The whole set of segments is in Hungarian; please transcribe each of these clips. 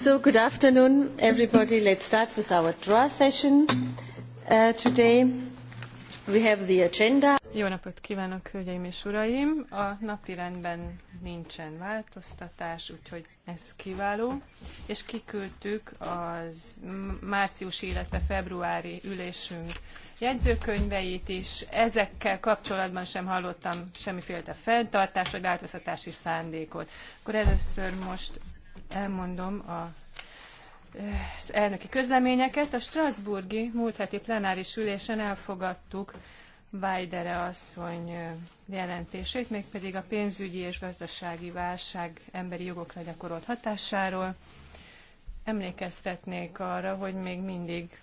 So good afternoon, everybody. Let's start with our draw session uh, today. We have the agenda. Jó napot kívánok, hölgyeim és uraim! A napi rendben nincsen változtatás, úgyhogy ez kiváló. És kiküldtük az március, illetve februári ülésünk jegyzőkönyveit is. Ezekkel kapcsolatban sem hallottam semmiféle fenntartás vagy változtatási szándékot. Akkor először most elmondom a az elnöki közleményeket. A Strasburgi múlt heti plenáris ülésen elfogadtuk Vajdere asszony jelentését, mégpedig a pénzügyi és gazdasági válság emberi jogokra gyakorolt hatásáról. Emlékeztetnék arra, hogy még mindig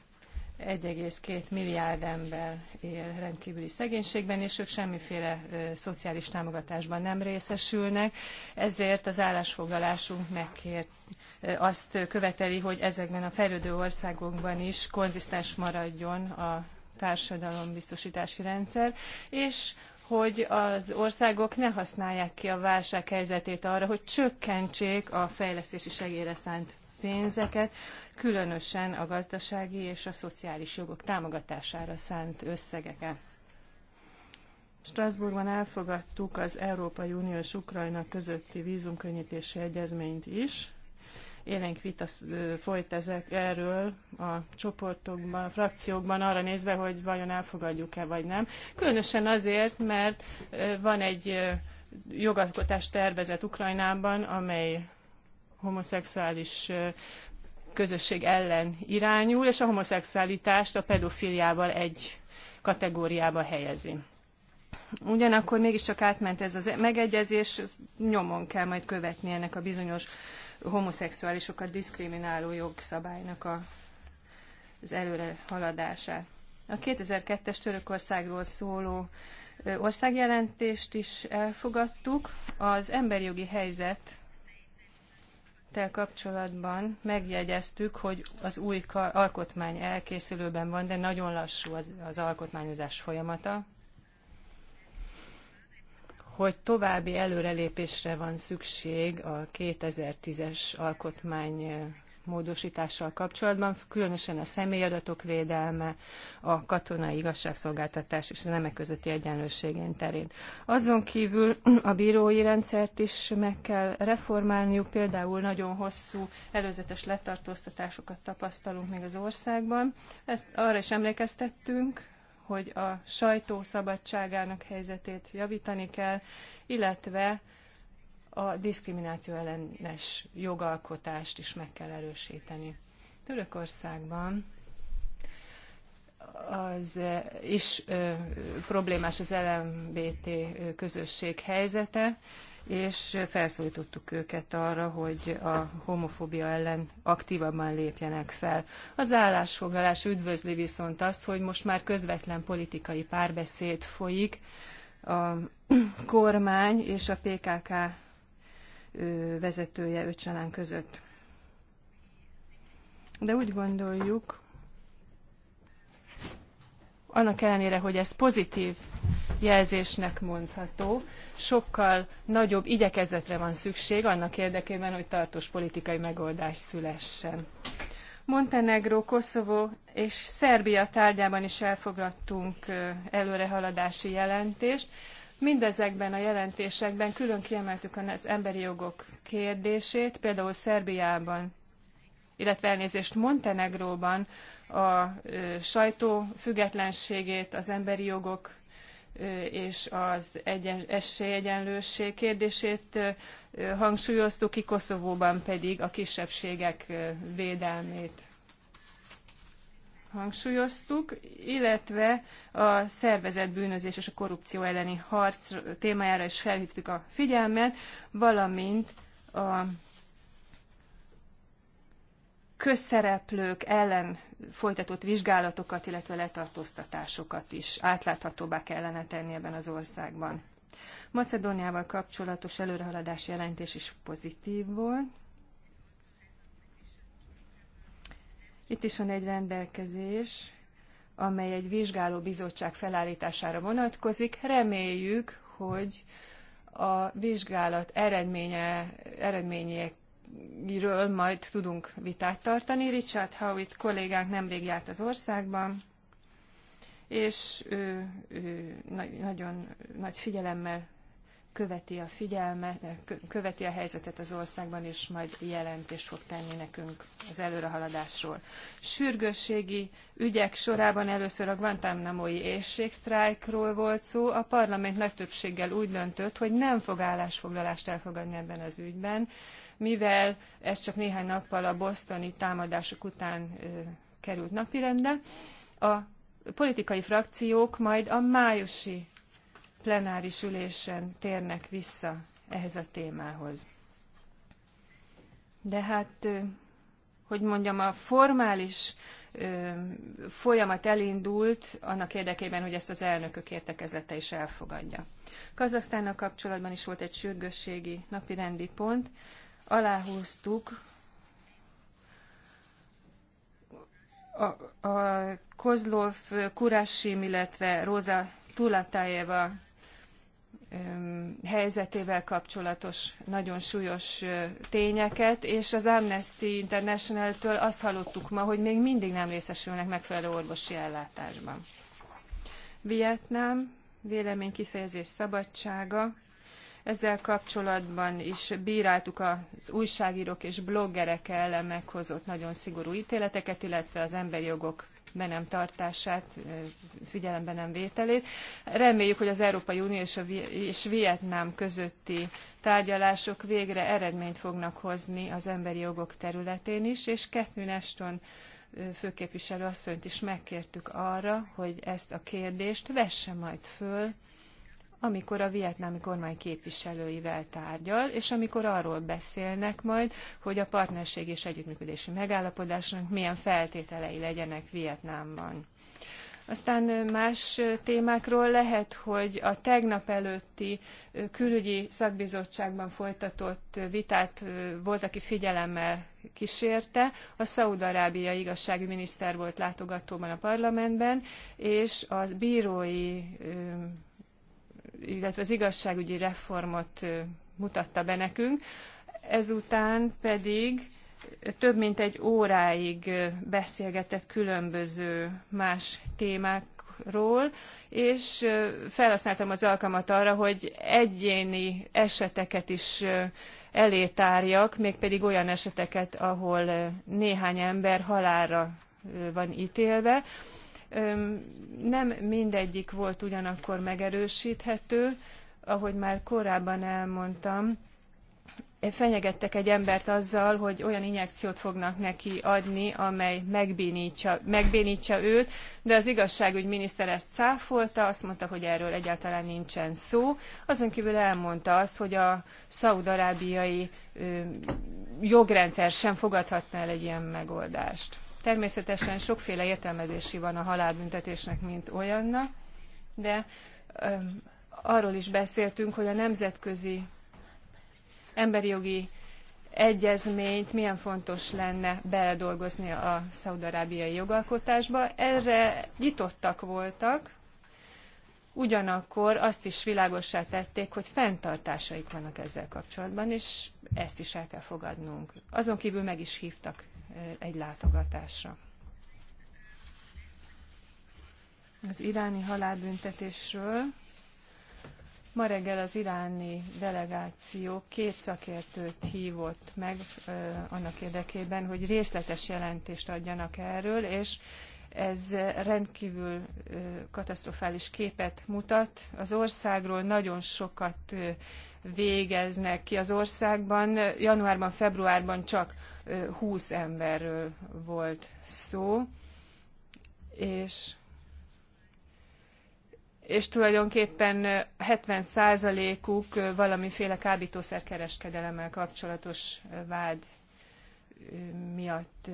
1,2 milliárd ember él rendkívüli szegénységben, és ők semmiféle szociális támogatásban nem részesülnek, ezért az állásfoglalásunk megkért azt követeli, hogy ezekben a fejlődő országokban is konzisztens maradjon a társadalombiztosítási rendszer, és hogy az országok ne használják ki a válság helyzetét arra, hogy csökkentsék a fejlesztési segélyre szánt pénzeket, különösen a gazdasági és a szociális jogok támogatására szánt összegeket. Strasbourgban elfogadtuk az Európai Unió és Ukrajna közötti vízumkönnyítési egyezményt is. Élénk vita folyt ezek erről a csoportokban, a frakciókban arra nézve, hogy vajon elfogadjuk-e vagy nem. Különösen azért, mert van egy jogalkotás tervezet Ukrajnában, amely homoszexuális közösség ellen irányul, és a homoszexualitást a pedofiliával egy kategóriába helyezi. Ugyanakkor mégiscsak átment ez az megegyezés, nyomon kell majd követni ennek a bizonyos homoszexuálisokat diszkrimináló jogszabálynak a, az előre haladását. A 2002-es Törökországról szóló országjelentést is elfogadtuk. Az emberi jogi helyzet projekttel kapcsolatban megjegyeztük, hogy az új alkotmány elkészülőben van, de nagyon lassú az, az alkotmányozás folyamata, hogy további előrelépésre van szükség a 2010-es alkotmány módosítással kapcsolatban, különösen a személyadatok védelme, a katonai igazságszolgáltatás és a nemek közötti egyenlőségén terén. Azon kívül a bírói rendszert is meg kell reformálniuk, például nagyon hosszú előzetes letartóztatásokat tapasztalunk még az országban. Ezt arra is emlékeztettünk, hogy a sajtó szabadságának helyzetét javítani kell, illetve a diszkrimináció ellenes jogalkotást is meg kell erősíteni. Törökországban az is ö, problémás az LMBT közösség helyzete, és felszólítottuk őket arra, hogy a homofóbia ellen aktívabban lépjenek fel. Az állásfoglalás üdvözli viszont azt, hogy most már közvetlen politikai párbeszéd folyik a kormány és a PKK vezetője Öcsalán között. De úgy gondoljuk, annak ellenére, hogy ez pozitív jelzésnek mondható, sokkal nagyobb igyekezetre van szükség annak érdekében, hogy tartós politikai megoldás szülessen. Montenegró, Koszovó és Szerbia tárgyában is elfogadtunk előrehaladási jelentést, Mindezekben a jelentésekben külön kiemeltük az emberi jogok kérdését, például Szerbiában, illetve elnézést Montenegróban a sajtó függetlenségét, az emberi jogok és az egyen, esélyegyenlőség kérdését hangsúlyoztuk ki, Koszovóban pedig a kisebbségek védelmét hangsúlyoztuk, illetve a szervezett bűnözés és a korrupció elleni harc témájára is felhívtuk a figyelmet, valamint a közszereplők ellen folytatott vizsgálatokat, illetve letartóztatásokat is átláthatóbbá kellene tenni ebben az országban. Macedóniával kapcsolatos előrehaladás jelentés is pozitív volt. Itt is van egy rendelkezés, amely egy vizsgáló bizottság felállítására vonatkozik. Reméljük, hogy a vizsgálat eredménye, eredményeiről majd tudunk vitát tartani. Richard Howitt kollégánk nemrég járt az országban, és ő, ő nagyon nagy figyelemmel követi a figyelmet, követi a helyzetet az országban, és majd jelentést fog tenni nekünk az előrehaladásról. Sürgősségi ügyek sorában először a Guantanamo-i éjségsztrájkról volt szó. A parlament nagy többséggel úgy döntött, hogy nem fog állásfoglalást elfogadni ebben az ügyben, mivel ez csak néhány nappal a bosztoni támadások után ö, került napirendre. A politikai frakciók majd a májusi plenáris ülésen térnek vissza ehhez a témához. De hát, hogy mondjam, a formális folyamat elindult annak érdekében, hogy ezt az elnökök értekezlete is elfogadja. Kazaksztánnal kapcsolatban is volt egy sürgősségi napirendi pont. Aláhúztuk a, a Kozlov, Kurashim, illetve Róza Tulatájeva helyzetével kapcsolatos nagyon súlyos tényeket, és az Amnesty International-től azt hallottuk ma, hogy még mindig nem részesülnek megfelelő orvosi ellátásban. Vietnám, véleménykifejezés szabadsága. Ezzel kapcsolatban is bíráltuk az újságírók és bloggerek ellen meghozott nagyon szigorú ítéleteket, illetve az emberi jogok be nem tartását, figyelembe nem vételét. Reméljük, hogy az Európai Unió és, a és Vietnám közötti tárgyalások végre eredményt fognak hozni az emberi jogok területén is, és Catherine Ashton főképviselő asszonyt is megkértük arra, hogy ezt a kérdést vesse majd föl amikor a vietnámi kormány képviselőivel tárgyal, és amikor arról beszélnek majd, hogy a partnerség és együttműködési megállapodásnak milyen feltételei legyenek Vietnámban. Aztán más témákról lehet, hogy a tegnap előtti külügyi szakbizottságban folytatott vitát volt, aki figyelemmel kísérte. A Szaúd-Arábia miniszter volt látogatóban a parlamentben, és a bírói illetve az igazságügyi reformot mutatta be nekünk. Ezután pedig több mint egy óráig beszélgetett különböző más témákról, és felhasználtam az alkalmat arra, hogy egyéni eseteket is elétárjak, mégpedig olyan eseteket, ahol néhány ember halálra van ítélve, nem mindegyik volt ugyanakkor megerősíthető, ahogy már korábban elmondtam, fenyegettek egy embert azzal, hogy olyan injekciót fognak neki adni, amely megbénítja, megbénítja őt, de az miniszter ezt cáfolta, azt mondta, hogy erről egyáltalán nincsen szó. Azon kívül elmondta azt, hogy a szaudarábiai jogrendszer sem fogadhatná el egy ilyen megoldást. Természetesen sokféle értelmezési van a halálbüntetésnek, mint olyannak, de öm, arról is beszéltünk, hogy a nemzetközi emberi jogi egyezményt milyen fontos lenne beledolgozni a szaudarábiai jogalkotásba. Erre nyitottak voltak, ugyanakkor azt is világossá tették, hogy fenntartásaik vannak ezzel kapcsolatban, és ezt is el kell fogadnunk. Azon kívül meg is hívtak egy látogatásra. Az iráni halálbüntetésről ma reggel az iráni delegáció két szakértőt hívott meg annak érdekében, hogy részletes jelentést adjanak erről, és ez rendkívül katasztrofális képet mutat. Az országról nagyon sokat végeznek ki az országban. Januárban, februárban csak 20 emberről volt szó, és és tulajdonképpen 70%-uk valamiféle kábítószerkereskedelemmel kapcsolatos vád miatt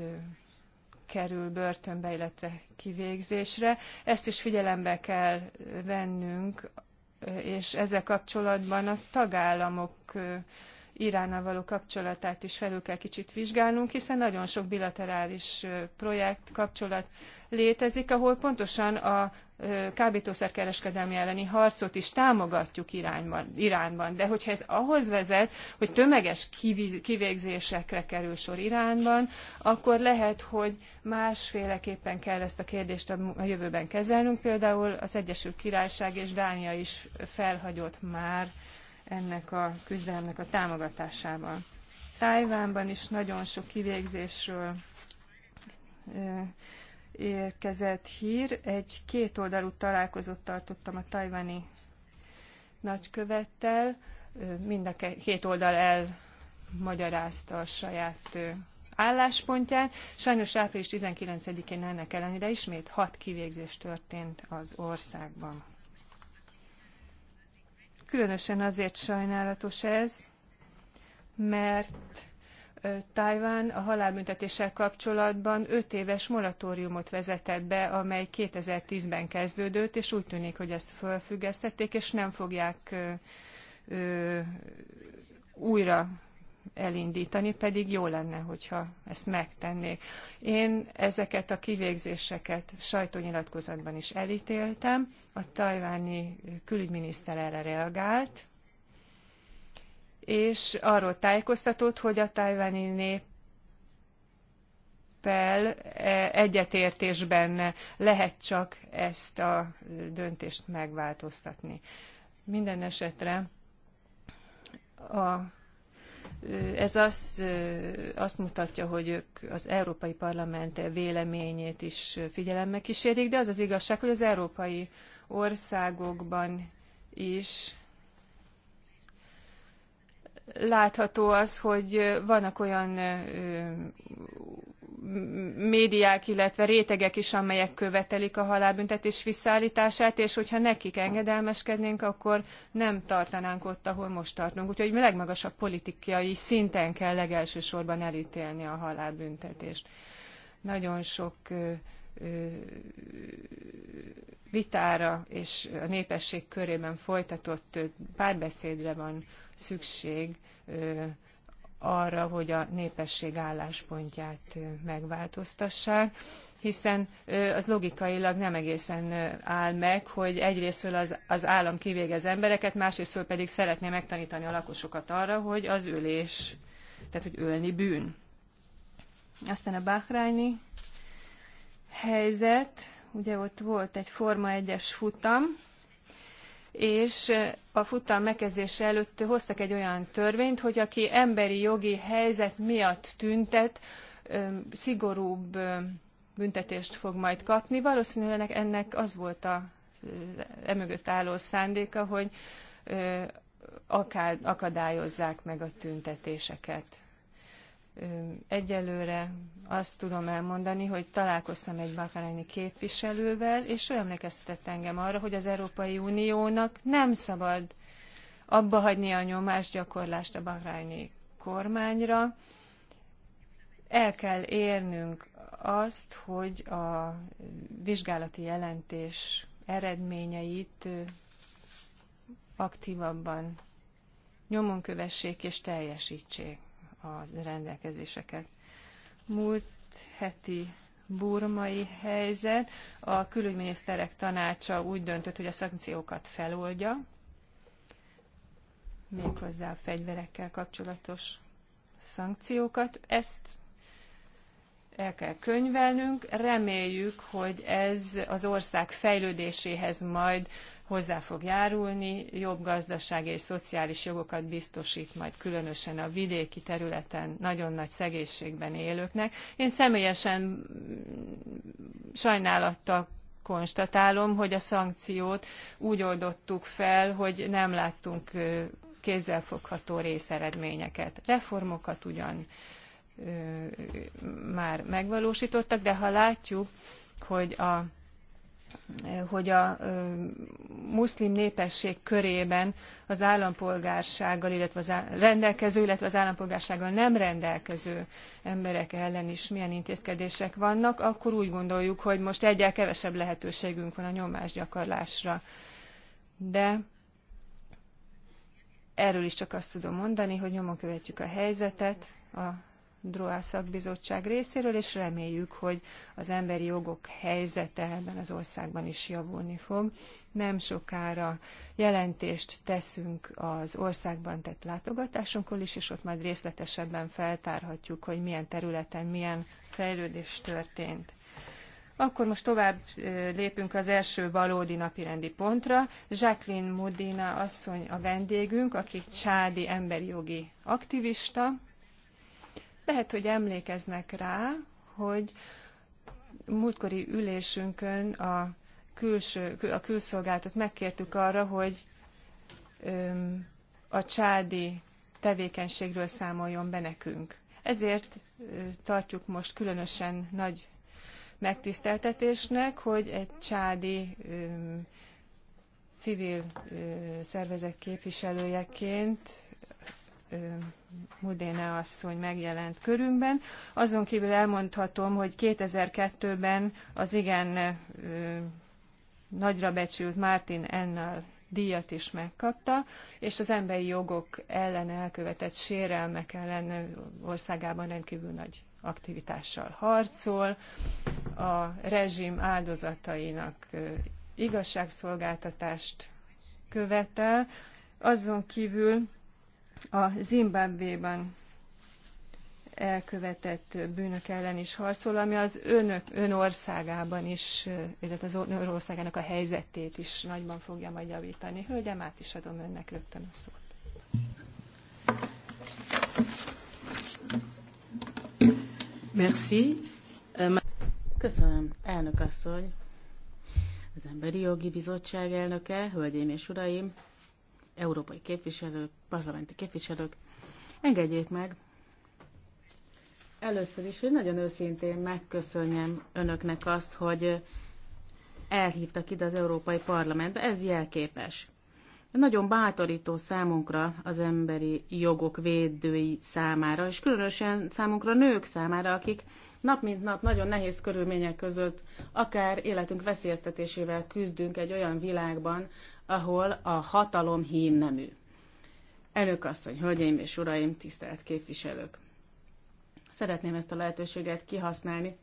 kerül börtönbe, illetve kivégzésre. Ezt is figyelembe kell vennünk és ezzel kapcsolatban a tagállamok Iránnal való kapcsolatát is felül kell kicsit vizsgálnunk, hiszen nagyon sok bilaterális projekt, kapcsolat létezik, ahol pontosan a kábítószerkereskedelmi elleni harcot is támogatjuk Irányban, Iránban. De hogyha ez ahhoz vezet, hogy tömeges kivégzésekre kerül sor Iránban, akkor lehet, hogy másféleképpen kell ezt a kérdést a jövőben kezelnünk. Például az Egyesült Királyság és Dánia is felhagyott már ennek a küzdelemnek a támogatásával. Tájvánban is nagyon sok kivégzésről érkezett hír. Egy kétoldalú találkozót tartottam a tajvani nagykövettel. Mind a két oldal elmagyarázta a saját álláspontját. Sajnos április 19-én ennek ellenére ismét hat kivégzés történt az országban. Különösen azért sajnálatos ez, mert Tajván a halálbüntetéssel kapcsolatban öt éves moratóriumot vezetett be, amely 2010-ben kezdődött, és úgy tűnik, hogy ezt fölfüggesztették, és nem fogják ö, ö, újra elindítani, pedig jó lenne, hogyha ezt megtennék. Én ezeket a kivégzéseket sajtónyilatkozatban is elítéltem, a tajváni külügyminiszter erre reagált, és arról tájékoztatott, hogy a tajváni nép e egyetértésben lehet csak ezt a döntést megváltoztatni. Minden esetre a ez azt, azt mutatja, hogy ők az Európai Parlament véleményét is figyelemmel kísérik, de az az igazság, hogy az európai országokban is látható az, hogy vannak olyan médiák, illetve rétegek is, amelyek követelik a halálbüntetés visszaállítását, és hogyha nekik engedelmeskednénk, akkor nem tartanánk ott, ahol most tartunk. Úgyhogy legmagasabb politikai szinten kell legelsősorban elítélni a halálbüntetést. Nagyon sok vitára és a népesség körében folytatott párbeszédre van szükség. Ö, arra, hogy a népesség álláspontját megváltoztassák, hiszen az logikailag nem egészen áll meg, hogy egyrésztől az, az állam kivégez embereket, másrésztől pedig szeretné megtanítani a lakosokat arra, hogy az ülés, tehát hogy ölni bűn. Aztán a Bahrányi helyzet, ugye ott volt egy Forma 1-es futam, és a futam megkezdése előtt hoztak egy olyan törvényt, hogy aki emberi jogi helyzet miatt tüntet, szigorúbb büntetést fog majd kapni. Valószínűleg ennek az volt a emögött álló szándéka, hogy akadályozzák meg a tüntetéseket egyelőre azt tudom elmondani, hogy találkoztam egy bakarányi képviselővel, és ő emlékeztetett engem arra, hogy az Európai Uniónak nem szabad abba hagyni a nyomásgyakorlást a bakarányi kormányra. El kell érnünk azt, hogy a vizsgálati jelentés eredményeit aktívabban nyomon kövessék és teljesítsék a rendelkezéseket. Múlt heti burmai helyzet. A külügyminiszterek tanácsa úgy döntött, hogy a szankciókat feloldja, méghozzá a fegyverekkel kapcsolatos szankciókat. Ezt el kell könyvelnünk. Reméljük, hogy ez az ország fejlődéséhez majd hozzá fog járulni, jobb gazdasági és szociális jogokat biztosít majd különösen a vidéki területen nagyon nagy szegészségben élőknek. Én személyesen sajnálattal konstatálom, hogy a szankciót úgy oldottuk fel, hogy nem láttunk kézzelfogható részeredményeket. Reformokat ugyan már megvalósítottak, de ha látjuk, hogy a hogy a muszlim népesség körében az állampolgársággal, illetve az rendelkező, illetve az állampolgársággal nem rendelkező emberek ellen is milyen intézkedések vannak, akkor úgy gondoljuk, hogy most egyel kevesebb lehetőségünk van a nyomásgyakorlásra. De erről is csak azt tudom mondani, hogy nyomon követjük a helyzetet, a DROA szakbizottság részéről, és reméljük, hogy az emberi jogok helyzete ebben az országban is javulni fog. Nem sokára jelentést teszünk az országban tett látogatásunkról is, és ott majd részletesebben feltárhatjuk, hogy milyen területen milyen fejlődés történt. Akkor most tovább lépünk az első valódi napirendi pontra. Jacqueline Modina asszony a vendégünk, aki csádi emberi jogi aktivista, lehet, hogy emlékeznek rá, hogy múltkori ülésünkön a, külső, a külszolgáltat megkértük arra, hogy a csádi tevékenységről számoljon be nekünk. Ezért tartjuk most különösen nagy megtiszteltetésnek, hogy egy csádi civil szervezet képviselőjeként Mudéna asszony megjelent körünkben. Azon kívül elmondhatom, hogy 2002-ben az igen nagyra becsült Martin Ennal díjat is megkapta, és az emberi jogok ellen elkövetett sérelmek ellen országában rendkívül nagy aktivitással harcol, a rezsim áldozatainak igazságszolgáltatást követel, azon kívül a Zimbabvében elkövetett bűnök ellen is harcol, ami az önök, ön országában is, illetve az ön országának a helyzetét is nagyban fogja majd javítani. Hölgyem, át is adom önnek rögtön a szót. Merci. Köszönöm, elnök asszony, az Emberi Jogi Bizottság elnöke, hölgyeim és uraim, európai képviselők, parlamenti képviselők, engedjék meg először is, hogy nagyon őszintén megköszönjem önöknek azt, hogy elhívtak ide az Európai Parlamentbe. Ez jelképes. Nagyon bátorító számunkra az emberi jogok védői számára, és különösen számunkra nők számára, akik nap mint nap nagyon nehéz körülmények között akár életünk veszélyeztetésével küzdünk egy olyan világban, ahol a hatalom hím nemű. Elnök asszony, hölgyeim és uraim, tisztelt képviselők! Szeretném ezt a lehetőséget kihasználni,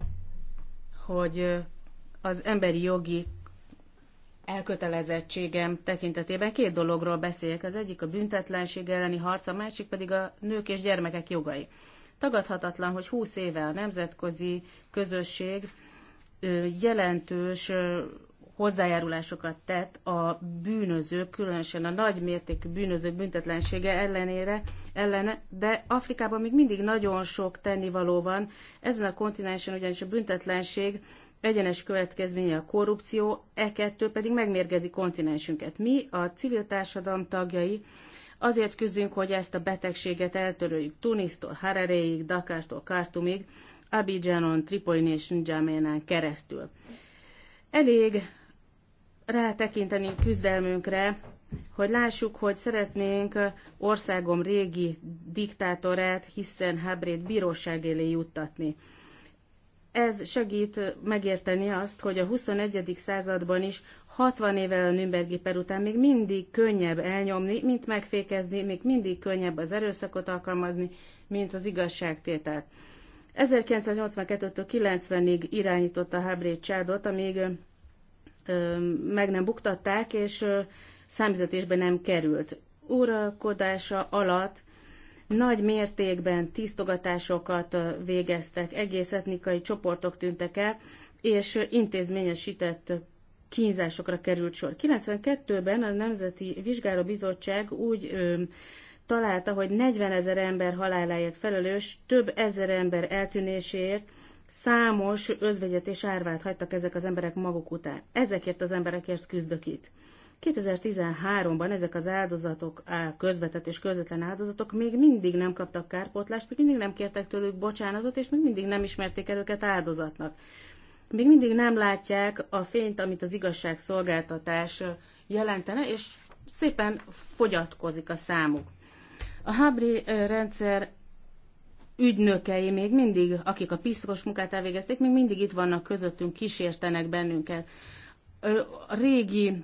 hogy az emberi jogi elkötelezettségem tekintetében két dologról beszéljek. Az egyik a büntetlenség elleni harc, a másik pedig a nők és gyermekek jogai. Tagadhatatlan, hogy 20 éve a nemzetközi közösség jelentős hozzájárulásokat tett a bűnözők, különösen a nagy mértékű bűnözők büntetlensége ellenére, ellene, de Afrikában még mindig nagyon sok tennivaló van. Ezen a kontinensen ugyanis a büntetlenség egyenes következménye a korrupció, e kettő pedig megmérgezi kontinensünket. Mi, a civil társadalom tagjai, azért küzdünk, hogy ezt a betegséget eltöröljük Tunisztól, Hareréig, Dakártól, Kartumig, Abidjanon, Tripolin és N'Djaménán keresztül. Elég rátekinteni küzdelmünkre, hogy lássuk, hogy szeretnénk országom régi diktátorát, hiszen Hábrét bíróság elé juttatni. Ez segít megérteni azt, hogy a 21. században is 60 évvel a Nürnbergi per után még mindig könnyebb elnyomni, mint megfékezni, még mindig könnyebb az erőszakot alkalmazni, mint az igazságtételt. 1982-től 90-ig irányította Hábrét Csádot, amíg meg nem buktatták, és számüzetésbe nem került. Uralkodása alatt nagy mértékben tisztogatásokat végeztek, egész etnikai csoportok tűntek el, és intézményesített kínzásokra került sor. 92-ben a Nemzeti bizottság úgy ö, találta, hogy 40 ezer ember haláláért felelős, több ezer ember eltűnéséért, Számos özvegyet és árvát hagytak ezek az emberek maguk után. Ezekért az emberekért küzdök itt. 2013-ban ezek az áldozatok, közvetett és közvetlen áldozatok még mindig nem kaptak kárpótlást, még mindig nem kértek tőlük bocsánatot, és még mindig nem ismerték el őket áldozatnak. Még mindig nem látják a fényt, amit az igazságszolgáltatás jelentene, és szépen fogyatkozik a számuk. A Habri rendszer ügynökei még mindig, akik a piszkos munkát elvégezték, még mindig itt vannak közöttünk, kísértenek bennünket. A régi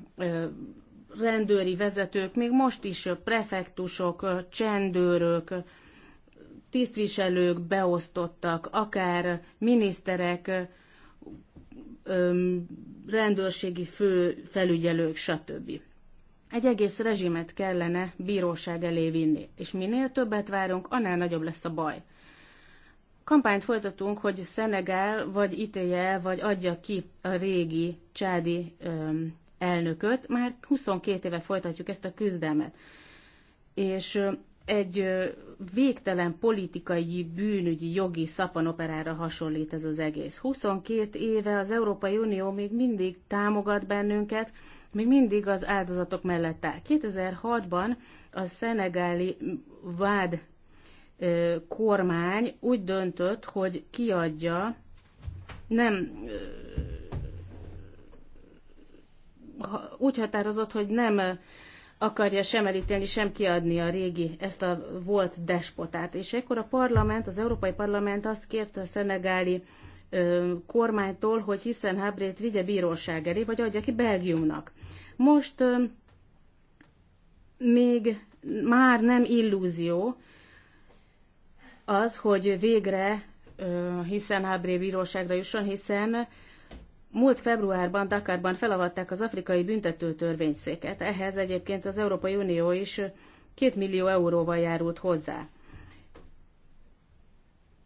rendőri vezetők, még most is prefektusok, csendőrök, tisztviselők beosztottak, akár miniszterek, rendőrségi fő felügyelők, stb. Egy egész rezsimet kellene bíróság elé vinni, és minél többet várunk, annál nagyobb lesz a baj. Kampányt folytatunk, hogy Szenegál vagy ítélje vagy adja ki a régi csádi öm, elnököt. Már 22 éve folytatjuk ezt a küzdelmet. És egy végtelen politikai, bűnügyi, jogi szapanoperára hasonlít ez az egész. 22 éve az Európai Unió még mindig támogat bennünket, még mindig az áldozatok mellett áll. 2006-ban a szenegáli vád kormány úgy döntött, hogy kiadja nem úgy határozott, hogy nem akarja sem elítélni, sem kiadni a régi, ezt a volt despotát. És ekkor a parlament, az Európai Parlament azt kérte a szenegáli ö, kormánytól, hogy hiszen Hábrét vigye bíróság elé, vagy adja ki Belgiumnak. Most ö, még már nem illúzió, az, hogy végre hiszen Hábré bíróságra jusson, hiszen múlt februárban Dakarban felavatták az afrikai büntető törvényszéket. Ehhez egyébként az Európai Unió is két millió euróval járult hozzá.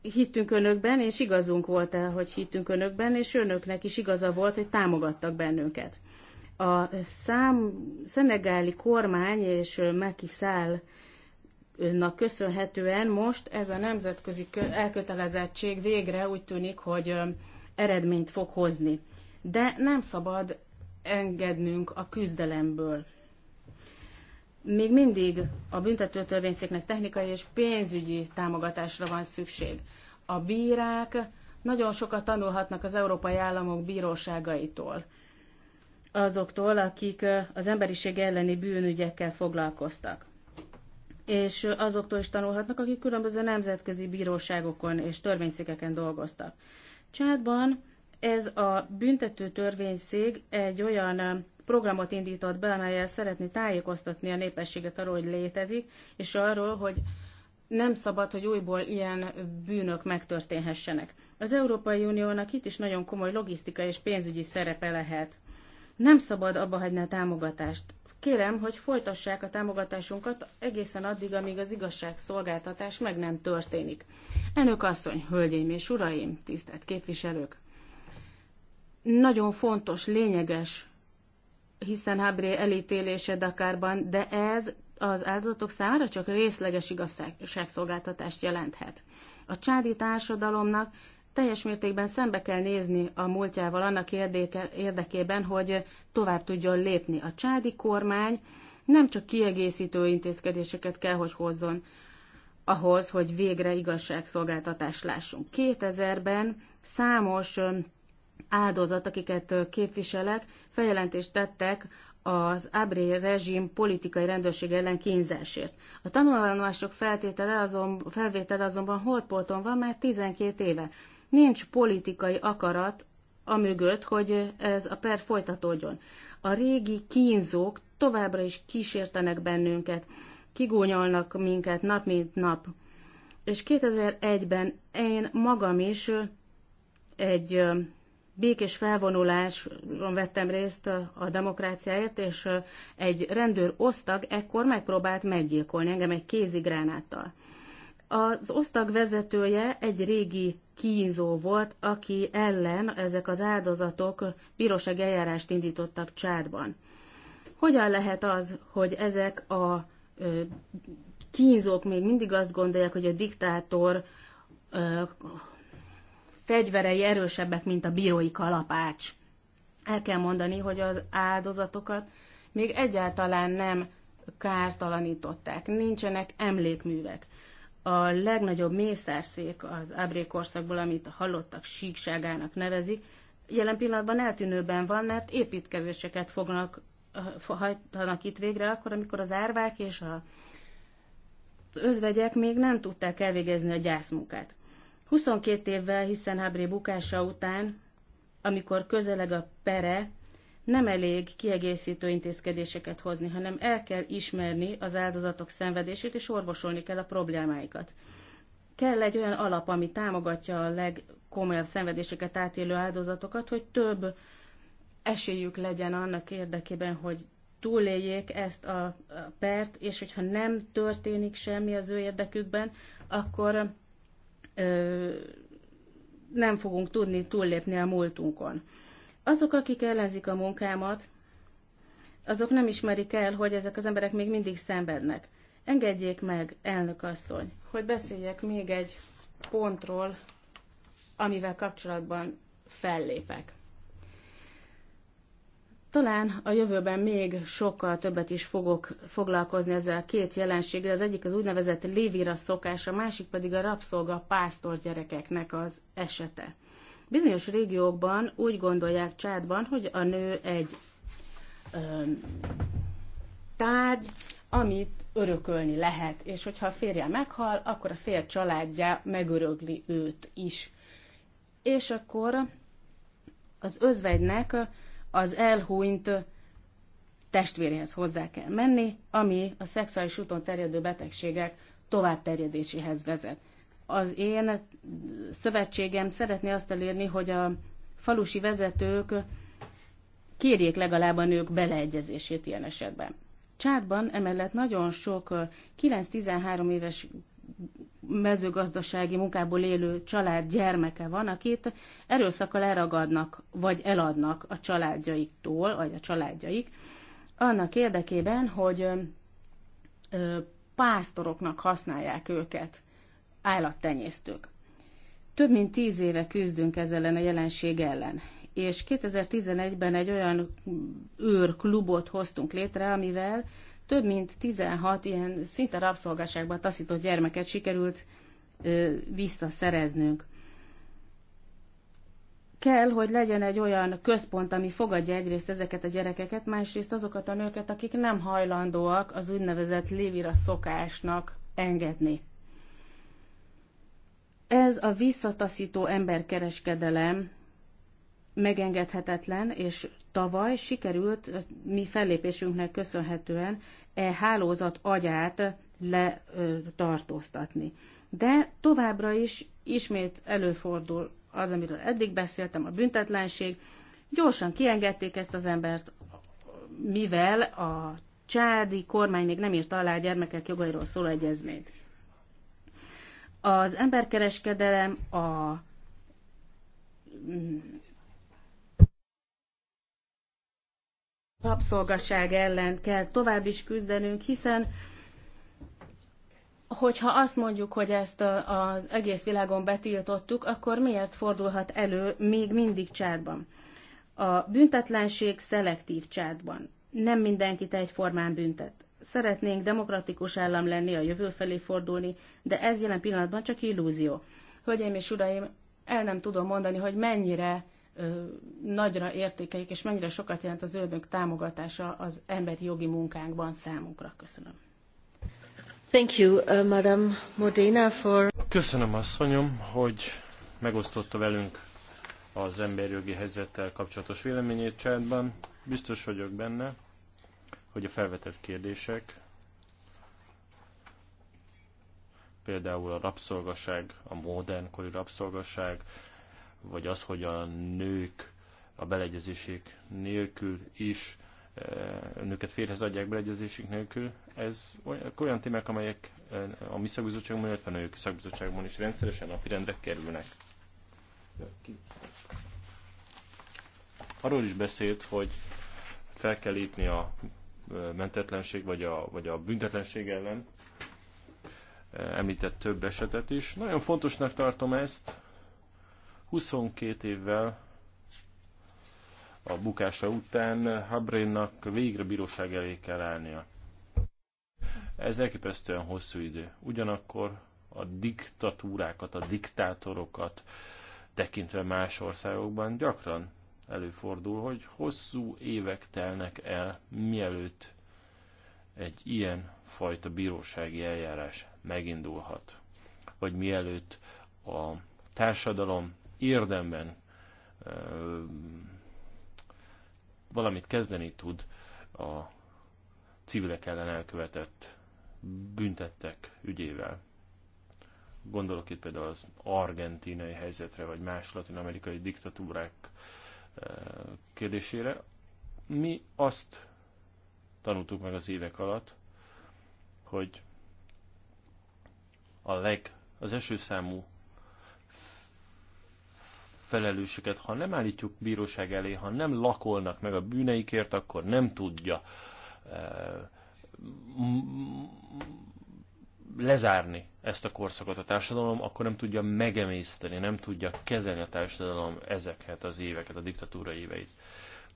Hittünk önökben, és igazunk volt el, hogy hittünk önökben, és önöknek is igaza volt, hogy támogattak bennünket. A szám, szenegáli kormány és Macky Szál na köszönhetően most ez a nemzetközi elkötelezettség végre úgy tűnik, hogy eredményt fog hozni. De nem szabad engednünk a küzdelemből. Még mindig a büntetőtörvényszéknek technikai és pénzügyi támogatásra van szükség. A bírák nagyon sokat tanulhatnak az európai államok bíróságaitól, azoktól, akik az emberiség elleni bűnügyekkel foglalkoztak és azoktól is tanulhatnak, akik különböző nemzetközi bíróságokon és törvényszékeken dolgoztak. Csádban ez a büntető törvényszég egy olyan programot indított be, amelyel szeretné tájékoztatni a népességet arról, hogy létezik, és arról, hogy nem szabad, hogy újból ilyen bűnök megtörténhessenek. Az Európai Uniónak itt is nagyon komoly logisztika és pénzügyi szerepe lehet. Nem szabad abba hagyni a támogatást. Kérem, hogy folytassák a támogatásunkat egészen addig, amíg az igazságszolgáltatás meg nem történik. Elnök asszony, hölgyeim és uraim, tisztelt képviselők! Nagyon fontos, lényeges, hiszen Habré elítélése Dakárban, de ez az áldozatok számára csak részleges igazságszolgáltatást jelenthet. A csádi társadalomnak teljes mértékben szembe kell nézni a múltjával annak érdeke, érdekében, hogy tovább tudjon lépni. A csádi kormány nem csak kiegészítő intézkedéseket kell, hogy hozzon ahhoz, hogy végre igazságszolgáltatást lássunk. 2000-ben számos áldozat, akiket képviselek, feljelentést tettek az Abré rezsim politikai rendőrség ellen kínzásért. A tanulmányosok feltétele azon, felvétele azonban holtpolton van már 12 éve nincs politikai akarat amögött, hogy ez a per folytatódjon. A régi kínzók továbbra is kísértenek bennünket, kigúnyolnak minket nap mint nap. És 2001-ben én magam is egy békés felvonuláson vettem részt a demokráciáért, és egy rendőr osztag ekkor megpróbált meggyilkolni engem egy kézigránáttal. Az osztag vezetője egy régi kínzó volt, aki ellen ezek az áldozatok bíróság eljárást indítottak Csádban. Hogyan lehet az, hogy ezek a kínzók még mindig azt gondolják, hogy a diktátor ö, fegyverei erősebbek, mint a bírói kalapács. El kell mondani, hogy az áldozatokat még egyáltalán nem kártalanították, nincsenek emlékművek a legnagyobb mészárszék az ábré korszakból, amit a halottak síkságának nevezik, jelen pillanatban eltűnőben van, mert építkezéseket fognak, hajtanak itt végre akkor, amikor az árvák és a, az özvegyek még nem tudták elvégezni a gyászmunkát. 22 évvel, hiszen Hábré bukása után, amikor közeleg a pere, nem elég kiegészítő intézkedéseket hozni, hanem el kell ismerni az áldozatok szenvedését, és orvosolni kell a problémáikat. Kell egy olyan alap, ami támogatja a legkomolyabb szenvedéseket átélő áldozatokat, hogy több esélyük legyen annak érdekében, hogy túléljék ezt a pert, és hogyha nem történik semmi az ő érdekükben, akkor ö, nem fogunk tudni túllépni a múltunkon azok, akik ellenzik a munkámat, azok nem ismerik el, hogy ezek az emberek még mindig szenvednek. Engedjék meg, elnök asszony, hogy beszéljek még egy pontról, amivel kapcsolatban fellépek. Talán a jövőben még sokkal többet is fogok foglalkozni ezzel a két jelenséggel. Az egyik az úgynevezett lévira szokás, a másik pedig a rabszolga pásztor gyerekeknek az esete. Bizonyos régiókban úgy gondolják Csádban, hogy a nő egy öm, tárgy, amit örökölni lehet, és hogyha a férje meghal, akkor a fér családja megörögli őt is. És akkor az özvegynek az elhúnyt testvérehez hozzá kell menni, ami a szexuális úton terjedő betegségek továbbterjedéséhez vezet az én szövetségem szeretné azt elérni, hogy a falusi vezetők kérjék legalább a nők beleegyezését ilyen esetben. Csádban emellett nagyon sok 9-13 éves mezőgazdasági munkából élő család gyermeke van, akit erőszakkal elragadnak, vagy eladnak a családjaiktól, vagy a családjaik, annak érdekében, hogy pásztoroknak használják őket állattenyésztők. Több mint tíz éve küzdünk ezzel a jelenség ellen, és 2011-ben egy olyan őrklubot hoztunk létre, amivel több mint 16 ilyen szinte rabszolgaságba taszított gyermeket sikerült ö, visszaszereznünk. Kell, hogy legyen egy olyan központ, ami fogadja egyrészt ezeket a gyerekeket, másrészt azokat a nőket, akik nem hajlandóak az úgynevezett lévira szokásnak engedni. Ez a visszataszító emberkereskedelem megengedhetetlen, és tavaly sikerült mi fellépésünknek köszönhetően e hálózat agyát letartóztatni. De továbbra is ismét előfordul az, amiről eddig beszéltem, a büntetlenség. Gyorsan kiengedték ezt az embert, mivel a csádi kormány még nem írta alá a gyermekek jogairól szóló egyezményt. Az emberkereskedelem a mm, rabszolgaság ellen kell tovább is küzdenünk, hiszen hogyha azt mondjuk, hogy ezt a az egész világon betiltottuk, akkor miért fordulhat elő még mindig csádban? A büntetlenség szelektív csádban. Nem mindenkit egyformán büntet szeretnénk demokratikus állam lenni, a jövő felé fordulni, de ez jelen pillanatban csak illúzió. Hölgyeim és uraim, el nem tudom mondani, hogy mennyire ö, nagyra értékeik, és mennyire sokat jelent az önök támogatása az emberi jogi munkánkban számunkra. Köszönöm. Thank you, uh, Madam Modena, for... Köszönöm, asszonyom, hogy megosztotta velünk az emberi jogi helyzettel kapcsolatos véleményét csehben. Biztos vagyok benne, hogy a felvetett kérdések, például a rabszolgaság, a modernkori rabszolgaság, vagy az, hogy a nők a beleegyezésék nélkül is e, nőket férhez adják beleegyezésük nélkül. Ez olyan témák, amelyek e, a mi szakbizottságban, illetve a nők szakbizottságban is rendszeresen napirendre kerülnek. Arról is beszélt, hogy fel kell lépni a mentetlenség vagy a, vagy a büntetlenség ellen. E, említett több esetet is. Nagyon fontosnak tartom ezt. 22 évvel a bukása után Habrénnak végre bíróság elé kell állnia. Ez elképesztően hosszú idő. Ugyanakkor a diktatúrákat, a diktátorokat tekintve más országokban gyakran előfordul, hogy hosszú évek telnek el, mielőtt egy ilyen fajta bírósági eljárás megindulhat, vagy mielőtt a társadalom érdemben ö, valamit kezdeni tud a civilek ellen elkövetett büntettek ügyével. Gondolok itt például az argentinai helyzetre, vagy más latin-amerikai diktatúrák kérdésére. Mi azt tanultuk meg az évek alatt, hogy a leg, az első számú felelősöket, ha nem állítjuk bíróság elé, ha nem lakolnak meg a bűneikért, akkor nem tudja eh, lezárni ezt a korszakot a társadalom, akkor nem tudja megemészteni, nem tudja kezelni a társadalom ezeket az éveket, a diktatúra éveit.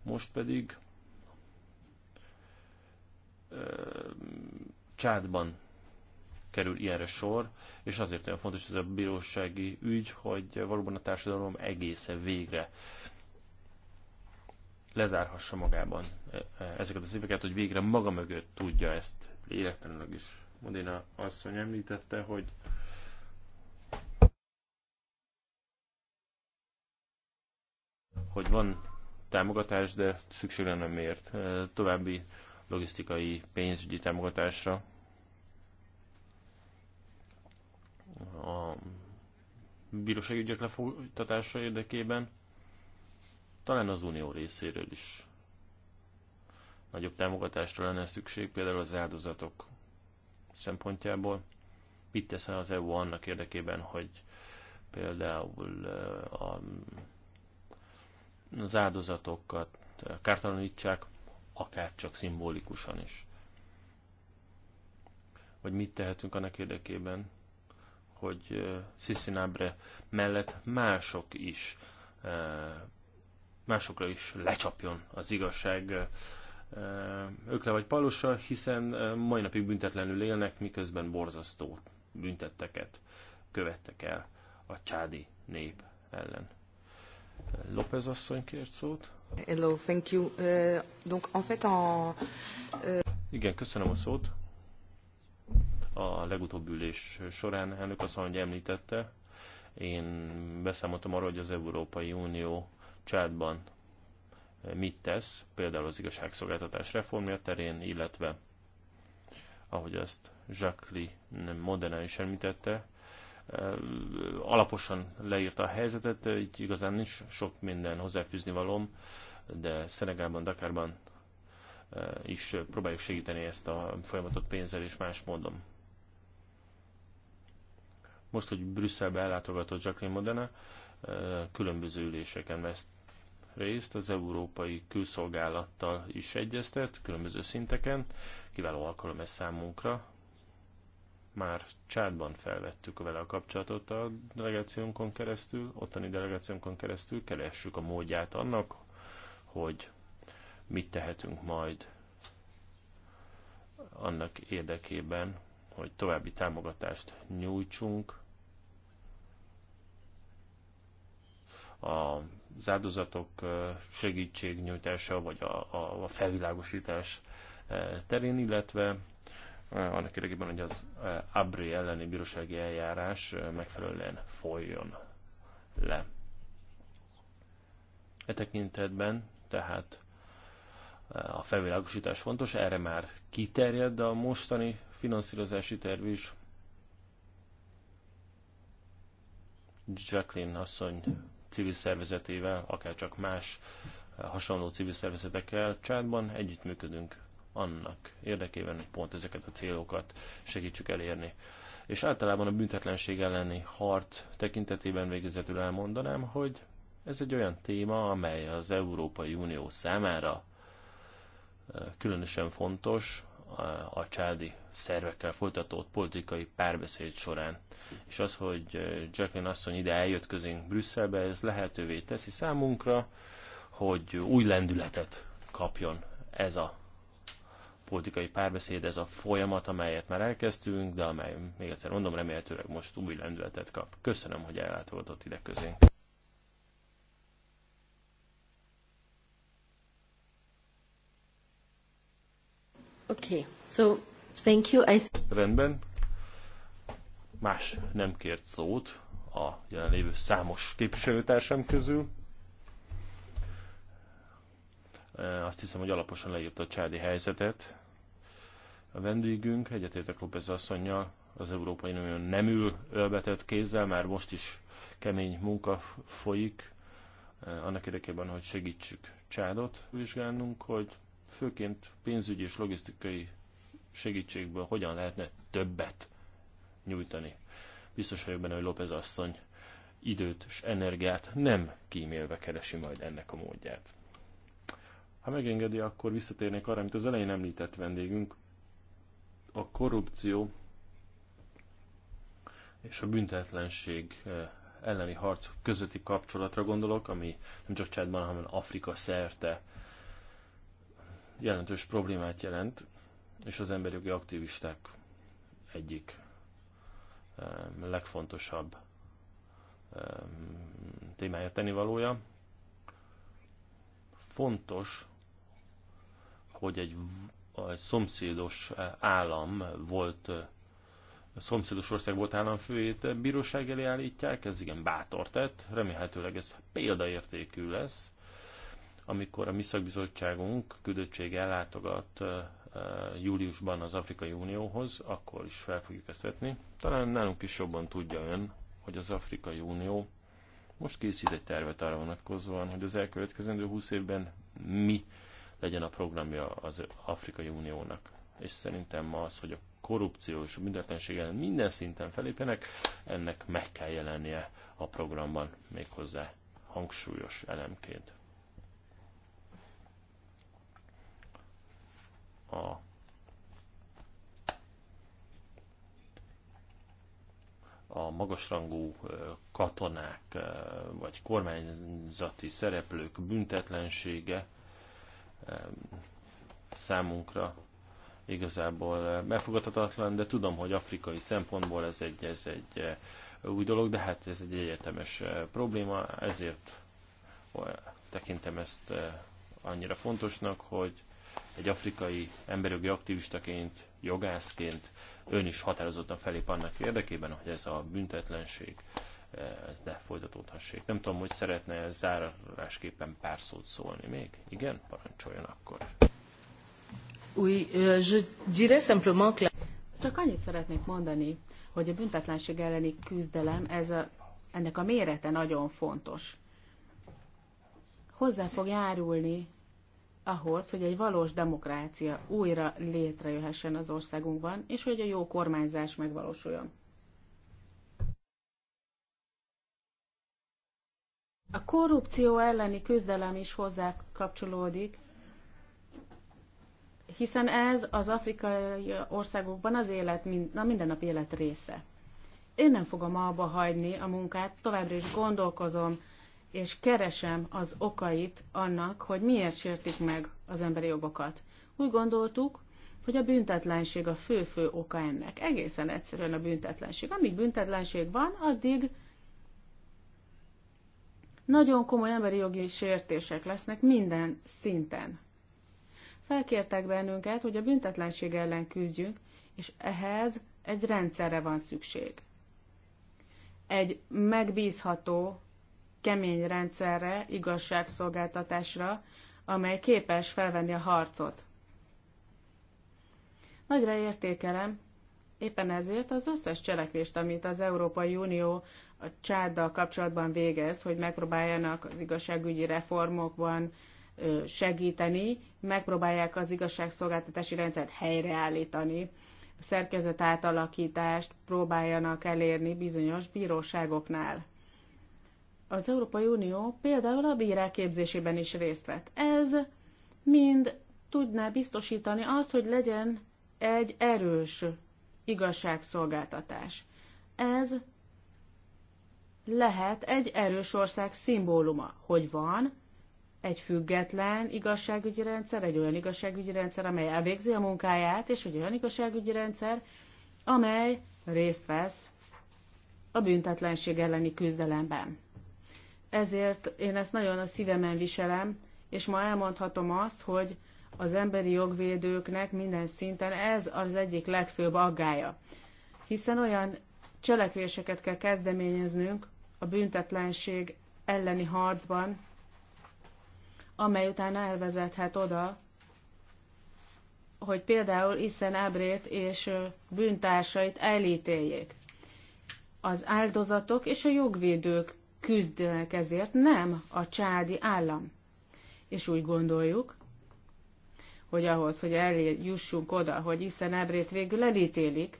Most pedig Csádban kerül ilyenre sor, és azért nagyon fontos ez a bírósági ügy, hogy valóban a társadalom egészen végre lezárhassa magában ezeket az éveket, hogy végre maga mögött tudja ezt lélektelenül is Modina asszony említette, hogy hogy van támogatás, de szükség lenne miért további logisztikai pénzügyi támogatásra. A bírósági ügyek lefolytatása érdekében talán az unió részéről is nagyobb támogatásra lenne szükség, például az áldozatok szempontjából. Mit tesz az EU annak érdekében, hogy például a, az áldozatokat kártalanítsák, akár csak szimbolikusan is? Vagy mit tehetünk annak érdekében, hogy Sziszinábre mellett mások is másokra is lecsapjon az igazság Ökle vagy palosa, hiszen mai napig büntetlenül élnek, miközben borzasztó büntetteket követtek el a csádi nép ellen. López asszony kért szót. Hello, thank you. Uh, donc, en fait, en, uh... Igen, köszönöm a szót. A legutóbbi ülés során elnök asszony, hogy említette, én beszámoltam arról, hogy az Európai Unió csádban mit tesz, például az igazságszolgáltatás reformja terén, illetve ahogy azt Jacqueline Modena is említette, eh, alaposan leírta a helyzetet, így igazán nincs sok minden hozzáfűzni valom, de szenegában, Dakarban eh, is próbáljuk segíteni ezt a folyamatot pénzzel és más módon. Most, hogy Brüsszelbe ellátogatott Jacqueline Modena, eh, különböző üléseken vesz részt, az európai külszolgálattal is egyeztet, különböző szinteken. Kiváló alkalom ez számunkra. Már Csádban felvettük vele a kapcsolatot a delegációnkon keresztül, ottani delegációnkon keresztül. Keressük a módját annak, hogy mit tehetünk majd annak érdekében, hogy további támogatást nyújtsunk az áldozatok segítségnyújtása vagy a, a, a felvilágosítás terén, illetve annak érdekében, hogy az Abri elleni bírósági eljárás megfelelően folyjon le. E tekintetben tehát a felvilágosítás fontos, erre már kiterjed a mostani finanszírozási terv is. Jacqueline asszony civil szervezetével, akár csak más eh, hasonló civil szervezetekkel csátban együttműködünk annak érdekében, hogy pont ezeket a célokat segítsük elérni. És általában a büntetlenség elleni harc tekintetében végezetül elmondanám, hogy ez egy olyan téma, amely az Európai Unió számára eh, különösen fontos eh, a csádi szervekkel folytatott politikai párbeszéd során és az, hogy eh, Jacqueline asszony ide eljött közénk Brüsszelbe, ez lehetővé teszi számunkra, hogy új lendületet kapjon ez a politikai párbeszéd, ez a folyamat, amelyet már elkezdtünk, de amely, még egyszer mondom, remélhetőleg most új lendületet kap. Köszönöm, hogy ellátogatott ide közénk. Okay, so thank you. I... Rendben, Más nem kért szót a jelenlévő számos képviselőtársam közül. E, azt hiszem, hogy alaposan leírta a csádi helyzetet. A vendégünk, egyetértek López asszonynal, az Európai Unió nem ül ölbetett kézzel, már most is kemény munka folyik, e, annak érdekében, hogy segítsük csádot vizsgálnunk, hogy főként pénzügyi és logisztikai segítségből hogyan lehetne többet nyújtani. Biztos vagyok benne, hogy López asszony időt és energiát nem kímélve keresi majd ennek a módját. Ha megengedi, akkor visszatérnék arra, amit az elején említett vendégünk, a korrupció és a büntetlenség eh, elleni harc közötti kapcsolatra gondolok, ami nem csak Csádban, hanem Afrika szerte jelentős problémát jelent, és az emberjogi aktivisták egyik legfontosabb témája tennivalója. Fontos, hogy egy, egy szomszédos állam volt, szomszédos ország volt államfőjét bíróság elé állítják, ez igen bátor tett, remélhetőleg ez példaértékű lesz, amikor a mi szakbizottságunk küldöttsége ellátogat júliusban az Afrikai Unióhoz, akkor is fel fogjuk ezt vetni. Talán nálunk is jobban tudja ön, hogy az Afrikai Unió most készít egy tervet arra vonatkozóan, hogy az elkövetkezendő 20 évben mi legyen a programja az Afrikai Uniónak. És szerintem az, hogy a korrupció és a büntetlenség ellen minden szinten felépjenek, ennek meg kell jelennie a programban méghozzá hangsúlyos elemként. a a magasrangú katonák vagy kormányzati szereplők büntetlensége számunkra igazából befogadhatatlan, de tudom, hogy afrikai szempontból ez egy, ez egy új dolog, de hát ez egy egyetemes probléma, ezért tekintem ezt annyira fontosnak, hogy egy afrikai emberjogi aktivistaként, jogászként ön is határozottan felép annak érdekében, hogy ez a büntetlenség eh, ez ne folytatódhassék. Nem tudom, hogy szeretne zárásképpen pár szót szólni még. Igen? Parancsoljon akkor. Oui, euh, je dirais simplement que... Csak annyit szeretnék mondani, hogy a büntetlenség elleni küzdelem, ez a, ennek a mérete nagyon fontos. Hozzá fog járulni ahhoz, hogy egy valós demokrácia újra létrejöhessen az országunkban, és hogy a jó kormányzás megvalósuljon. A korrupció elleni küzdelem is hozzá kapcsolódik, hiszen ez az afrikai országokban az élet, a mindennapi élet része. Én nem fogom abba hagyni a munkát, továbbra is gondolkozom és keresem az okait annak, hogy miért sértik meg az emberi jogokat. Úgy gondoltuk, hogy a büntetlenség a fő-fő oka ennek. Egészen egyszerűen a büntetlenség. Amíg büntetlenség van, addig nagyon komoly emberi jogi sértések lesznek minden szinten. Felkértek bennünket, hogy a büntetlenség ellen küzdjünk, és ehhez egy rendszerre van szükség. Egy megbízható kemény rendszerre, igazságszolgáltatásra, amely képes felvenni a harcot. Nagyra értékelem, éppen ezért az összes cselekvést, amit az Európai Unió a csáddal kapcsolatban végez, hogy megpróbáljanak az igazságügyi reformokban segíteni, megpróbálják az igazságszolgáltatási rendszert helyreállítani, szerkezet átalakítást próbáljanak elérni bizonyos bíróságoknál az Európai Unió például a bírák képzésében is részt vett. Ez mind tudná biztosítani azt, hogy legyen egy erős igazságszolgáltatás. Ez lehet egy erős ország szimbóluma, hogy van egy független igazságügyi rendszer, egy olyan igazságügyi rendszer, amely elvégzi a munkáját, és egy olyan igazságügyi rendszer, amely részt vesz a büntetlenség elleni küzdelemben. Ezért én ezt nagyon a szívemen viselem, és ma elmondhatom azt, hogy az emberi jogvédőknek minden szinten ez az egyik legfőbb aggája. Hiszen olyan cselekvéseket kell kezdeményeznünk a büntetlenség elleni harcban, amely után elvezethet oda, hogy például Iszen Ábrét és bűntársait elítéljék. Az áldozatok és a jogvédők küzdenek ezért, nem a csádi állam. És úgy gondoljuk, hogy ahhoz, hogy eljussunk oda, hogy hiszen Ebrét végül elítélik,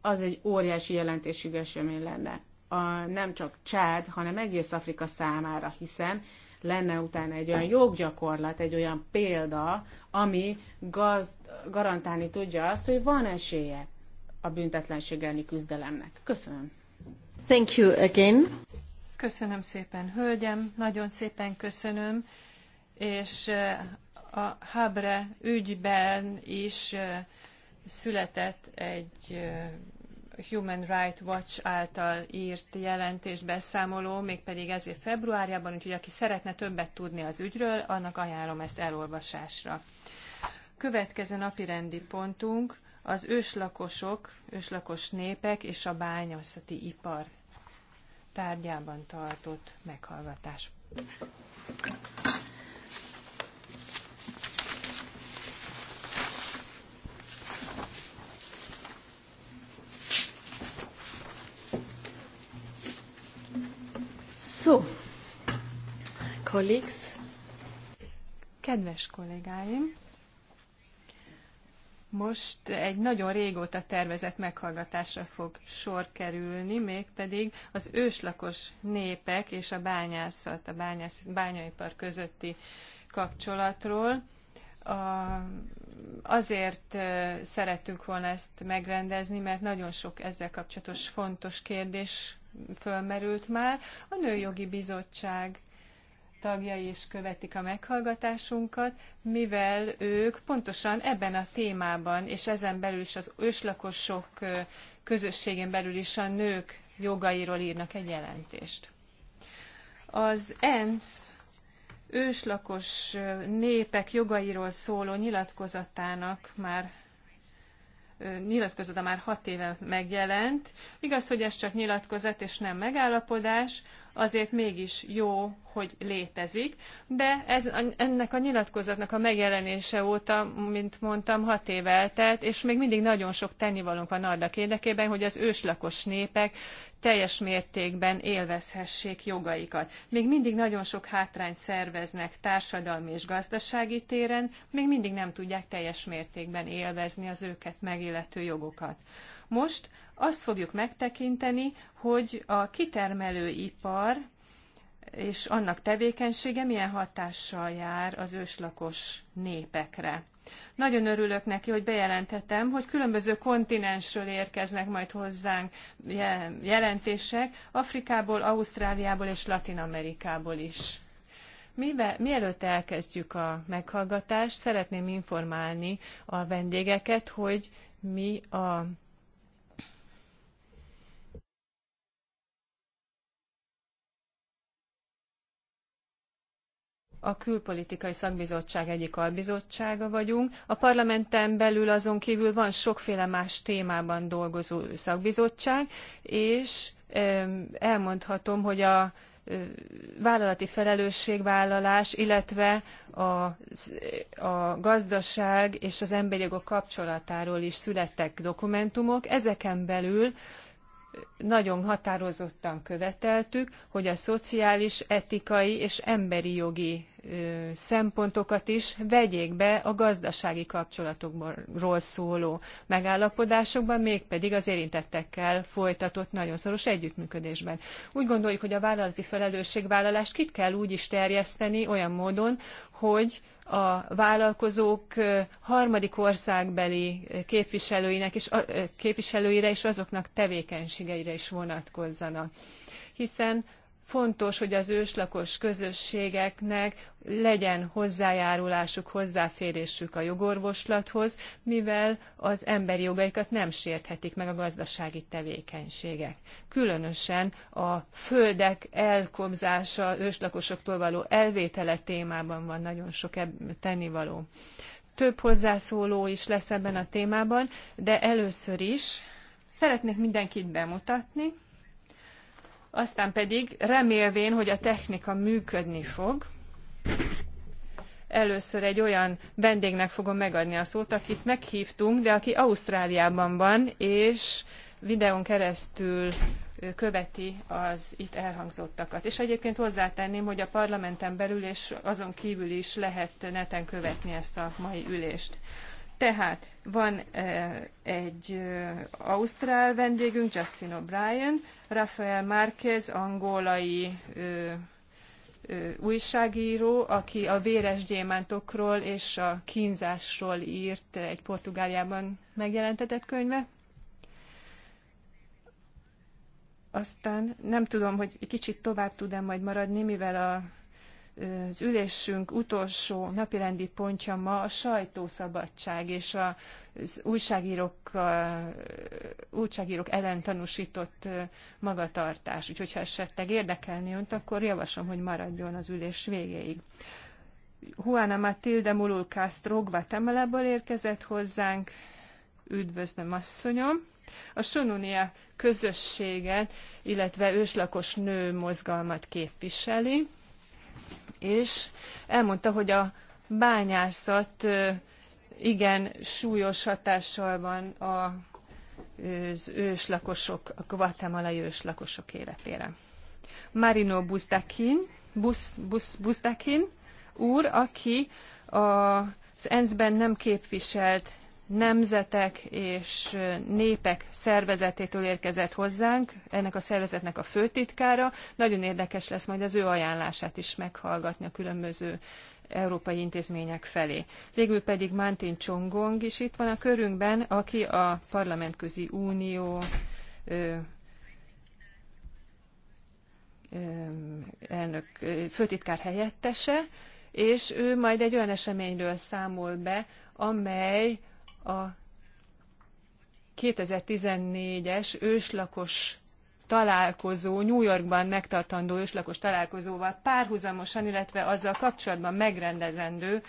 az egy óriási jelentésű esemény lenne. A, nem csak Csád, hanem egész Afrika számára, hiszen lenne utána egy olyan joggyakorlat, egy olyan példa, ami gazd, garantálni tudja azt, hogy van esélye a büntetlenség elleni küzdelemnek. Köszönöm. Thank you again. Köszönöm szépen, hölgyem, nagyon szépen köszönöm, és eh, a Habre ügyben is eh, született egy eh, Human Rights Watch által írt jelentés beszámoló, mégpedig ezért februárjában, úgyhogy aki szeretne többet tudni az ügyről, annak ajánlom ezt elolvasásra. Következő napi rendi pontunk az őslakosok, őslakos népek és a bányászati ipar tárgyában tartott meghallgatás. So, colleagues. Kedves kollégáim, most egy nagyon régóta tervezett meghallgatásra fog sor kerülni, mégpedig az őslakos népek és a bányászat, a bányász, bányaipar közötti kapcsolatról. A, azért szerettünk volna ezt megrendezni, mert nagyon sok ezzel kapcsolatos fontos kérdés fölmerült már. A Nőjogi Bizottság tagjai is követik a meghallgatásunkat, mivel ők pontosan ebben a témában, és ezen belül is az őslakosok közösségén belül is a nők jogairól írnak egy jelentést. Az ENSZ őslakos népek jogairól szóló nyilatkozatának már nyilatkozata már hat éve megjelent. Igaz, hogy ez csak nyilatkozat és nem megállapodás, azért mégis jó, hogy létezik, de ez, ennek a nyilatkozatnak a megjelenése óta, mint mondtam, hat év eltelt, és még mindig nagyon sok tennivalónk van annak érdekében, hogy az őslakos népek teljes mértékben élvezhessék jogaikat. Még mindig nagyon sok hátrányt szerveznek társadalmi és gazdasági téren, még mindig nem tudják teljes mértékben élvezni az őket megillető jogokat. Most azt fogjuk megtekinteni, hogy a kitermelőipar és annak tevékenysége milyen hatással jár az őslakos népekre. Nagyon örülök neki, hogy bejelentettem, hogy különböző kontinensről érkeznek majd hozzánk jelentések, Afrikából, Ausztráliából és Latin Amerikából is. Mivel, mielőtt elkezdjük a meghallgatást, szeretném informálni a vendégeket, hogy mi a a külpolitikai szakbizottság egyik albizottsága vagyunk. A parlamenten belül azon kívül van sokféle más témában dolgozó szakbizottság, és elmondhatom, hogy a vállalati felelősségvállalás, illetve a, a gazdaság és az emberi jogok kapcsolatáról is születtek dokumentumok. Ezeken belül nagyon határozottan követeltük, hogy a szociális, etikai és emberi jogi szempontokat is vegyék be a gazdasági kapcsolatokról szóló megállapodásokban, mégpedig az érintettekkel folytatott nagyon szoros együttműködésben. Úgy gondoljuk, hogy a vállalati felelősségvállalást ki kell úgy is terjeszteni olyan módon, hogy a vállalkozók harmadik országbeli képviselőinek és, képviselőire és azoknak tevékenységeire is vonatkozzanak. Hiszen Fontos, hogy az őslakos közösségeknek legyen hozzájárulásuk, hozzáférésük a jogorvoslathoz, mivel az emberi jogaikat nem sérthetik meg a gazdasági tevékenységek. Különösen a földek elkobzása, őslakosoktól való elvétele témában van nagyon sok tennivaló. Több hozzászóló is lesz ebben a témában, de először is szeretnék mindenkit bemutatni aztán pedig remélvén, hogy a technika működni fog, először egy olyan vendégnek fogom megadni a szót, akit meghívtunk, de aki Ausztráliában van, és videón keresztül követi az itt elhangzottakat. És egyébként hozzátenném, hogy a parlamenten belül és azon kívül is lehet neten követni ezt a mai ülést. Tehát van e, egy e, ausztrál vendégünk, Justin O'Brien, Rafael Márquez, angolai e, újságíró, aki a véres gyémántokról és a kínzásról írt egy Portugáliában megjelentetett könyve. Aztán nem tudom, hogy kicsit tovább tud-e majd maradni, mivel a az ülésünk utolsó napirendi pontja ma a sajtószabadság és az újságírók, újságírók ellen tanúsított magatartás. Úgyhogy ha esetleg érdekelni önt, akkor javaslom, hogy maradjon az ülés végéig. Juana Matilde Mulul Castro Guatemala-ból érkezett hozzánk. Üdvözlöm, asszonyom! A Sununia közösséget, illetve őslakos nő mozgalmat képviseli és elmondta, hogy a bányászat igen súlyos hatással van a az őslakosok, a guatemalai őslakosok életére. Marino Buzdakin, Buz, Buz, Buzdakin úr, aki az ENSZ-ben nem képviselt nemzetek és népek szervezetétől érkezett hozzánk, ennek a szervezetnek a főtitkára. Nagyon érdekes lesz majd az ő ajánlását is meghallgatni a különböző európai intézmények felé. Végül pedig Mántin Csongong is itt van a körünkben, aki a Parlamentközi Unió ö, ö, elnök főtitkár helyettese, és ő majd egy olyan eseményről számol be, amely a 2014-es őslakos találkozó, New Yorkban megtartandó őslakos találkozóval párhuzamosan, illetve azzal kapcsolatban megrendezendő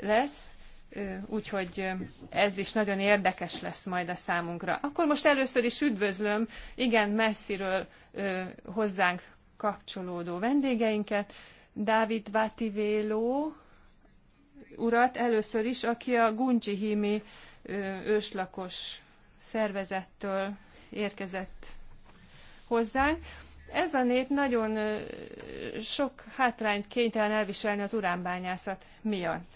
lesz, úgyhogy ez is nagyon érdekes lesz majd a számunkra. Akkor most először is üdvözlöm igen messziről hozzánk kapcsolódó vendégeinket, Dávid Vátivéló urat először is, aki a Guncsihimi őslakos szervezettől érkezett hozzánk. Ez a nép nagyon sok hátrányt kénytelen elviselni az uránbányászat miatt.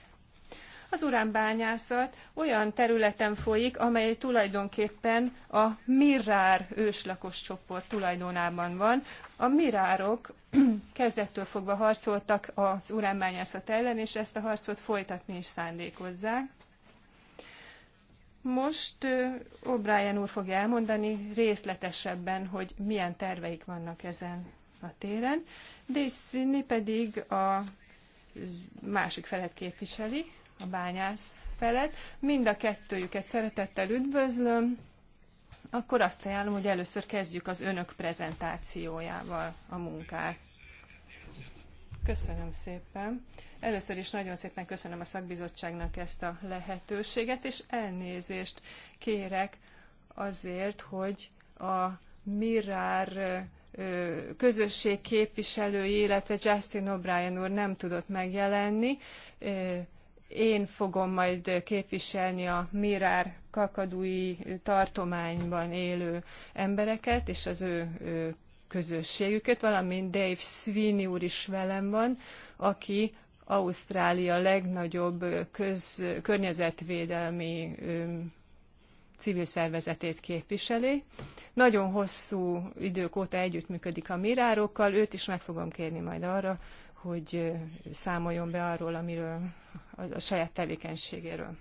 Az uránbányászat olyan területen folyik, amely tulajdonképpen a mirár őslakos csoport tulajdonában van. A mirárok kezdettől fogva harcoltak az uránbányászat ellen, és ezt a harcot folytatni is szándékozzák. Most O'Brien úr fogja elmondani részletesebben, hogy milyen terveik vannak ezen a téren. Dészvinni pedig a másik felet képviseli, a bányász felet. Mind a kettőjüket szeretettel üdvözlöm. Akkor azt ajánlom, hogy először kezdjük az önök prezentációjával a munkát. Köszönöm szépen. Először is nagyon szépen köszönöm a szakbizottságnak ezt a lehetőséget, és elnézést kérek azért, hogy a Mirár közösség képviselői, illetve Justin O'Brien úr nem tudott megjelenni. Én fogom majd képviselni a Mirár kakadui tartományban élő embereket, és az ő közösségüket, valamint Dave Sweeney úr is velem van, aki Ausztrália legnagyobb köz, környezetvédelmi civil szervezetét képviseli. Nagyon hosszú idők óta együttműködik a mirárokkal, őt is meg fogom kérni majd arra, hogy számoljon be arról, amiről a saját tevékenységéről.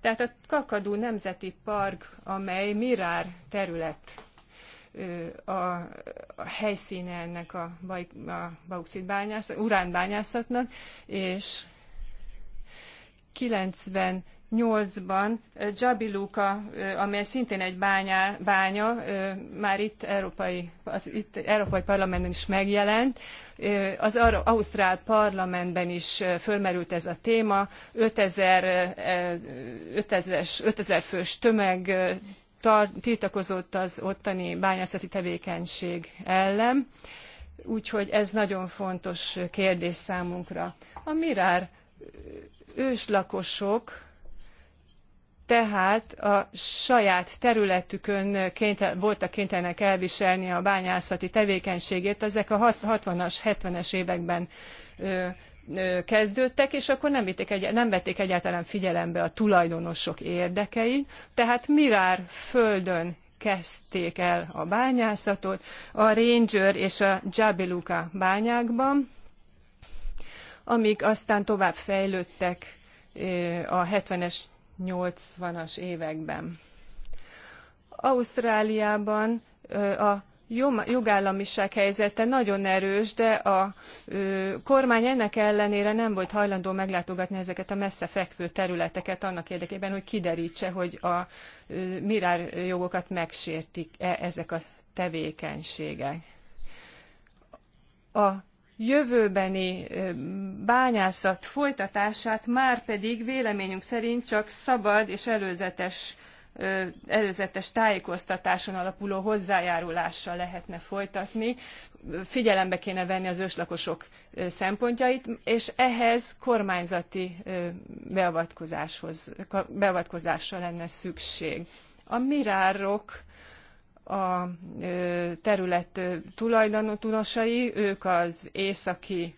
Tehát a Kakadú Nemzeti Park, amely Mirár terület a, a helyszíne ennek a, a bauxit bányászat, uránbányászatnak, és 98-ban Jabiluka, amely szintén egy bányá, bánya, már itt európai, az itt európai parlamentben is megjelent, az Ausztrál parlamentben is fölmerült ez a téma, 5000, 5000, 5000 fős tömeg tar- tiltakozott az ottani bányászati tevékenység ellen, úgyhogy ez nagyon fontos kérdés számunkra. A mirár őslakosok tehát a saját területükön kénytel, voltak kénytelenek elviselni a bányászati tevékenységét. Ezek a 60-as, 70-es években kezdődtek, és akkor nem, vitték egy, nem vették egyáltalán figyelembe a tulajdonosok érdekeit, tehát mirár földön kezdték el a bányászatot, a Ranger és a Jabiluka bányákban, amik aztán tovább fejlődtek a 70-es, 80-as években. Ausztráliában a jogállamiság helyzete nagyon erős, de a ö, kormány ennek ellenére nem volt hajlandó meglátogatni ezeket a messze fekvő területeket annak érdekében, hogy kiderítse, hogy a ö, mirár jogokat megsértik -e ezek a tevékenységek. A jövőbeni bányászat folytatását már pedig véleményünk szerint csak szabad és előzetes előzetes tájékoztatáson alapuló hozzájárulással lehetne folytatni. Figyelembe kéne venni az őslakosok szempontjait, és ehhez kormányzati beavatkozáshoz, beavatkozásra lenne szükség. A mirárok a terület tulajdonosai, ők az északi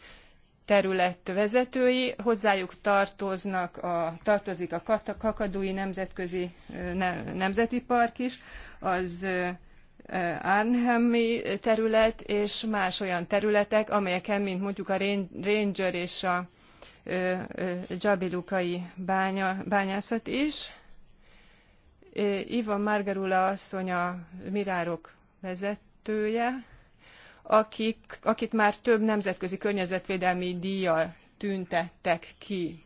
terület vezetői, hozzájuk tartoznak a, tartozik a Kakadui Nemzetközi Nemzeti Park is, az Arnhemi terület és más olyan területek, amelyeken, mint mondjuk a Ranger és a Jabilukai bánya, bányászat is. Iva Margarula asszony a Mirárok vezetője, akik, akit már több nemzetközi környezetvédelmi díjjal tüntettek ki.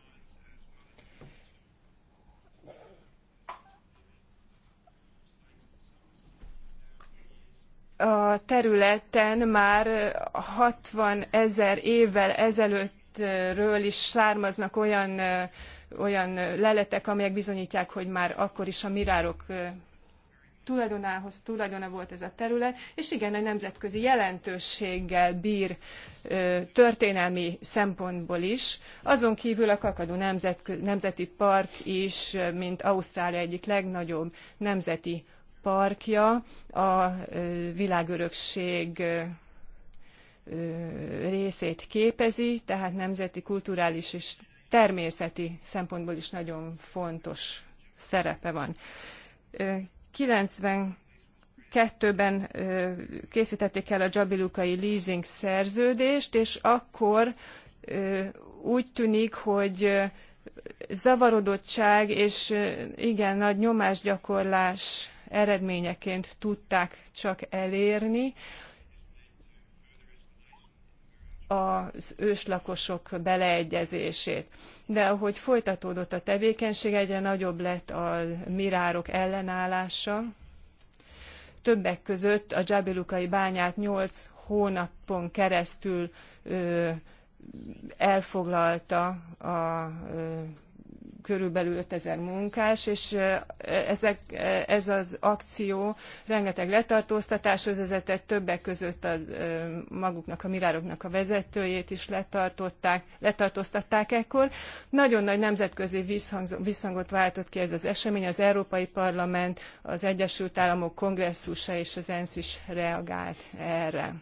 A területen már 60 ezer évvel ezelőttről is származnak olyan olyan leletek, amelyek bizonyítják, hogy már akkor is a mirárok tulajdonához tulajdona volt ez a terület, és igen, a nemzetközi jelentőséggel bír történelmi szempontból is. Azon kívül a Kakadu Nemzeti Park is, mint Ausztrália egyik legnagyobb nemzeti parkja, a világörökség részét képezi, tehát nemzeti, kulturális és természeti szempontból is nagyon fontos szerepe van. 92-ben készítették el a Jabilukai leasing szerződést, és akkor úgy tűnik, hogy zavarodottság és igen nagy nyomásgyakorlás eredményeként tudták csak elérni, az őslakosok beleegyezését. De ahogy folytatódott a tevékenység, egyre nagyobb lett a mirárok ellenállása. Többek között a Dzsabilukai bányát 8 hónapon keresztül ö, elfoglalta a ö, körülbelül 5000 munkás, és ezek, ez az akció rengeteg letartóztatáshoz vezetett, többek között az, maguknak, a mirároknak a vezetőjét is letartották, letartóztatták ekkor. Nagyon nagy nemzetközi visszhangot váltott ki ez az esemény, az Európai Parlament, az Egyesült Államok kongresszusa és az ENSZ is reagált erre.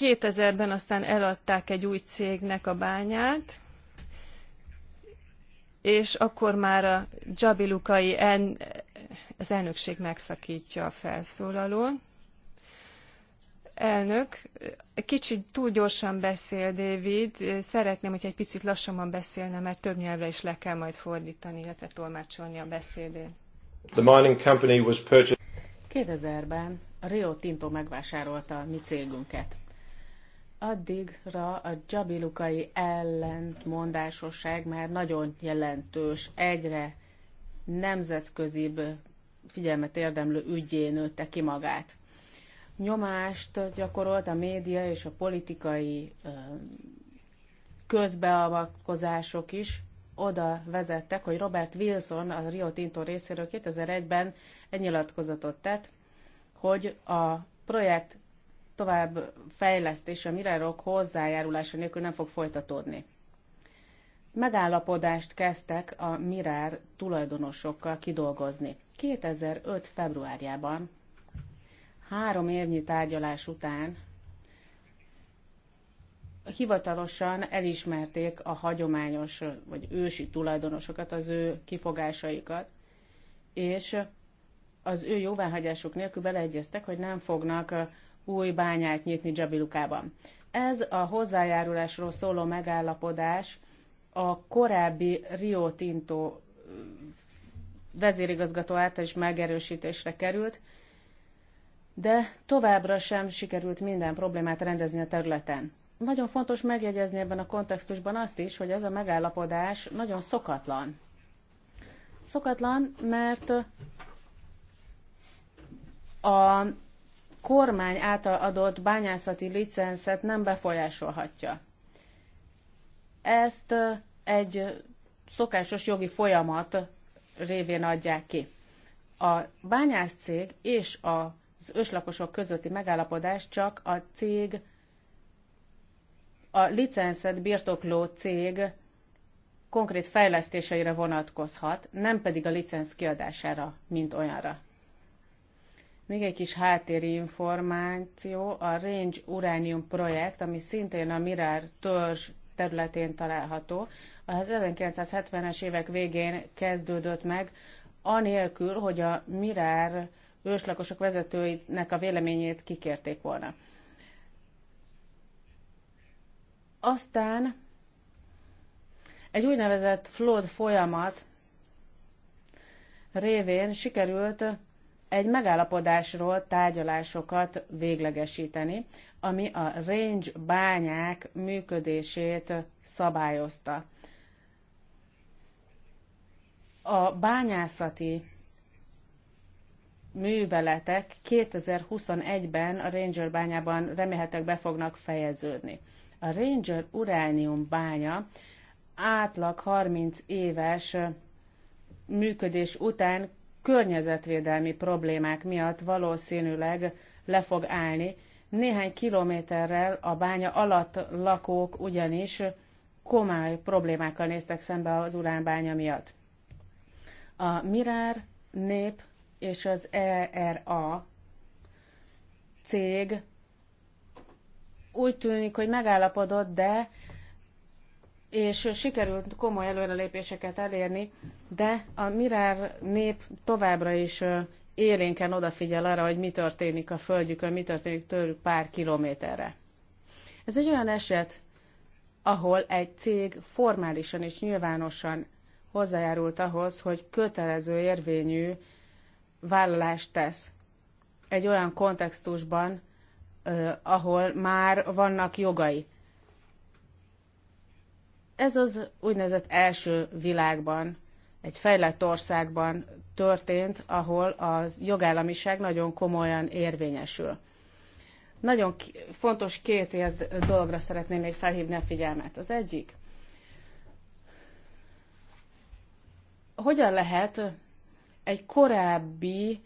2000-ben aztán eladták egy új cégnek a bányát, és akkor már a Jabilukai en, az elnökség megszakítja a felszólalón. Elnök, kicsit túl gyorsan beszél, David. Szeretném, hogy egy picit lassabban beszélne, mert több nyelvre is le kell majd fordítani, illetve tolmácsolni a beszédét. The mining company was purchased... 2000-ben a Rio Tinto megvásárolta a mi cégünket addigra a dzsabilukai ellentmondásosság már nagyon jelentős, egyre nemzetközibb figyelmet érdemlő ügyé nőtte ki magát. Nyomást gyakorolt a média és a politikai közbeavatkozások is oda vezettek, hogy Robert Wilson a Rio Tinto részéről 2001-ben egy nyilatkozatot tett, hogy a projekt tovább fejlesztése, rok hozzájárulása nélkül nem fog folytatódni. Megállapodást kezdtek a Mirár tulajdonosokkal kidolgozni. 2005. februárjában, három évnyi tárgyalás után hivatalosan elismerték a hagyományos vagy ősi tulajdonosokat, az ő kifogásaikat, és az ő jóváhagyásuk nélkül beleegyeztek, hogy nem fognak új bányát nyitni Dzsabilukában. Ez a hozzájárulásról szóló megállapodás a korábbi Rio Tinto vezérigazgató által is megerősítésre került, de továbbra sem sikerült minden problémát rendezni a területen. Nagyon fontos megjegyezni ebben a kontextusban azt is, hogy ez a megállapodás nagyon szokatlan. Szokatlan, mert a kormány által adott bányászati licenszet nem befolyásolhatja. Ezt egy szokásos jogi folyamat révén adják ki. A bányász cég és az őslakosok közötti megállapodás csak a cég, a licenszet birtokló cég konkrét fejlesztéseire vonatkozhat, nem pedig a licensz kiadására, mint olyanra. Még egy kis háttéri információ, a Range Uranium projekt, ami szintén a Mirár törzs területén található, az 1970-es évek végén kezdődött meg, anélkül, hogy a Mirár őslakosok vezetőinek a véleményét kikérték volna. Aztán egy úgynevezett flood folyamat révén sikerült egy megállapodásról tárgyalásokat véglegesíteni, ami a range bányák működését szabályozta. A bányászati műveletek 2021-ben a Ranger bányában remélhetőleg be fognak fejeződni. A Ranger uránium bánya átlag 30 éves működés után környezetvédelmi problémák miatt valószínűleg le fog állni. Néhány kilométerrel a bánya alatt lakók ugyanis komoly problémákkal néztek szembe az uránbánya miatt. A Mirár nép és az ERA cég úgy tűnik, hogy megállapodott, de és sikerült komoly előrelépéseket elérni, de a Mirár nép továbbra is élénken odafigyel arra, hogy mi történik a földjükön, mi történik tőlük pár kilométerre. Ez egy olyan eset, ahol egy cég formálisan és nyilvánosan hozzájárult ahhoz, hogy kötelező érvényű vállalást tesz egy olyan kontextusban, ahol már vannak jogai. Ez az úgynevezett első világban, egy fejlett országban történt, ahol az jogállamiság nagyon komolyan érvényesül. Nagyon fontos két érd dologra szeretném még felhívni a figyelmet. Az egyik, hogyan lehet egy korábbi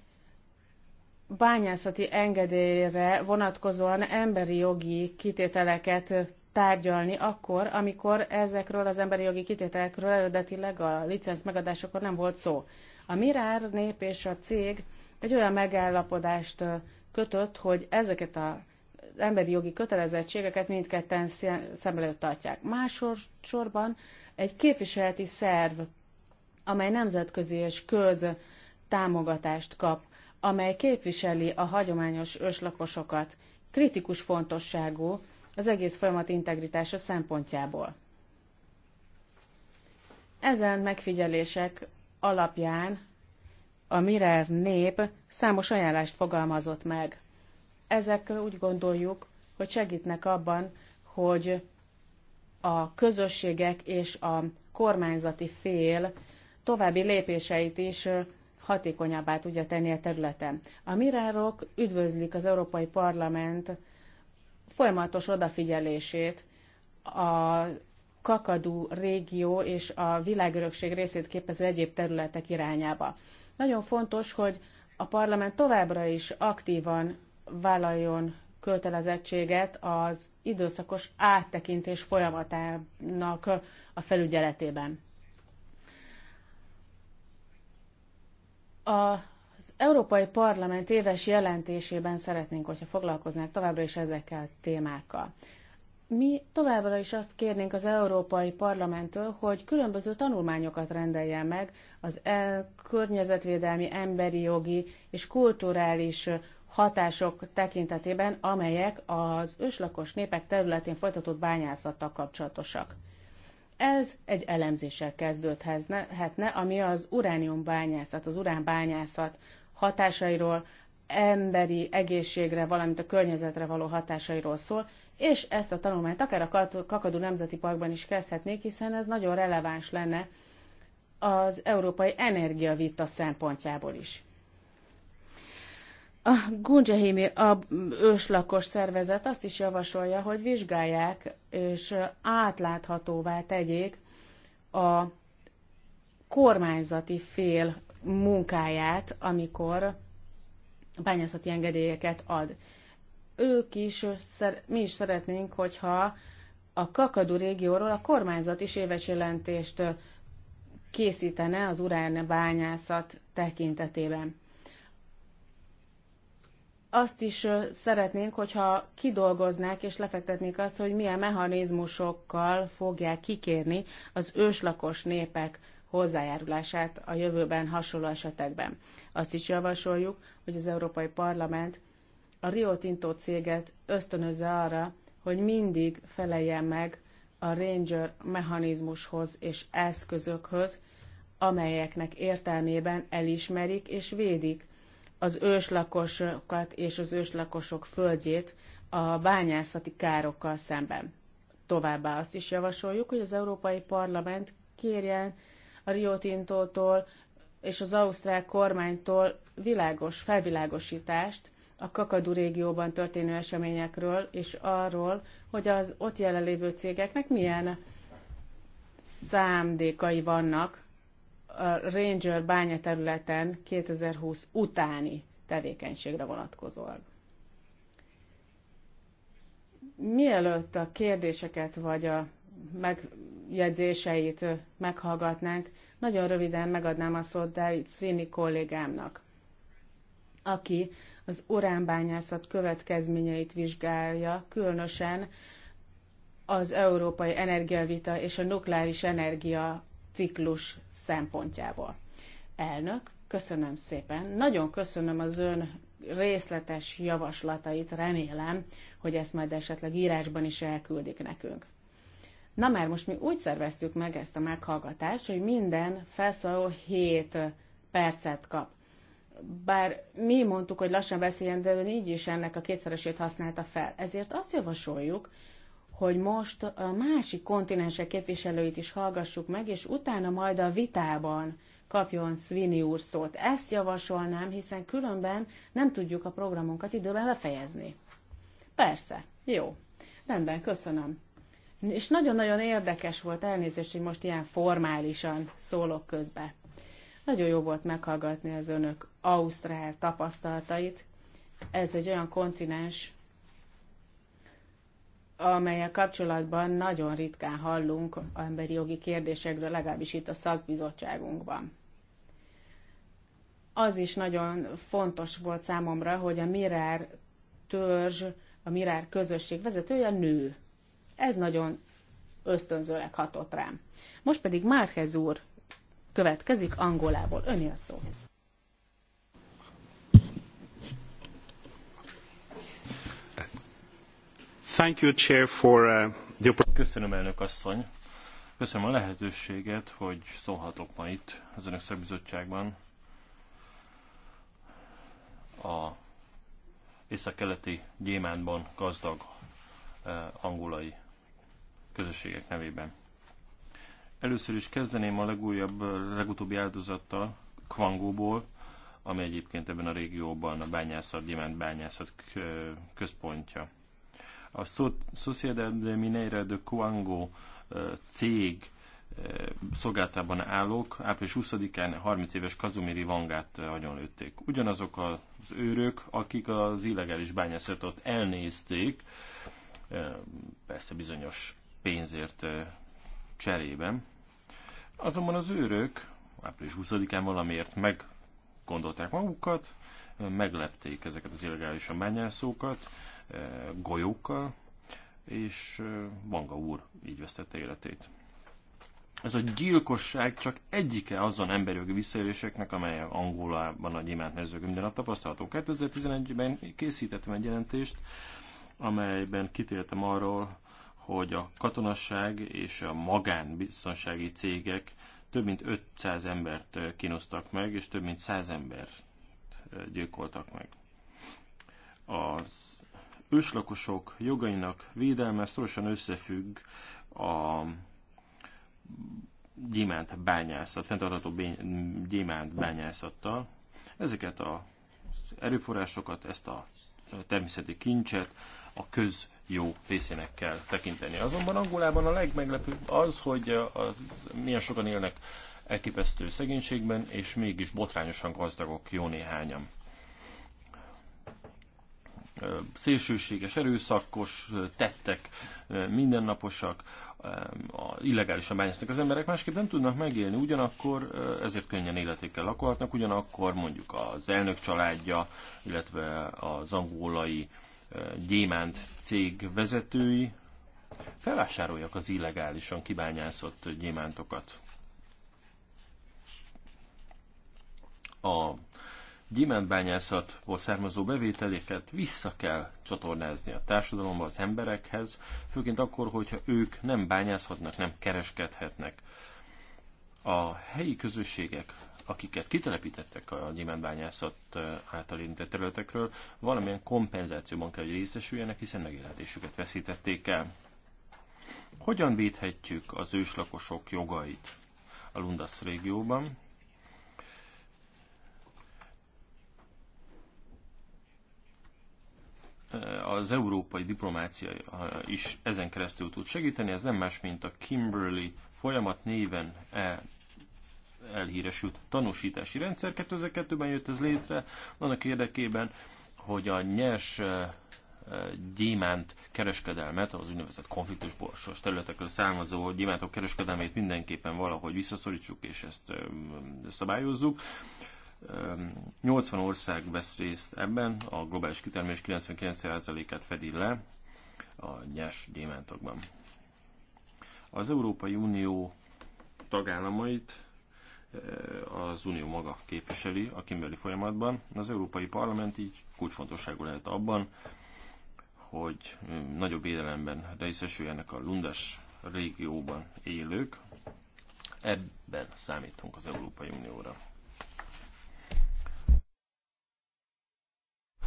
bányászati engedélyre vonatkozóan emberi jogi kitételeket tárgyalni akkor, amikor ezekről az emberi jogi kitételekről eredetileg a licenc megadásokon nem volt szó. A Mirár nép és a cég egy olyan megállapodást kötött, hogy ezeket a az emberi jogi kötelezettségeket mindketten szem előtt tartják. Másodszorban egy képviseleti szerv, amely nemzetközi és köz támogatást kap, amely képviseli a hagyományos őslakosokat, kritikus fontosságú, az egész folyamat integritása szempontjából. Ezen megfigyelések alapján a Mirer nép számos ajánlást fogalmazott meg. Ezekkel úgy gondoljuk, hogy segítnek abban, hogy a közösségek és a kormányzati fél további lépéseit is hatékonyabbá tudja tenni a területen. A mirárok üdvözlik az Európai Parlament folyamatos odafigyelését a Kakadú régió és a világörökség részét képező egyéb területek irányába. Nagyon fontos, hogy a parlament továbbra is aktívan vállaljon kötelezettséget az időszakos áttekintés folyamatának a felügyeletében. A Európai Parlament éves jelentésében szeretnénk, hogyha foglalkoznák továbbra is ezekkel a témákkal. Mi továbbra is azt kérnénk az Európai Parlamenttől, hogy különböző tanulmányokat rendeljen meg az el környezetvédelmi, emberi jogi és kulturális hatások tekintetében, amelyek az őslakos népek területén folytatott bányászattal kapcsolatosak. Ez egy elemzéssel kezdődhetne, ami az uránium bányászat, az uránbányászat hatásairól, emberi egészségre, valamint a környezetre való hatásairól szól, és ezt a tanulmányt akár a Kakadu Nemzeti Parkban is kezdhetnék, hiszen ez nagyon releváns lenne az európai energiavita szempontjából is. A Gunjahimi a őslakos szervezet azt is javasolja, hogy vizsgálják és átláthatóvá tegyék a kormányzati fél munkáját, amikor bányászati engedélyeket ad. Ők is, mi is szeretnénk, hogyha a Kakadu régióról a kormányzat is éves jelentést készítene az urán bányászat tekintetében. Azt is szeretnénk, hogyha kidolgoznák és lefektetnék azt, hogy milyen mechanizmusokkal fogják kikérni az őslakos népek hozzájárulását a jövőben hasonló esetekben. Azt is javasoljuk, hogy az Európai Parlament a Rio Tinto céget ösztönözze arra, hogy mindig feleljen meg a Ranger mechanizmushoz és eszközökhöz, amelyeknek értelmében elismerik és védik az őslakosokat és az őslakosok földjét a bányászati károkkal szemben. Továbbá azt is javasoljuk, hogy az Európai Parlament kérjen a Rio Tintótól és az ausztrál kormánytól világos felvilágosítást a Kakadu régióban történő eseményekről, és arról, hogy az ott jelenlévő cégeknek milyen számdékai vannak a Ranger bánya területen 2020 utáni tevékenységre vonatkozóan. Mielőtt a kérdéseket vagy a meg jegyzéseit meghallgatnánk. Nagyon röviden megadnám a szót David Sweeney kollégámnak, aki az uránbányászat következményeit vizsgálja, különösen az európai energiavita és a nukleáris energia ciklus szempontjából. Elnök, köszönöm szépen. Nagyon köszönöm az ön részletes javaslatait. Remélem, hogy ezt majd esetleg írásban is elküldik nekünk. Na már most mi úgy szerveztük meg ezt a meghallgatást, hogy minden felszóló 7 percet kap. Bár mi mondtuk, hogy lassan beszéljen, de ön így is ennek a kétszeresét használta fel. Ezért azt javasoljuk, hogy most a másik kontinensek képviselőit is hallgassuk meg, és utána majd a vitában kapjon Svini úr szót. Ezt javasolnám, hiszen különben nem tudjuk a programunkat időben befejezni. Persze, jó. Rendben, köszönöm. És nagyon-nagyon érdekes volt elnézést, hogy most ilyen formálisan szólok közbe. Nagyon jó volt meghallgatni az önök Ausztrál tapasztalatait. Ez egy olyan kontinens, amelyel kapcsolatban nagyon ritkán hallunk emberi jogi kérdésekről, legalábbis itt a szakbizottságunkban. Az is nagyon fontos volt számomra, hogy a Mirár törzs, a Mirár közösség vezetője nő. Ez nagyon ösztönzőleg hatott rám. Most pedig Márhez úr következik Angolából. Öni a szó. Thank you, Chair, for uh, the... Köszönöm, elnök asszony. Köszönöm a lehetőséget, hogy szólhatok ma itt az Önök Szakbizottságban a keleti gyémántban gazdag eh, angolai közösségek nevében. Először is kezdeném a legújabb, legutóbbi áldozattal, Kvangóból, ami egyébként ebben a régióban a bányászat, gyémánt bányászat központja. A Sociedad de Mineira de Kvangó cég szolgáltában állók április 20-án 30 éves Kazumiri Vangát agyonlőtték. Ugyanazok az őrök, akik az illegális bányászatot elnézték, persze bizonyos pénzért cserében. Azonban az őrök április 20-án valamiért meggondolták magukat, meglepték ezeket az illegálisan bányászókat golyókkal, és Banga úr így vesztette életét. Ez a gyilkosság csak egyike azon emberjogi visszaéléseknek, amely Angolában a gyémánt minden nap tapasztalható. 2011-ben készítettem egy jelentést, amelyben kitéltem arról, hogy a katonasság és a magánbiztonsági cégek több mint 500 embert kínoztak meg, és több mint 100 embert gyilkoltak meg. Az őslakosok jogainak védelme szorosan összefügg a gyémánt bányászat, fenntartható gyémánt bányászattal. Ezeket az erőforrásokat, ezt a természeti kincset a köz jó részének kell tekinteni. Azonban Angolában a legmeglepőbb az, hogy az, milyen sokan élnek elképesztő szegénységben, és mégis botrányosan gazdagok jó néhányan. Szélsőséges, erőszakos tettek, mindennaposak, illegálisan bányásznak az emberek, másképp nem tudnak megélni, ugyanakkor ezért könnyen életékkel lakolhatnak, ugyanakkor mondjuk az elnök családja, illetve az angolai gyémánt cég vezetői felvásároljak az illegálisan kibányászott gyémántokat. A gyémántbányászatból származó bevételéket vissza kell csatornázni a társadalomba, az emberekhez, főként akkor, hogyha ők nem bányászhatnak, nem kereskedhetnek a helyi közösségek, akiket kitelepítettek a gyémántbányászat által érintett területekről, valamilyen kompenzációban kell, hogy részesüljenek, hiszen megélhetésüket veszítették el. Hogyan védhetjük az őslakosok jogait a Lundas régióban? az európai diplomácia is ezen keresztül tud segíteni, ez nem más, mint a Kimberley folyamat néven e, elhíresült tanúsítási rendszer. 2002-ben jött ez létre, annak érdekében, hogy a nyers gyémánt kereskedelmet, az úgynevezett konfliktus borsos területekről származó gyémántok kereskedelmét mindenképpen valahogy visszaszorítsuk és ezt szabályozzuk. 80 ország vesz részt ebben, a globális kitermés 99%-át fedi le a nyers gyémántokban. Az Európai Unió tagállamait az Unió maga képviseli a kimbeli folyamatban. Az Európai Parlament így kulcsfontosságú lehet abban, hogy nagyobb élelemben részesüljenek a Lundas régióban élők. Ebben számítunk az Európai Unióra.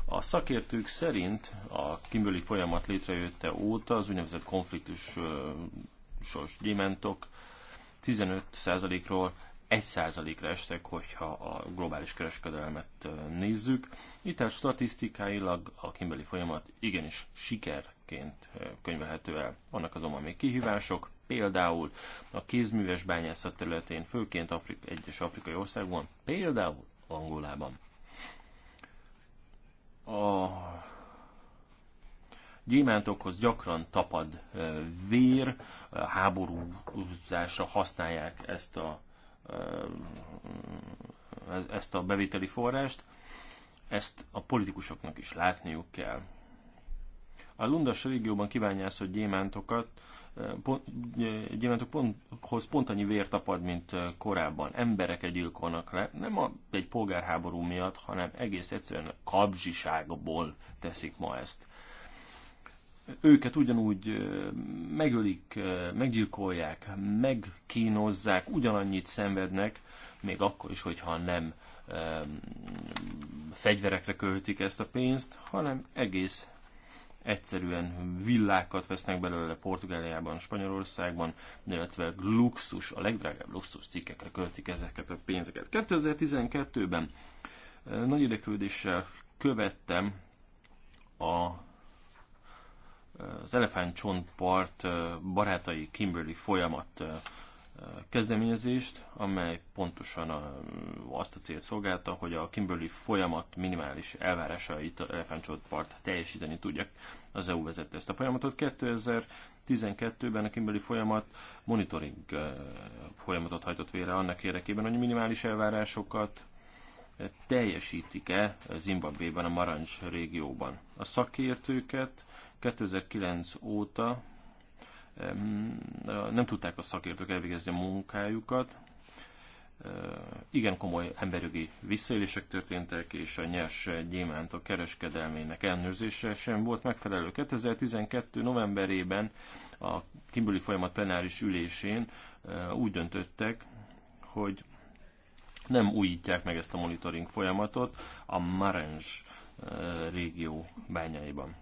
A szakértők szerint a kimbeli folyamat létrejötte óta az úgynevezett konfliktusos gyémántok 15%-ról 1%-ra estek, hogyha a globális kereskedelmet nézzük. Itt tehát statisztikailag a kimbeli folyamat igenis sikerként könyvelhető el. Vannak azonban még kihívások, például a kézműves bányászat területén, főként Afrika, egyes afrikai országban, például Angolában. A gyémántokhoz gyakran tapad vér, háborúzásra használják ezt a ezt a bevételi forrást, ezt a politikusoknak is látniuk kell. A Lundas régióban hogy gyémántokat, pont, gyémántokhoz pont annyi vért apad, mint korábban. emberek gyilkolnak le, nem a, egy polgárháború miatt, hanem egész egyszerűen a kapzsiságból teszik ma ezt őket ugyanúgy megölik, meggyilkolják, megkínozzák, ugyanannyit szenvednek, még akkor is, hogyha nem fegyverekre költik ezt a pénzt, hanem egész egyszerűen villákat vesznek belőle Portugáliában, Spanyolországban, illetve luxus, a legdrágább luxus cikkekre költik ezeket a pénzeket. 2012-ben nagy érdeklődéssel követtem a az elefántcsontpart barátai Kimberly folyamat kezdeményezést, amely pontosan a, azt a célt szolgálta, hogy a Kimberly folyamat minimális elvárásait a elefántcsontpart teljesíteni tudja. Az EU vezette ezt a folyamatot. 2012-ben a Kimberly folyamat monitoring folyamatot hajtott vére annak érdekében, hogy minimális elvárásokat teljesítik-e Zimbabvében, a Marancs régióban. A szakértőket 2009 óta nem tudták a szakértők elvégezni a munkájukat. Igen komoly emberügi visszaélések történtek, és a nyers a kereskedelmének elnőrzése sem volt megfelelő. 2012. novemberében a Kimberley folyamat plenáris ülésén úgy döntöttek, hogy nem újítják meg ezt a monitoring folyamatot a Marange régió bányáiban.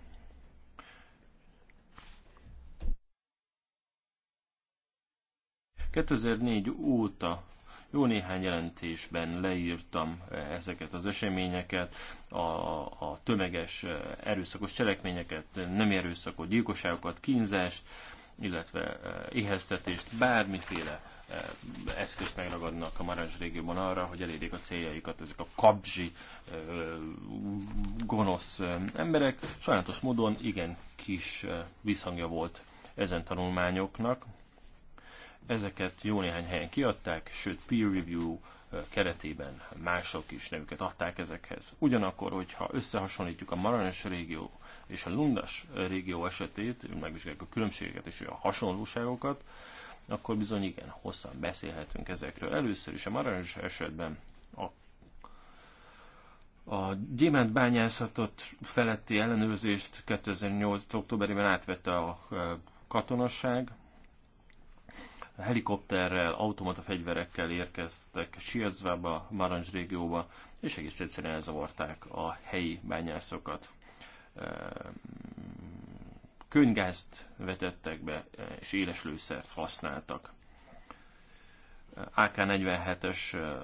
2004 óta jó néhány jelentésben leírtam ezeket az eseményeket, a, a tömeges e, erőszakos cselekményeket, nem erőszakot, gyilkosságokat, kínzást, illetve e, éheztetést, bármiféle e, eszközt megragadnak a Marancs régióban arra, hogy elérjék a céljaikat ezek a kapzsi, gonosz emberek. Sajnálatos módon igen kis visszhangja volt ezen tanulmányoknak, Ezeket jó néhány helyen kiadták, sőt peer review keretében mások is nevüket adták ezekhez. Ugyanakkor, hogyha összehasonlítjuk a Maranes régió és a Lundas régió esetét, megvizsgáljuk a különbségeket és a hasonlóságokat, akkor bizony igen, hosszan beszélhetünk ezekről. Először is a Maranes esetben a a bányászatot feletti ellenőrzést 2008. októberében átvette a katonasság, helikopterrel, automata fegyverekkel érkeztek Sierzvába, Marancs régióba, és egész egyszerűen elzavarták a helyi bányászokat. Ehm, könygázt vetettek be, és éles lőszert használtak. AK-47-es eh,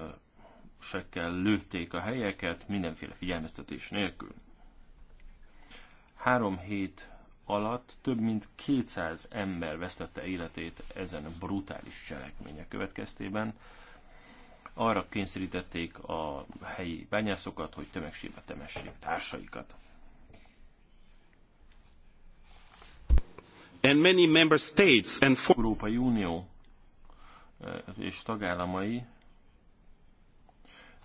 sekkel lőtték a helyeket, mindenféle figyelmeztetés nélkül. Három hét alatt több mint 200 ember vesztette életét ezen brutális cselekmények következtében. Arra kényszerítették a helyi bányászokat, hogy tömegségbe temessék társaikat. And many member states and for- Európai Unió eh, és tagállamai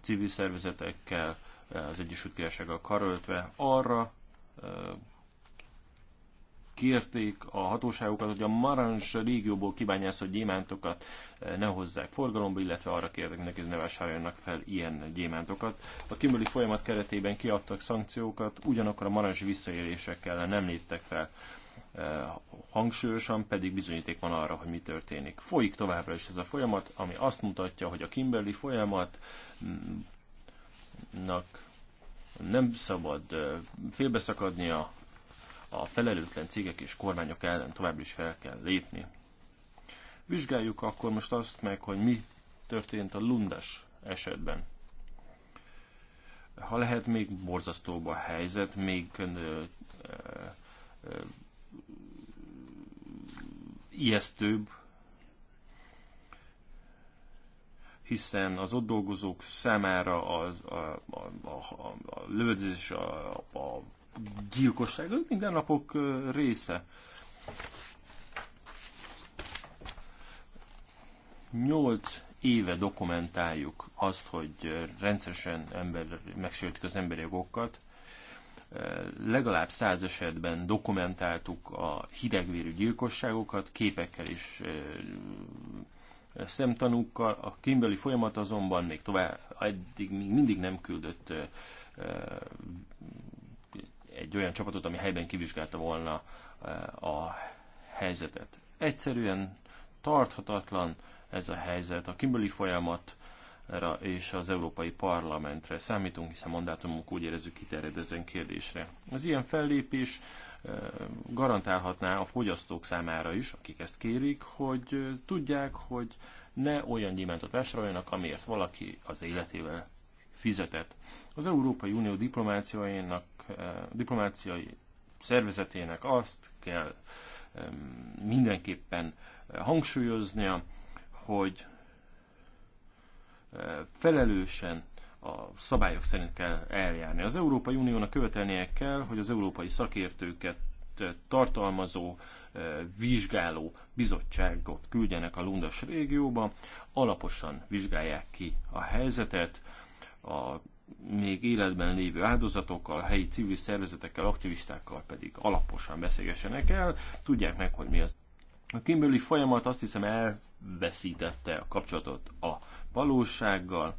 civil szervezetekkel, eh, az Egyesült Királysággal karöltve arra eh, kérték a hatóságokat, hogy a Marans régióból kibányászott gyémántokat eh, ne hozzák forgalomba, illetve arra kértek neki, hogy ne vásároljanak fel ilyen gyémántokat. A kimüli folyamat keretében kiadtak szankciókat, ugyanakkor a Marans visszaélésekkel nem léptek fel eh, hangsúlyosan, pedig bizonyíték van arra, hogy mi történik. Folyik továbbra is ez a folyamat, ami azt mutatja, hogy a Kimberley folyamatnak mm, nem szabad eh, félbeszakadnia, a felelőtlen cégek és kormányok ellen továbbra is fel kell lépni. Vizsgáljuk akkor most azt meg, hogy mi történt a Lundas esetben. Ha lehet, még borzasztóbb a helyzet, még ö, ö, ö, ijesztőbb, hiszen az ott dolgozók számára az, a, a, a, a lövöldözés, a, a gyilkosság, mindennapok része. 8 éve dokumentáljuk azt, hogy rendszeresen ember, megsértik az emberi jogokat. Legalább száz esetben dokumentáltuk a hidegvérű gyilkosságokat, képekkel és szemtanúkkal. A kimbeli folyamat azonban még tovább, eddig még mindig nem küldött egy olyan csapatot, ami helyben kivizsgálta volna eh, a helyzetet. Egyszerűen tarthatatlan ez a helyzet. A Kimberley folyamatra és az Európai Parlamentre számítunk, hiszen mandátumunk úgy érezzük kiterjed ezen kérdésre. Az ilyen fellépés eh, garantálhatná a fogyasztók számára is, akik ezt kérik, hogy eh, tudják, hogy ne olyan gyémántot vásároljanak, amiért valaki az életével fizetett. Az Európai Unió diplomáciájának Eh, diplomáciai szervezetének azt kell mindenképpen eh, hangsúlyoznia, hogy eh, felelősen a szabályok szerint kell eljárni. Az Európai Uniónak követelnie kell, hogy az európai szakértőket tartalmazó, vizsgáló bizottságot küldjenek a Lundas régióba, alaposan vizsgálják ki a helyzetet, a még életben lévő áldozatokkal, helyi civil szervezetekkel, aktivistákkal pedig alaposan beszélgessenek el, tudják meg, hogy mi az. A Kimberly folyamat azt hiszem elveszítette a kapcsolatot a valósággal,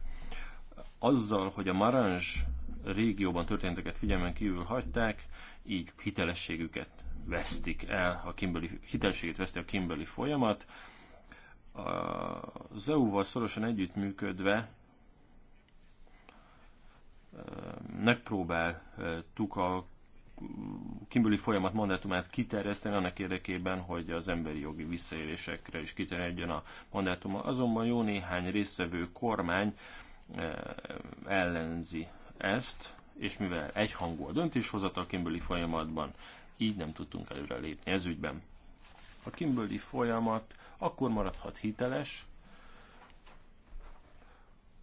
azzal, hogy a Maranzs régióban történteket figyelmen kívül hagyták, így hitelességüket vesztik el, a Kimberly, hitelességét veszti a Kimberly folyamat. Az EU-val szorosan együttműködve megpróbáltuk a kimbüli folyamat mandátumát kiterjeszteni annak érdekében, hogy az emberi jogi visszaélésekre is kiterjedjen a mandátuma. Azonban jó néhány résztvevő kormány eh, ellenzi ezt, és mivel egyhangú a döntéshozatal kimbüli folyamatban, így nem tudtunk előre lépni ez ügyben. A kimbüli folyamat akkor maradhat hiteles,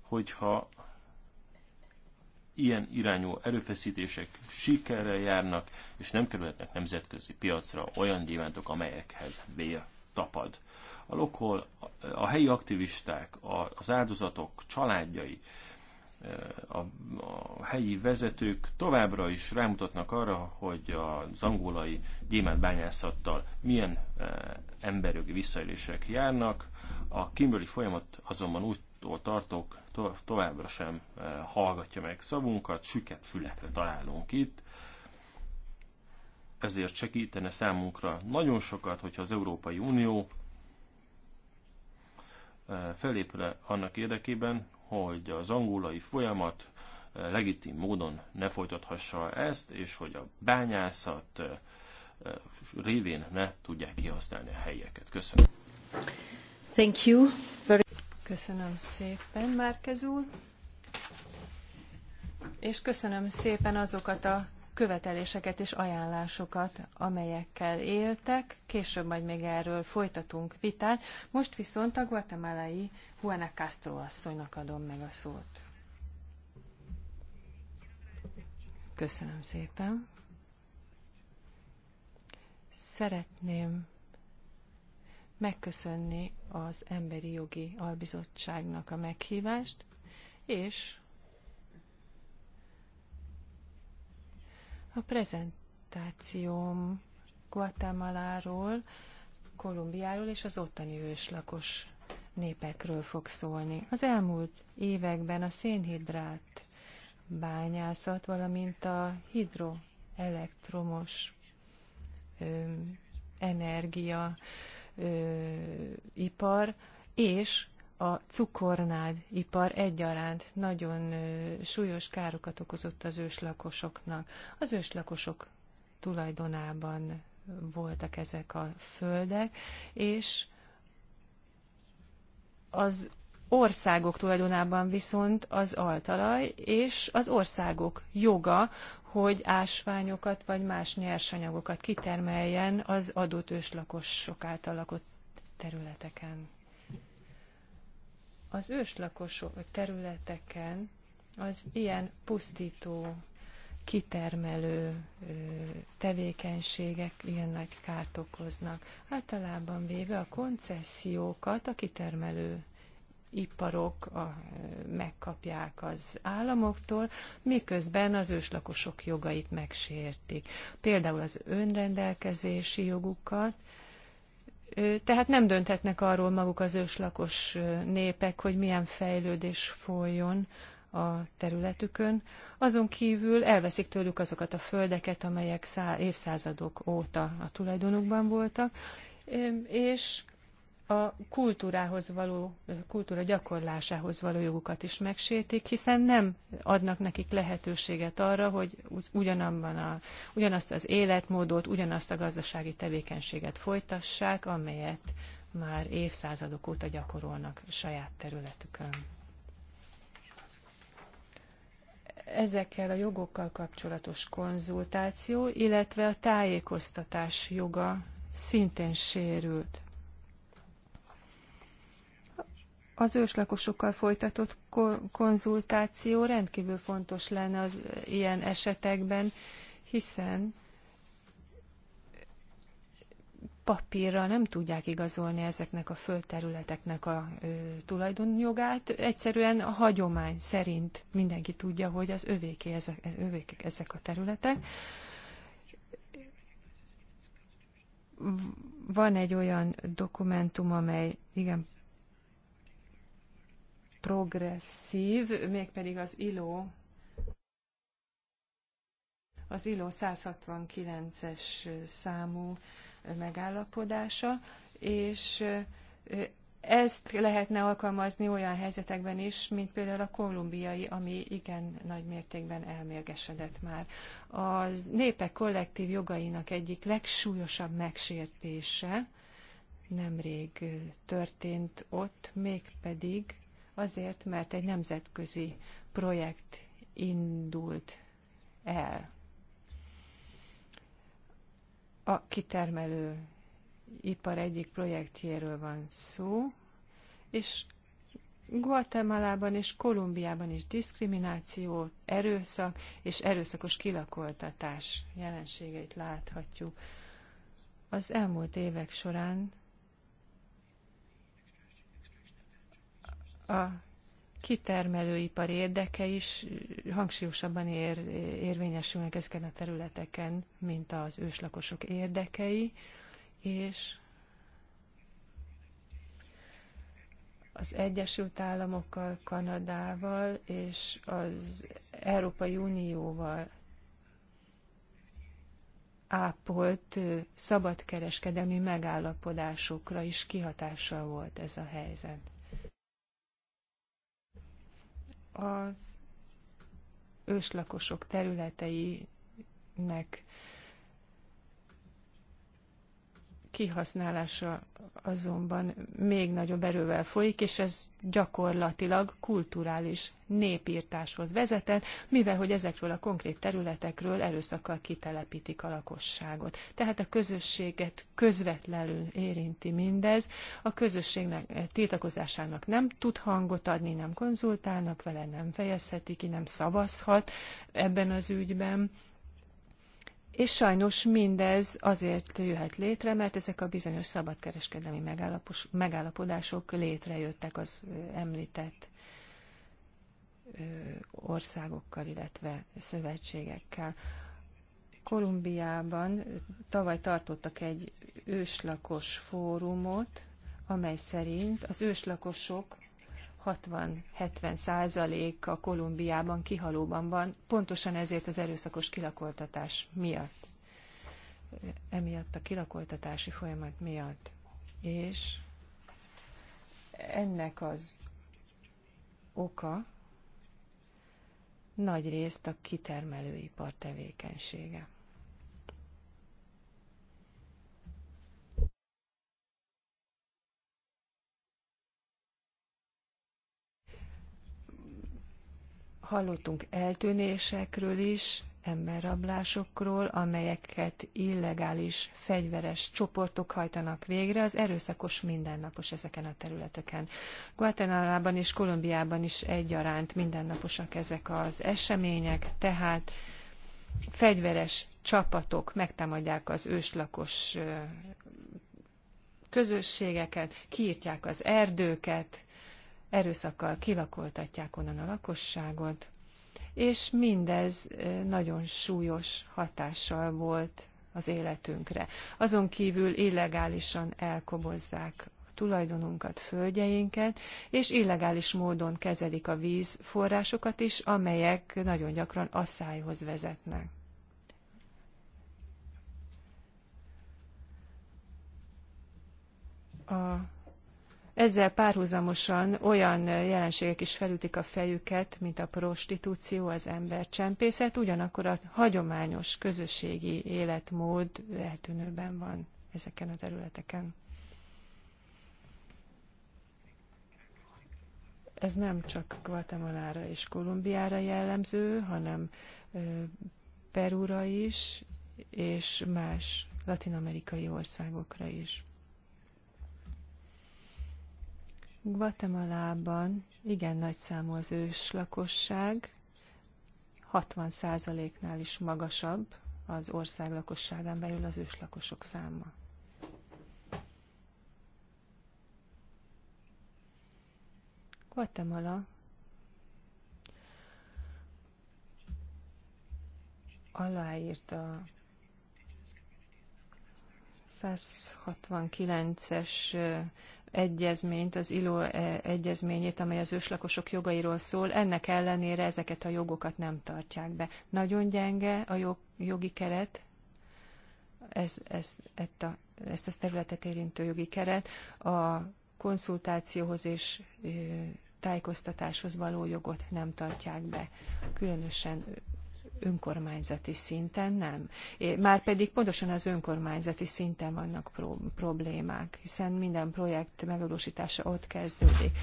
hogyha ilyen irányú erőfeszítések sikerrel járnak, és nem kerülhetnek nemzetközi piacra olyan gyémántok, amelyekhez vér tapad. A lokol, a helyi aktivisták, az áldozatok családjai, eh, a, a helyi vezetők továbbra is rámutatnak arra, hogy az angolai gyémántbányászattal milyen eh, emberjogi visszaélések járnak. A Kimberley folyamat azonban úgy attól tartok, to- továbbra sem eh, hallgatja meg szavunkat, süket fülekre találunk itt. Ezért segítene számunkra nagyon sokat, hogyha az Európai Unió eh, felépül annak érdekében, hogy az angolai folyamat eh, legitim módon ne folytathassa ezt, és hogy a bányászat révén ne tudják kihasználni a helyeket. Köszönöm. Thank you. Very... Köszönöm szépen, Márkez úr. És köszönöm szépen azokat a követeléseket és ajánlásokat, amelyekkel éltek. Később majd még erről folytatunk vitát. Most viszont a guatemalai Juana Castro asszonynak adom meg a szót. Köszönöm szépen. Szeretném megköszönni az Emberi Jogi Albizottságnak a meghívást, és a prezentációm Guatemaláról, Kolumbiáról és az ottani őslakos népekről fog szólni. Az elmúlt években a szénhidrát bányászat, valamint a hidroelektromos energia ipar és a cukornád ipar egyaránt nagyon súlyos károkat okozott az őslakosoknak. Az őslakosok tulajdonában voltak ezek a földek, és az országok tulajdonában viszont az altalaj, és az országok joga, hogy ásványokat vagy más nyersanyagokat kitermeljen az adott őslakosok által lakott területeken. Az őslakosok területeken az ilyen pusztító, kitermelő tevékenységek ilyen nagy kárt okoznak. Általában véve a koncesziókat a kitermelő iparok a, megkapják az államoktól, miközben az őslakosok jogait megsértik. Például az önrendelkezési jogukat, tehát nem dönthetnek arról maguk az őslakos népek, hogy milyen fejlődés folyjon a területükön. Azon kívül elveszik tőlük azokat a földeket, amelyek évszázadok óta a tulajdonukban voltak, és a kultúrához való, kultúra gyakorlásához való jogukat is megsértik, hiszen nem adnak nekik lehetőséget arra, hogy ugyanabban a, ugyanazt az életmódot, ugyanazt a gazdasági tevékenységet folytassák, amelyet már évszázadok óta gyakorolnak saját területükön. Ezekkel a jogokkal kapcsolatos konzultáció, illetve a tájékoztatás joga szintén sérült Az őslakosokkal folytatott konzultáció rendkívül fontos lenne az ilyen esetekben, hiszen papírra nem tudják igazolni ezeknek a földterületeknek a ö, tulajdonjogát. Egyszerűen a hagyomány szerint mindenki tudja, hogy az övéké ezek, övékek ezek a területek. Van egy olyan dokumentum, amely igen progresszív, mégpedig az ILO az ILO 169-es számú megállapodása, és eh, ezt lehetne alkalmazni olyan helyzetekben is, mint például a kolumbiai, ami igen nagy mértékben elmérgesedett már. Az népek kollektív jogainak egyik legsúlyosabb megsértése nemrég eh, történt ott, mégpedig azért, mert egy nemzetközi projekt indult el. A kitermelő ipar egyik projektjéről van szó, és Guatemalában és Kolumbiában is diszkrimináció, erőszak és erőszakos kilakoltatás jelenségeit láthatjuk. Az elmúlt évek során a kitermelőipar érdeke is hangsúlyosabban ér, érvényesülnek ezeken a területeken, mint az őslakosok érdekei, és az Egyesült Államokkal, Kanadával és az Európai Unióval ápolt szabadkereskedelmi megállapodásokra is kihatással volt ez a helyzet az őslakosok területeinek kihasználása azonban még nagyobb erővel folyik, és ez gyakorlatilag kulturális népírtáshoz vezetett, mivel hogy ezekről a konkrét területekről erőszakkal kitelepítik a lakosságot. Tehát a közösséget közvetlenül érinti mindez, a közösségnek eh, tiltakozásának nem tud hangot adni, nem konzultálnak vele, nem fejezheti ki, nem szavazhat ebben az ügyben és sajnos mindez azért jöhet létre, mert ezek a bizonyos szabadkereskedelmi megállapodások létrejöttek az említett országokkal, illetve szövetségekkel. Kolumbiában tavaly tartottak egy őslakos fórumot, amely szerint az őslakosok 60-70 százalék a Kolumbiában kihalóban van, pontosan ezért az erőszakos kilakoltatás miatt, emiatt a kilakoltatási folyamat miatt. És ennek az oka nagy részt a kitermelőipar tevékenysége. Hallottunk eltűnésekről is, emberrablásokról, amelyeket illegális fegyveres csoportok hajtanak végre, az erőszakos mindennapos ezeken a területeken. Guatemalában és Kolumbiában is egyaránt mindennaposak ezek az események, tehát fegyveres csapatok megtámadják az őslakos közösségeket, kiírtják az erdőket, erőszakkal kilakoltatják onnan a lakosságot, és mindez nagyon súlyos hatással volt az életünkre. Azon kívül illegálisan elkobozzák tulajdonunkat, földjeinket, és illegális módon kezelik a vízforrásokat is, amelyek nagyon gyakran asszályhoz vezetnek. A ezzel párhuzamosan olyan jelenségek is felütik a fejüket, mint a prostitúció, az embercsempészet, ugyanakkor a hagyományos közösségi életmód eltűnőben van ezeken a területeken. Ez nem csak Guatemalára és Kolumbiára jellemző, hanem Perúra is, és más latinamerikai országokra is. Guatemalában igen nagy számú az ős lakosság, 60%-nál is magasabb az ország lakosságán belül az lakosok száma. Guatemala aláírta 169-es egyezményt, az ILO eh, egyezményét, amely az őslakosok jogairól szól, ennek ellenére ezeket a jogokat nem tartják be. Nagyon gyenge a jog, jogi keret, ez, ez, ezt, a, ezt a területet érintő jogi keret, a konszultációhoz és eh, tájékoztatáshoz való jogot nem tartják be. Különösen önkormányzati szinten nem. Márpedig pontosan az önkormányzati szinten vannak problémák, hiszen minden projekt megvalósítása ott kezdődik.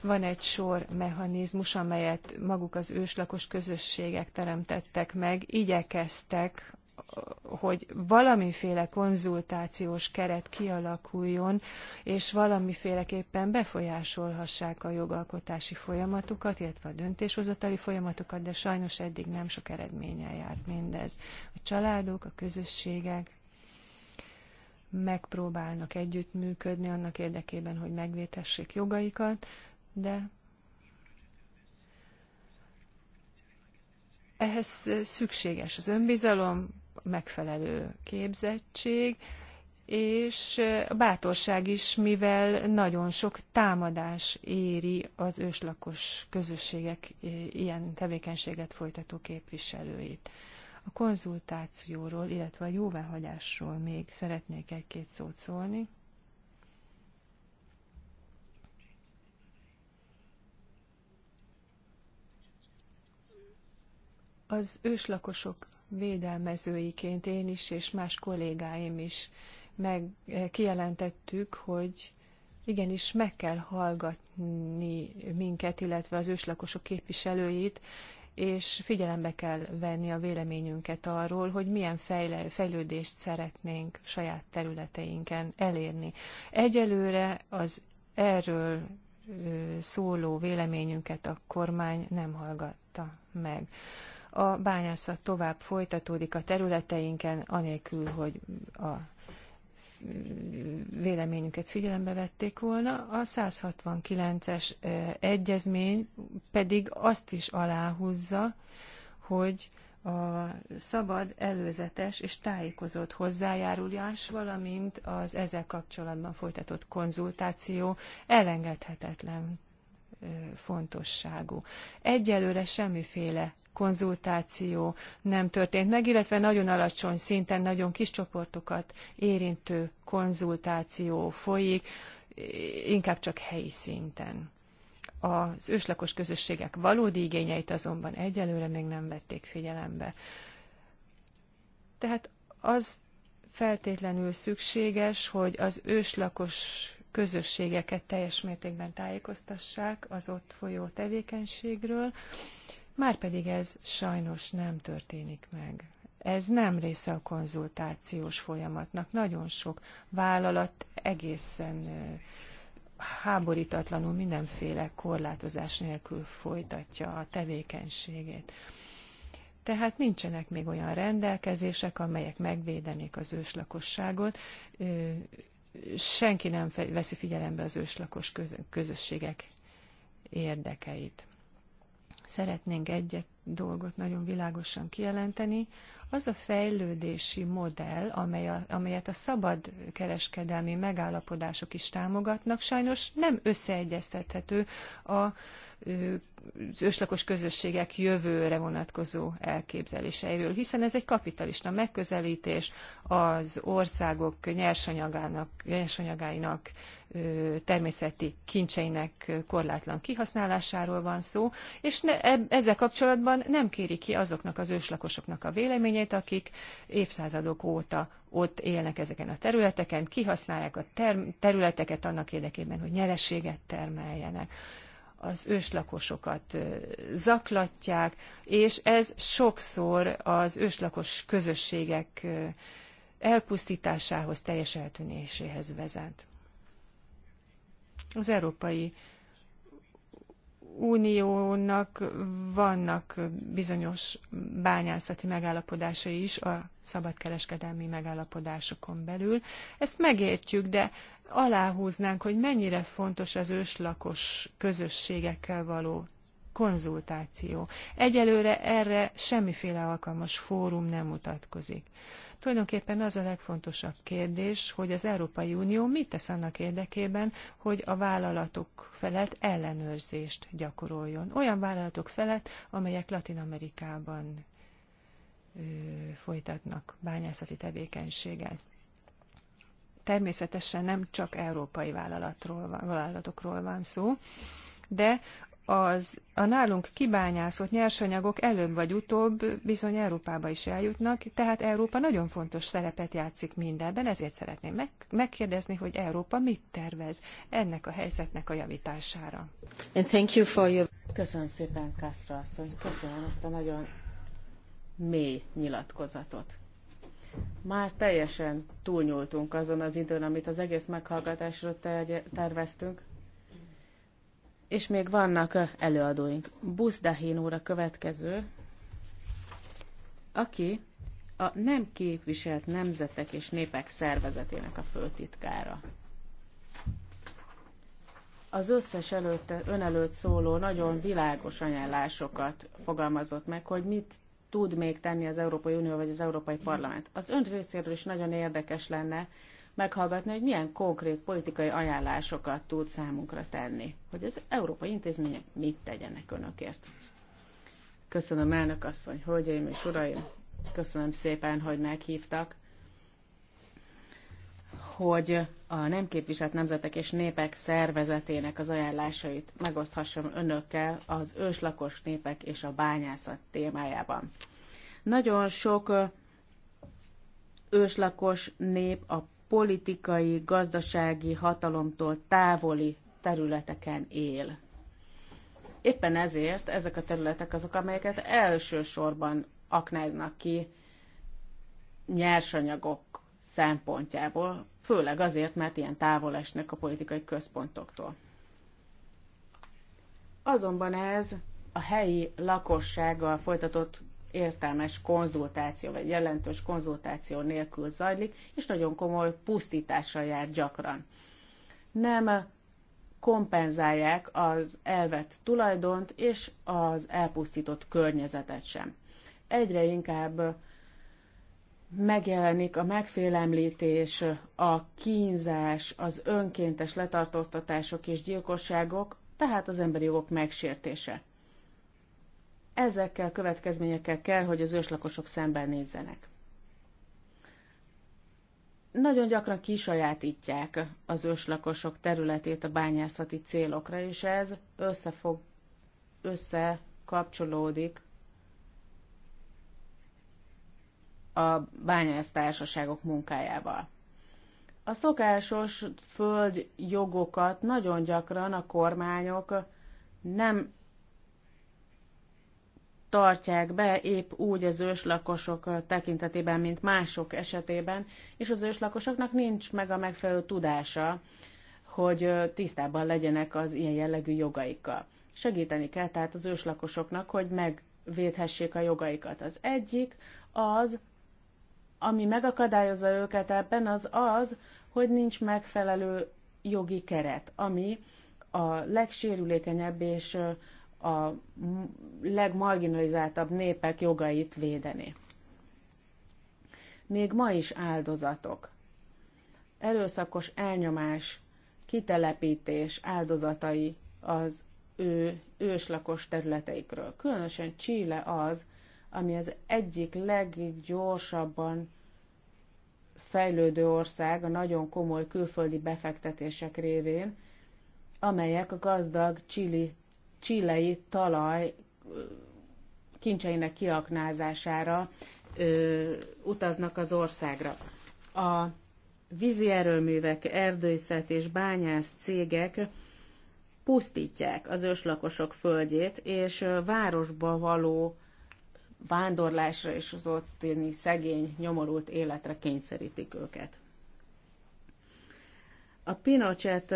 Van egy sor mechanizmus, amelyet maguk az őslakos közösségek teremtettek meg, igyekeztek hogy valamiféle konzultációs keret kialakuljon, és valamiféleképpen befolyásolhassák a jogalkotási folyamatukat, illetve a döntéshozatali folyamatukat, de sajnos eddig nem sok eredménnyel járt mindez. A családok, a közösségek megpróbálnak együttműködni annak érdekében, hogy megvétessék jogaikat, de ehhez szükséges az önbizalom, megfelelő képzettség, és a bátorság is, mivel nagyon sok támadás éri az őslakos közösségek ilyen tevékenységet folytató képviselőit. A konzultációról, illetve a jóváhagyásról még szeretnék egy-két szót szólni. Az őslakosok védelmezőiként én is és más kollégáim is meg eh, kijelentettük, hogy igenis meg kell hallgatni minket, illetve az őslakosok képviselőit, és figyelembe kell venni a véleményünket arról, hogy milyen fejlődést szeretnénk saját területeinken elérni. Egyelőre az erről eh, szóló véleményünket a kormány nem hallgatta meg a bányászat tovább folytatódik a területeinken, anélkül, hogy a véleményünket figyelembe vették volna. A 169-es egyezmény pedig azt is aláhúzza, hogy a szabad, előzetes és tájékozott hozzájárulás, valamint az ezzel kapcsolatban folytatott konzultáció elengedhetetlen fontosságú. Egyelőre semmiféle konzultáció nem történt meg, illetve nagyon alacsony szinten, nagyon kis csoportokat érintő konzultáció folyik, inkább csak helyi szinten. Az őslakos közösségek valódi igényeit azonban egyelőre még nem vették figyelembe. Tehát az feltétlenül szükséges, hogy az őslakos közösségeket teljes mértékben tájékoztassák az ott folyó tevékenységről, Márpedig ez sajnos nem történik meg. Ez nem része a konzultációs folyamatnak. Nagyon sok vállalat egészen háborítatlanul mindenféle korlátozás nélkül folytatja a tevékenységét. Tehát nincsenek még olyan rendelkezések, amelyek megvédenék az őslakosságot. Senki nem veszi figyelembe az őslakos közösségek érdekeit szeretnénk egyet dolgot nagyon világosan kijelenteni, az a fejlődési modell, amely a, amelyet a szabad kereskedelmi megállapodások is támogatnak, sajnos nem összeegyeztethető a, az őslakos közösségek jövőre vonatkozó elképzeléseiről, hiszen ez egy kapitalista megközelítés, az országok nyersanyagának, nyersanyagáinak természeti kincseinek korlátlan kihasználásáról van szó, és ne, e, ezzel kapcsolatban nem kéri ki azoknak az őslakosoknak a véleményét, akik évszázadok óta ott élnek ezeken a területeken, kihasználják a területeket annak érdekében, hogy nyereséget termeljenek az őslakosokat zaklatják, és ez sokszor az őslakos közösségek elpusztításához, teljes eltűnéséhez vezet. Az Európai Uniónak vannak bizonyos bányászati megállapodásai is a szabadkereskedelmi megállapodásokon belül. Ezt megértjük, de aláhúznánk, hogy mennyire fontos az őslakos közösségekkel való konzultáció. Egyelőre erre semmiféle alkalmas fórum nem mutatkozik. Tulajdonképpen az a legfontosabb kérdés, hogy az Európai Unió mit tesz annak érdekében, hogy a vállalatok felett ellenőrzést gyakoroljon. Olyan vállalatok felett, amelyek Latin-Amerikában folytatnak bányászati tevékenységet. Természetesen nem csak európai vállalatról, vállalatokról van szó, de az a nálunk kibányászott nyersanyagok előbb vagy utóbb bizony Európába is eljutnak, tehát Európa nagyon fontos szerepet játszik mindenben, ezért szeretném meg, megkérdezni, hogy Európa mit tervez ennek a helyzetnek a javítására. And thank you for your... Köszönöm szépen, Kászra asszony, köszönöm ezt a nagyon mély nyilatkozatot. Már teljesen túlnyúltunk azon az időn, amit az egész meghallgatásról terveztünk, és még vannak előadóink. Buszdahin úr a következő, aki a nem képviselt nemzetek és népek szervezetének a főtitkára. Az összes előtte, ön előtt szóló nagyon világos ajánlásokat fogalmazott meg, hogy mit tud még tenni az Európai Unió vagy az Európai Parlament. Az ön részéről is nagyon érdekes lenne meghallgatni, hogy milyen konkrét politikai ajánlásokat tud számunkra tenni, hogy az európai intézmények mit tegyenek önökért. Köszönöm, elnök asszony, hölgyeim és uraim, köszönöm szépen, hogy meghívtak hogy a nem képviselt nemzetek és népek szervezetének az ajánlásait megoszthassam önökkel az őslakos népek és a bányászat témájában. Nagyon sok őslakos nép a politikai, gazdasági hatalomtól távoli területeken él. Éppen ezért ezek a területek azok, amelyeket elsősorban aknáznak ki nyersanyagok szempontjából, főleg azért, mert ilyen távol esnek a politikai központoktól. Azonban ez a helyi lakossággal folytatott értelmes konzultáció, vagy jelentős konzultáció nélkül zajlik, és nagyon komoly pusztítással jár gyakran. Nem kompenzálják az elvett tulajdont és az elpusztított környezetet sem. Egyre inkább megjelenik a megfélemlítés, a kínzás, az önkéntes letartóztatások és gyilkosságok, tehát az emberi jogok megsértése. Ezekkel következményekkel kell, hogy az őslakosok szemben nézzenek. Nagyon gyakran kisajátítják az őslakosok területét a bányászati célokra, és ez összefog, összekapcsolódik a bányásztársaságok munkájával. A szokásos földjogokat nagyon gyakran a kormányok nem tartják be épp úgy az őslakosok tekintetében, mint mások esetében, és az őslakosoknak nincs meg a megfelelő tudása, hogy tisztában legyenek az ilyen jellegű jogaikkal. Segíteni kell tehát az őslakosoknak, hogy megvédhessék a jogaikat. Az egyik az, ami megakadályozza őket ebben, az az, hogy nincs megfelelő jogi keret, ami a legsérülékenyebb és a legmarginalizáltabb népek jogait védeni. Még ma is áldozatok. Erőszakos elnyomás, kitelepítés áldozatai az ő őslakos területeikről. Különösen Chile az, ami az egyik leggyorsabban fejlődő ország a nagyon komoly külföldi befektetések révén, amelyek a gazdag Chili csillai talaj kincseinek kiaknázására ö, utaznak az országra. A vízi erőművek, erdőszet és bányász cégek pusztítják az őslakosok földjét, és városba való vándorlásra és az ottani szegény, nyomorult életre kényszerítik őket. A Pinochet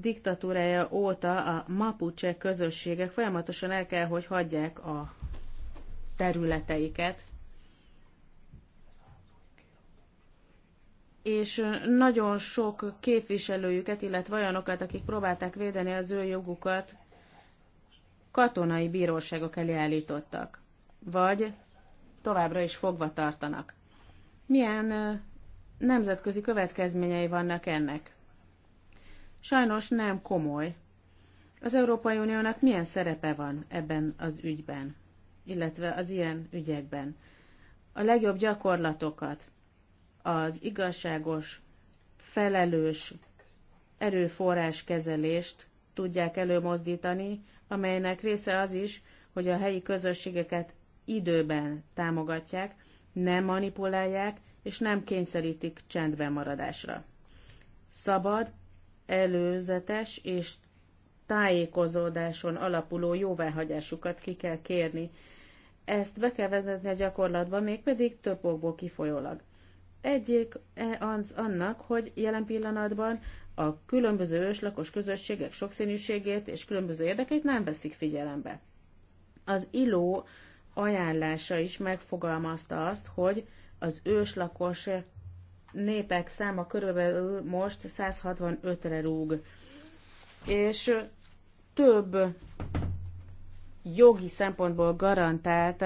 diktatúrája óta a mapuche közösségek folyamatosan el kell, hogy hagyják a területeiket, és nagyon sok képviselőjüket, illetve olyanokat, akik próbálták védeni az ő jogukat, katonai bíróságok elé állítottak, vagy továbbra is fogva tartanak. Milyen nemzetközi következményei vannak ennek? sajnos nem komoly. Az Európai Uniónak milyen szerepe van ebben az ügyben, illetve az ilyen ügyekben? A legjobb gyakorlatokat, az igazságos, felelős erőforráskezelést tudják előmozdítani, amelynek része az is, hogy a helyi közösségeket időben támogatják, nem manipulálják és nem kényszerítik csendben maradásra. Szabad, előzetes és tájékozódáson alapuló jóváhagyásukat ki kell kérni. Ezt be kell vezetni a gyakorlatba, mégpedig több okból kifolyólag. Egyik e az annak, hogy jelen pillanatban a különböző őslakos közösségek sokszínűségét és különböző érdekeit nem veszik figyelembe. Az iló ajánlása is megfogalmazta azt, hogy az őslakosok népek száma körülbelül most 165-re rúg. És több jogi szempontból garantált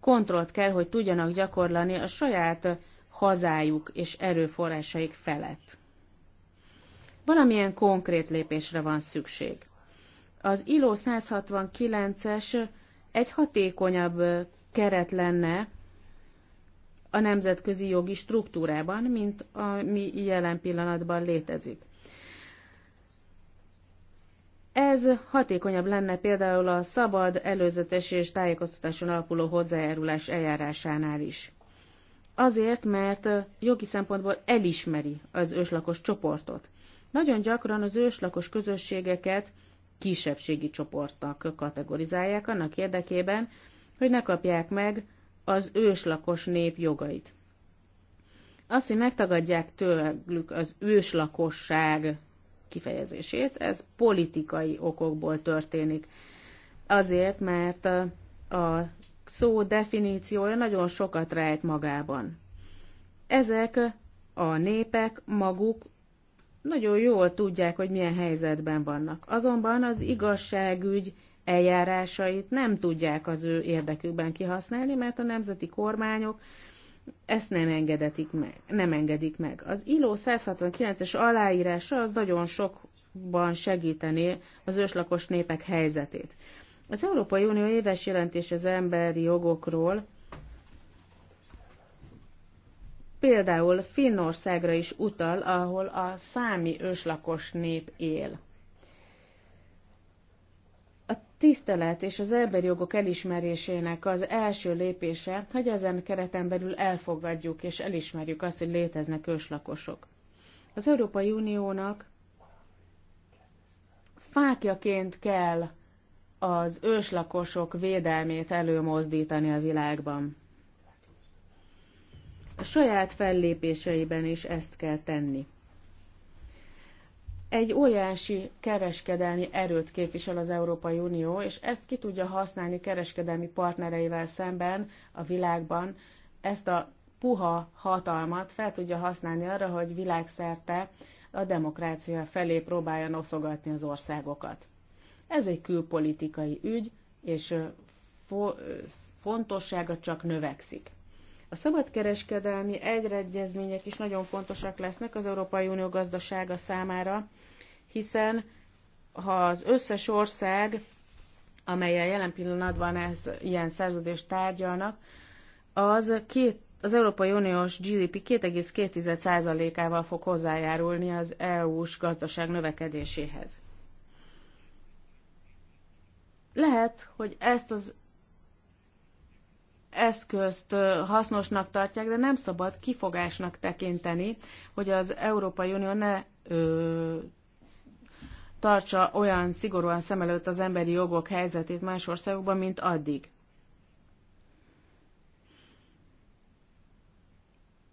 kontrollt kell, hogy tudjanak gyakorlani a saját hazájuk és erőforrásaik felett. Valamilyen konkrét lépésre van szükség. Az ILO 169-es egy hatékonyabb keret lenne a nemzetközi jogi struktúrában, mint ami jelen pillanatban létezik. Ez hatékonyabb lenne például a szabad, előzetes és tájékoztatáson alapuló hozzájárulás eljárásánál is. Azért, mert jogi szempontból elismeri az őslakos csoportot. Nagyon gyakran az őslakos közösségeket kisebbségi csoportnak kategorizálják annak érdekében, hogy ne kapják meg az őslakos nép jogait. Az, hogy megtagadják tőlük az őslakosság kifejezését, ez politikai okokból történik. Azért, mert a szó definíciója nagyon sokat rejt magában. Ezek a népek maguk nagyon jól tudják, hogy milyen helyzetben vannak. Azonban az igazságügy eljárásait nem tudják az ő érdekükben kihasználni, mert a nemzeti kormányok ezt nem, engedetik meg, nem engedik meg. Az ILO 169-es aláírása az nagyon sokban segítené az őslakos népek helyzetét. Az Európai Unió éves jelentés az emberi jogokról például Finnországra is utal, ahol a számi őslakos nép él tisztelet és az emberi jogok elismerésének az első lépése, hogy ezen kereten belül elfogadjuk és elismerjük azt, hogy léteznek őslakosok. Az Európai Uniónak fákjaként kell az őslakosok védelmét előmozdítani a világban. A saját fellépéseiben is ezt kell tenni egy óriási kereskedelmi erőt képvisel az Európai Unió, és ezt ki tudja használni kereskedelmi partnereivel szemben a világban. Ezt a puha hatalmat fel tudja használni arra, hogy világszerte a demokrácia felé próbálja noszogatni az országokat. Ez egy külpolitikai ügy, és fontossága csak növekszik. A szabadkereskedelmi egyregyezmények is nagyon fontosak lesznek az Európai Unió gazdasága számára, hiszen ha az összes ország, amelyen jelen pillanatban ez ilyen szerződést tárgyalnak, az két az Európai Uniós GDP 2,2%-ával fog hozzájárulni az EU-s gazdaság növekedéséhez. Lehet, hogy ezt az eszközt hasznosnak tartják, de nem szabad kifogásnak tekinteni, hogy az Európai Unió ne ö, tartsa olyan szigorúan szem előtt az emberi jogok helyzetét más országokban, mint addig.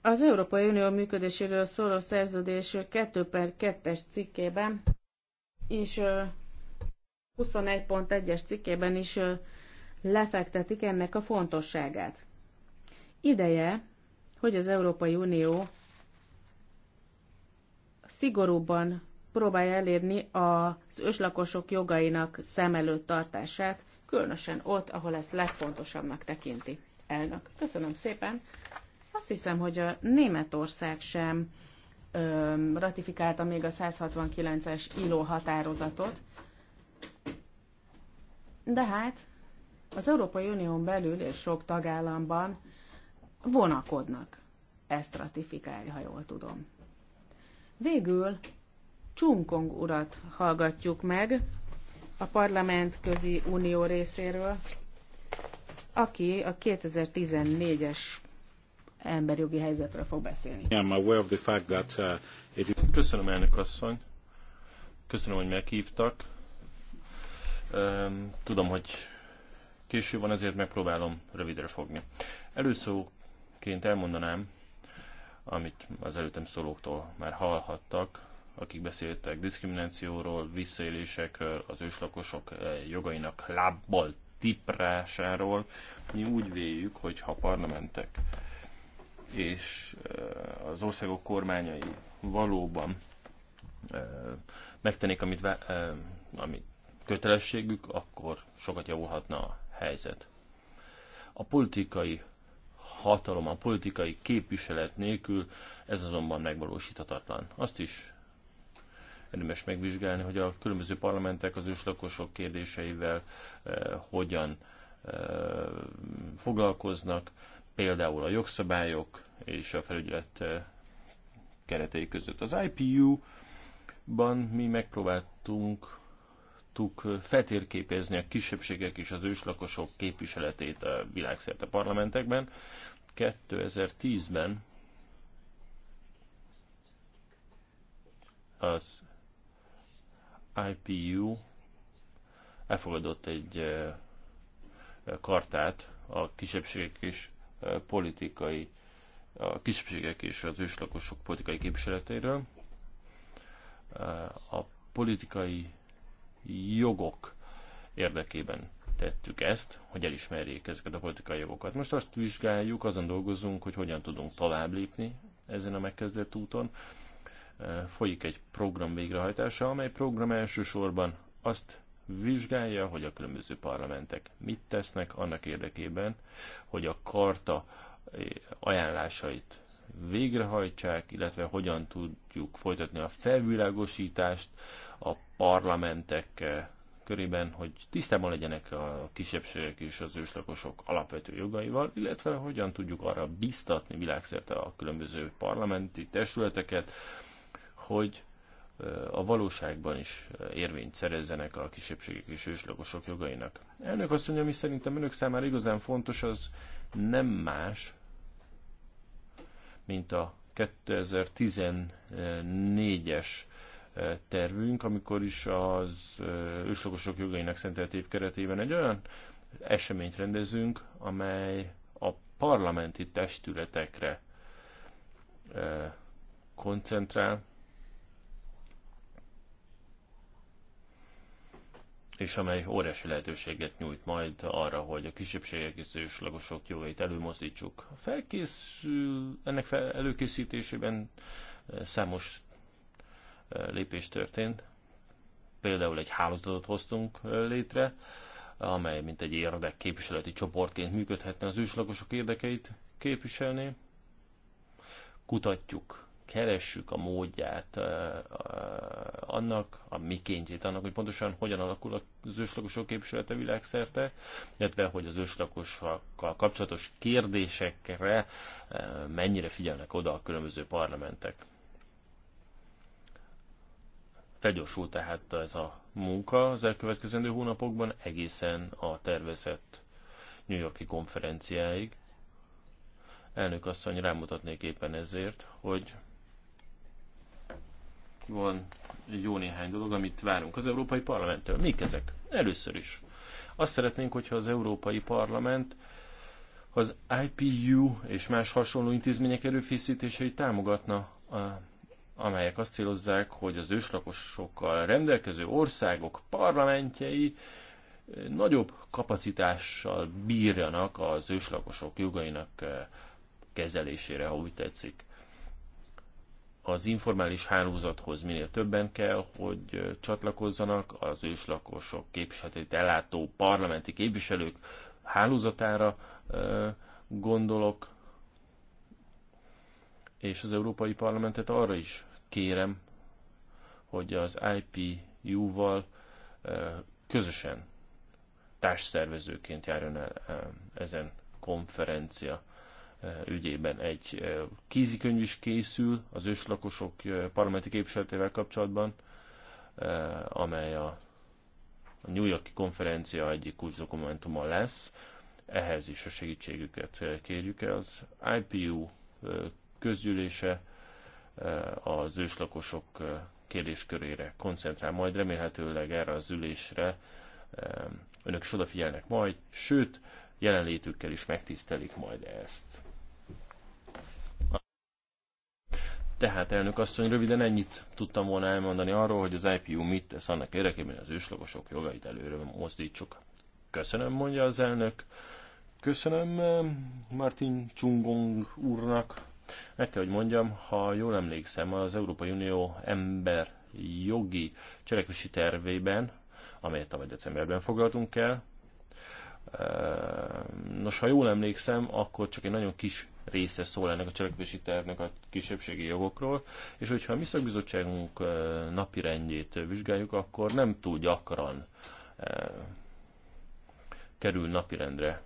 Az Európai Unió működéséről szóló szerződés 2 per 2-es cikkében és 21.1-es cikkében is lefektetik ennek a fontosságát. Ideje, hogy az Európai Unió szigorúban próbálja elérni az őslakosok jogainak szem előtt tartását, különösen ott, ahol ezt legfontosabbnak tekinti. Elnök, köszönöm szépen. Azt hiszem, hogy a Németország sem ö, ratifikálta még a 169-es ILO határozatot, de hát az Európai Unión belül és sok tagállamban vonakodnak. Ezt ratifikálni, ha jól tudom. Végül Csunkong urat hallgatjuk meg a Parlament Közi Unió részéről, aki a 2014-es emberjogi helyzetről fog beszélni. Uh, Köszönöm, elnök asszony. Köszönöm, hogy meghívtak. Tudom, hogy késő van, ezért megpróbálom rövidre fogni. Előszóként elmondanám, amit az előttem szólóktól már hallhattak, akik beszéltek diszkriminációról, visszaélésekről, az őslakosok eh, jogainak lábbal tiprásáról. Mi úgy véljük, hogy ha parlamentek és eh, az országok kormányai valóban eh, megtennék, amit, amit kötelességük, akkor sokat javulhatna helyzet. A politikai hatalom, a politikai képviselet nélkül ez azonban megvalósíthatatlan. Azt is érdemes megvizsgálni, hogy a különböző parlamentek az őslakosok kérdéseivel eh, hogyan eh, foglalkoznak, például a jogszabályok és a felügyelet eh, keretei között. Az IPU-ban mi megpróbáltunk tudtuk feltérképezni a kisebbségek és az őslakosok képviseletét a világszerte parlamentekben. 2010-ben az IPU elfogadott egy kartát a kisebbségek és politikai a kisebbségek és az őslakosok politikai képviseletéről. A politikai jogok érdekében tettük ezt, hogy elismerjék ezeket a politikai jogokat. Most azt vizsgáljuk, azon dolgozunk, hogy hogyan tudunk tovább lépni ezen a megkezdett úton. E, folyik egy program végrehajtása, amely program elsősorban azt vizsgálja, hogy a különböző parlamentek mit tesznek annak érdekében, hogy a karta e, ajánlásait végrehajtsák, illetve hogyan tudjuk folytatni a felvilágosítást a parlamentek eh, körében, hogy tisztában legyenek a kisebbségek és az őslakosok alapvető jogaival, illetve hogyan tudjuk arra biztatni világszerte a különböző parlamenti testületeket, hogy eh, a valóságban is eh, érvényt szerezzenek a kisebbségek és őslakosok jogainak. Elnök azt mondja, ami szerintem önök számára igazán fontos, az nem más, mint a 2014-es eh, tervünk, amikor is az eh, őslakosok jogainak szentelt év keretében egy olyan eseményt rendezünk, amely a parlamenti testületekre eh, koncentrál, és amely óriási lehetőséget nyújt majd arra, hogy a kisebbségek és őslagosok jogait előmozdítsuk. Felkészül, ennek fel, előkészítésében eh, számos eh, lépés történt. Például egy hálózatot hoztunk eh, létre, amely mint egy képviseleti csoportként működhetne az őslagosok érdekeit képviselni. Kutatjuk keressük a módját annak, a mikéntjét annak, hogy pontosan hogyan alakul az őslakosok képviselete világszerte, illetve hogy az őslakosokkal kapcsolatos kérdésekre mennyire figyelnek oda a különböző parlamentek. Felgyorsult tehát ez a munka az elkövetkezendő hónapokban egészen a tervezett New Yorki konferenciáig. Elnök asszony, rámutatnék éppen ezért, hogy van jó néhány dolog, amit várunk az Európai Parlamenttől. Mik ezek? Először is. Azt szeretnénk, hogyha az Európai Parlament az IPU és más hasonló intézmények erőfészítései támogatna, amelyek azt célozzák, hogy az őslakosokkal rendelkező országok parlamentjei eh, nagyobb kapacitással bírjanak az őslakosok jogainak eh, kezelésére, ha úgy tetszik az informális hálózathoz minél többen kell, hogy csatlakozzanak az őslakosok képviseletét ellátó parlamenti képviselők hálózatára gondolok, és az Európai Parlamentet arra is kérem, hogy az IPU-val közösen társszervezőként járjon el ezen konferencia ügyében egy kézikönyv is készül az őslakosok parlamenti képviseletével kapcsolatban, amely a New Yorki konferencia egyik kulcs dokumentuma lesz. Ehhez is a segítségüket kérjük el. Az IPU közgyűlése az őslakosok kérdéskörére koncentrál majd, remélhetőleg erre az ülésre önök is odafigyelnek majd, sőt, jelenlétükkel is megtisztelik majd ezt. Tehát, elnök asszony, röviden ennyit tudtam volna elmondani arról, hogy az IPU mit tesz annak érdekében, hogy az őslagosok jogait előre mozdítsuk. Köszönöm, mondja az elnök. Köszönöm eh, Martin Csungong úrnak. Meg kell, hogy mondjam, ha jól emlékszem, az Európai Unió ember jogi cselekvési tervében, amelyet tavaly decemberben foglaltunk el, Nos, ha jól emlékszem, akkor csak egy nagyon kis része szól ennek a cselekvési tervnek a kisebbségi jogokról, és hogyha a mi napi rendjét vizsgáljuk, akkor nem túl gyakran kerül napirendre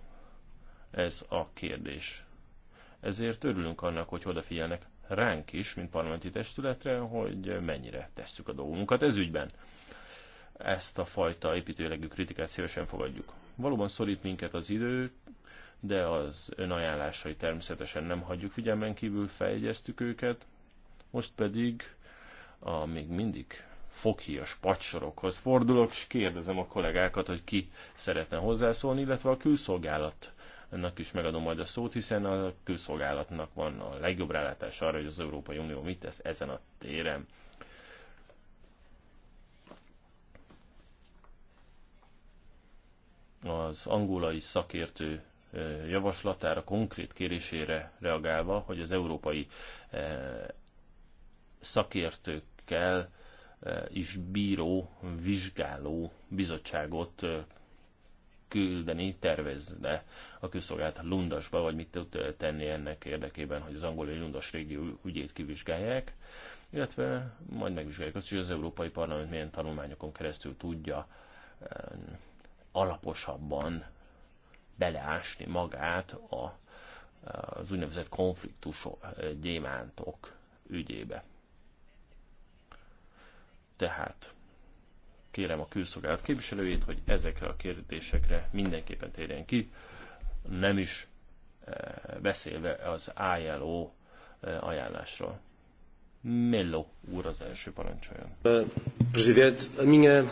ez a kérdés. Ezért örülünk annak, hogy odafigyelnek ránk is, mint parlamenti testületre, hogy mennyire tesszük a dolgunkat ez ügyben. Ezt a fajta építőlegű kritikát szívesen fogadjuk. Valóban szorít minket az idő, de az önajánlásai természetesen nem hagyjuk figyelmen kívül, fejegyeztük őket. Most pedig a még mindig fokhíjas pacsorokhoz fordulok, és kérdezem a kollégákat, hogy ki szeretne hozzászólni, illetve a külszolgálat ennek is megadom majd a szót, hiszen a külszolgálatnak van a legjobb rálátás arra, hogy az Európai Unió mit tesz ezen a téren. az angolai szakértő javaslatára, konkrét kérésére reagálva, hogy az európai szakértőkkel is bíró, vizsgáló bizottságot küldeni tervezne a közszolgált Lundasba, vagy mit tud tenni ennek érdekében, hogy az angolai Lundas régió ügyét kivizsgálják, illetve majd megvizsgálják azt, hogy az Európai Parlament milyen tanulmányokon keresztül tudja alaposabban beleásni magát a, az úgynevezett konfliktus gyémántok ügyébe. Tehát kérem a külszolgálat képviselőjét, hogy ezekre a kérdésekre mindenképpen térjen ki, nem is e, beszélve az ILO e, ajánlásról. Mello úr az első parancsoljon. Presidente, a minha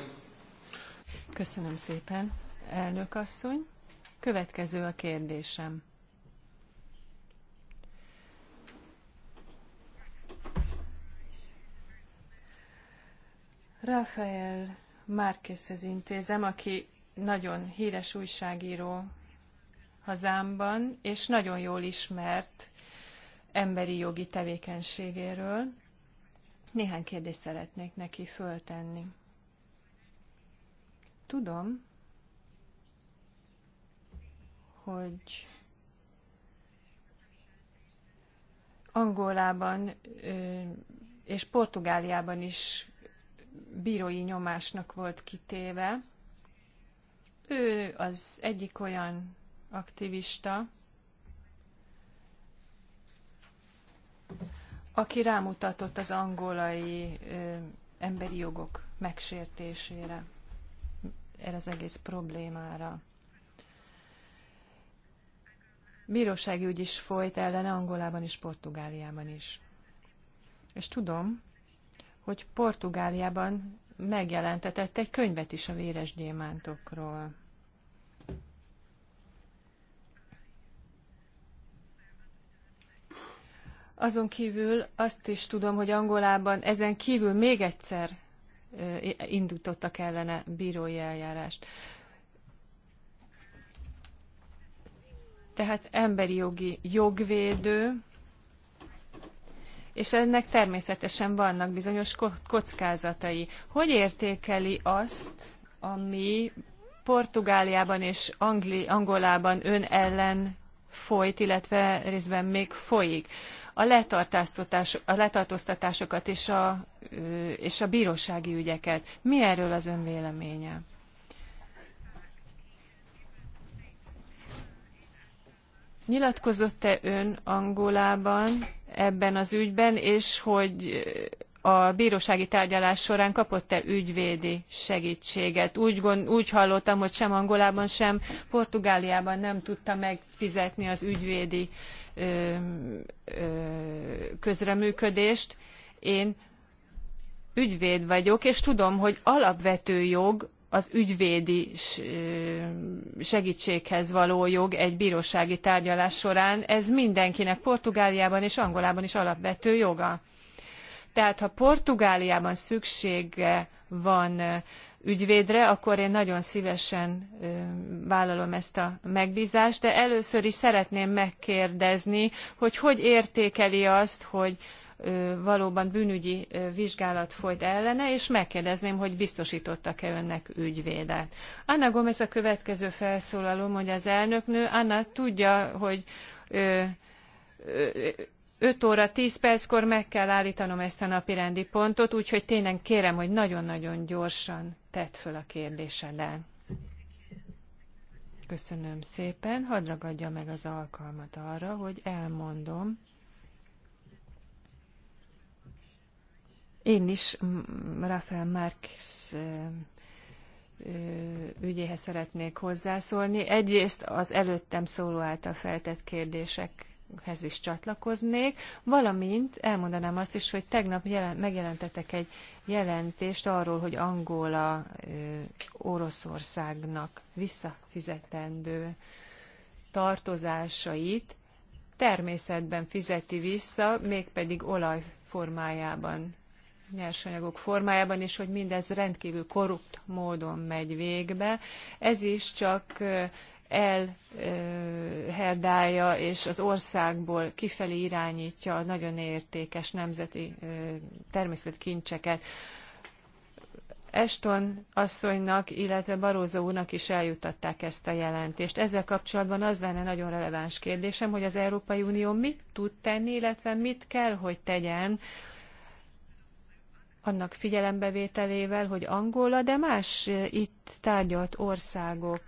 Köszönöm szépen, elnök asszony. Következő a kérdésem. Rafael Márquezhez intézem, aki nagyon híres újságíró hazámban, és nagyon jól ismert emberi jogi tevékenységéről. Néhány kérdést szeretnék neki föltenni. Tudom, hogy Angolában és Portugáliában is bírói nyomásnak volt kitéve. Ő az egyik olyan aktivista, aki rámutatott az angolai emberi jogok megsértésére erre az egész problémára. Bírósági ügy is folyt ellene Angolában és Portugáliában is. És tudom, hogy Portugáliában megjelentetett egy könyvet is a véres gyémántokról. Azon kívül azt is tudom, hogy Angolában ezen kívül még egyszer indítottak ellene bírói eljárást. Tehát emberi jogi jogvédő, és ennek természetesen vannak bizonyos kockázatai. Hogy értékeli azt, ami Portugáliában és Angli, Angolában ön ellen folyt, illetve részben még folyik? a, a letartóztatásokat és a, és a bírósági ügyeket. Mi erről az ön véleménye? Nyilatkozott-e ön Angolában ebben az ügyben, és hogy a bírósági tárgyalás során kapott-e ügyvédi segítséget? Úgy, gond, úgy hallottam, hogy sem Angolában, sem Portugáliában nem tudta megfizetni az ügyvédi ö, ö, közreműködést. Én ügyvéd vagyok, és tudom, hogy alapvető jog az ügyvédi segítséghez való jog egy bírósági tárgyalás során. Ez mindenkinek Portugáliában és Angolában is alapvető joga tehát ha Portugáliában szüksége van ügyvédre, akkor én nagyon szívesen vállalom ezt a megbízást, de először is szeretném megkérdezni, hogy hogy értékeli azt, hogy valóban bűnügyi vizsgálat folyt ellene, és megkérdezném, hogy biztosítottak-e önnek ügyvédet. Anna Gomez a következő felszólaló, hogy az elnöknő. Anna tudja, hogy ö, ö, 5 óra 10 perckor meg kell állítanom ezt a napirendi pontot, úgyhogy tényleg kérem, hogy nagyon-nagyon gyorsan tedd föl a kérdésedet. Köszönöm szépen. Hadd ragadja meg az alkalmat arra, hogy elmondom. Én is mm, Rafael Marx ügyéhez szeretnék hozzászólni. Egyrészt az előttem szóló által feltett kérdések önökhez is csatlakoznék, valamint elmondanám azt is, hogy tegnap jelen, megjelentetek egy jelentést arról, hogy Angola ö, Oroszországnak visszafizetendő tartozásait természetben fizeti vissza, mégpedig olaj formájában nyersanyagok formájában, és hogy mindez rendkívül korrupt módon megy végbe. Ez is csak elherdálja és az országból kifelé irányítja a nagyon értékes nemzeti természetkincseket. Eston asszonynak, illetve Barózó úrnak is eljutatták ezt a jelentést. Ezzel kapcsolatban az lenne nagyon releváns kérdésem, hogy az Európai Unió mit tud tenni, illetve mit kell, hogy tegyen annak figyelembevételével, hogy Angola, de más itt tárgyalt országok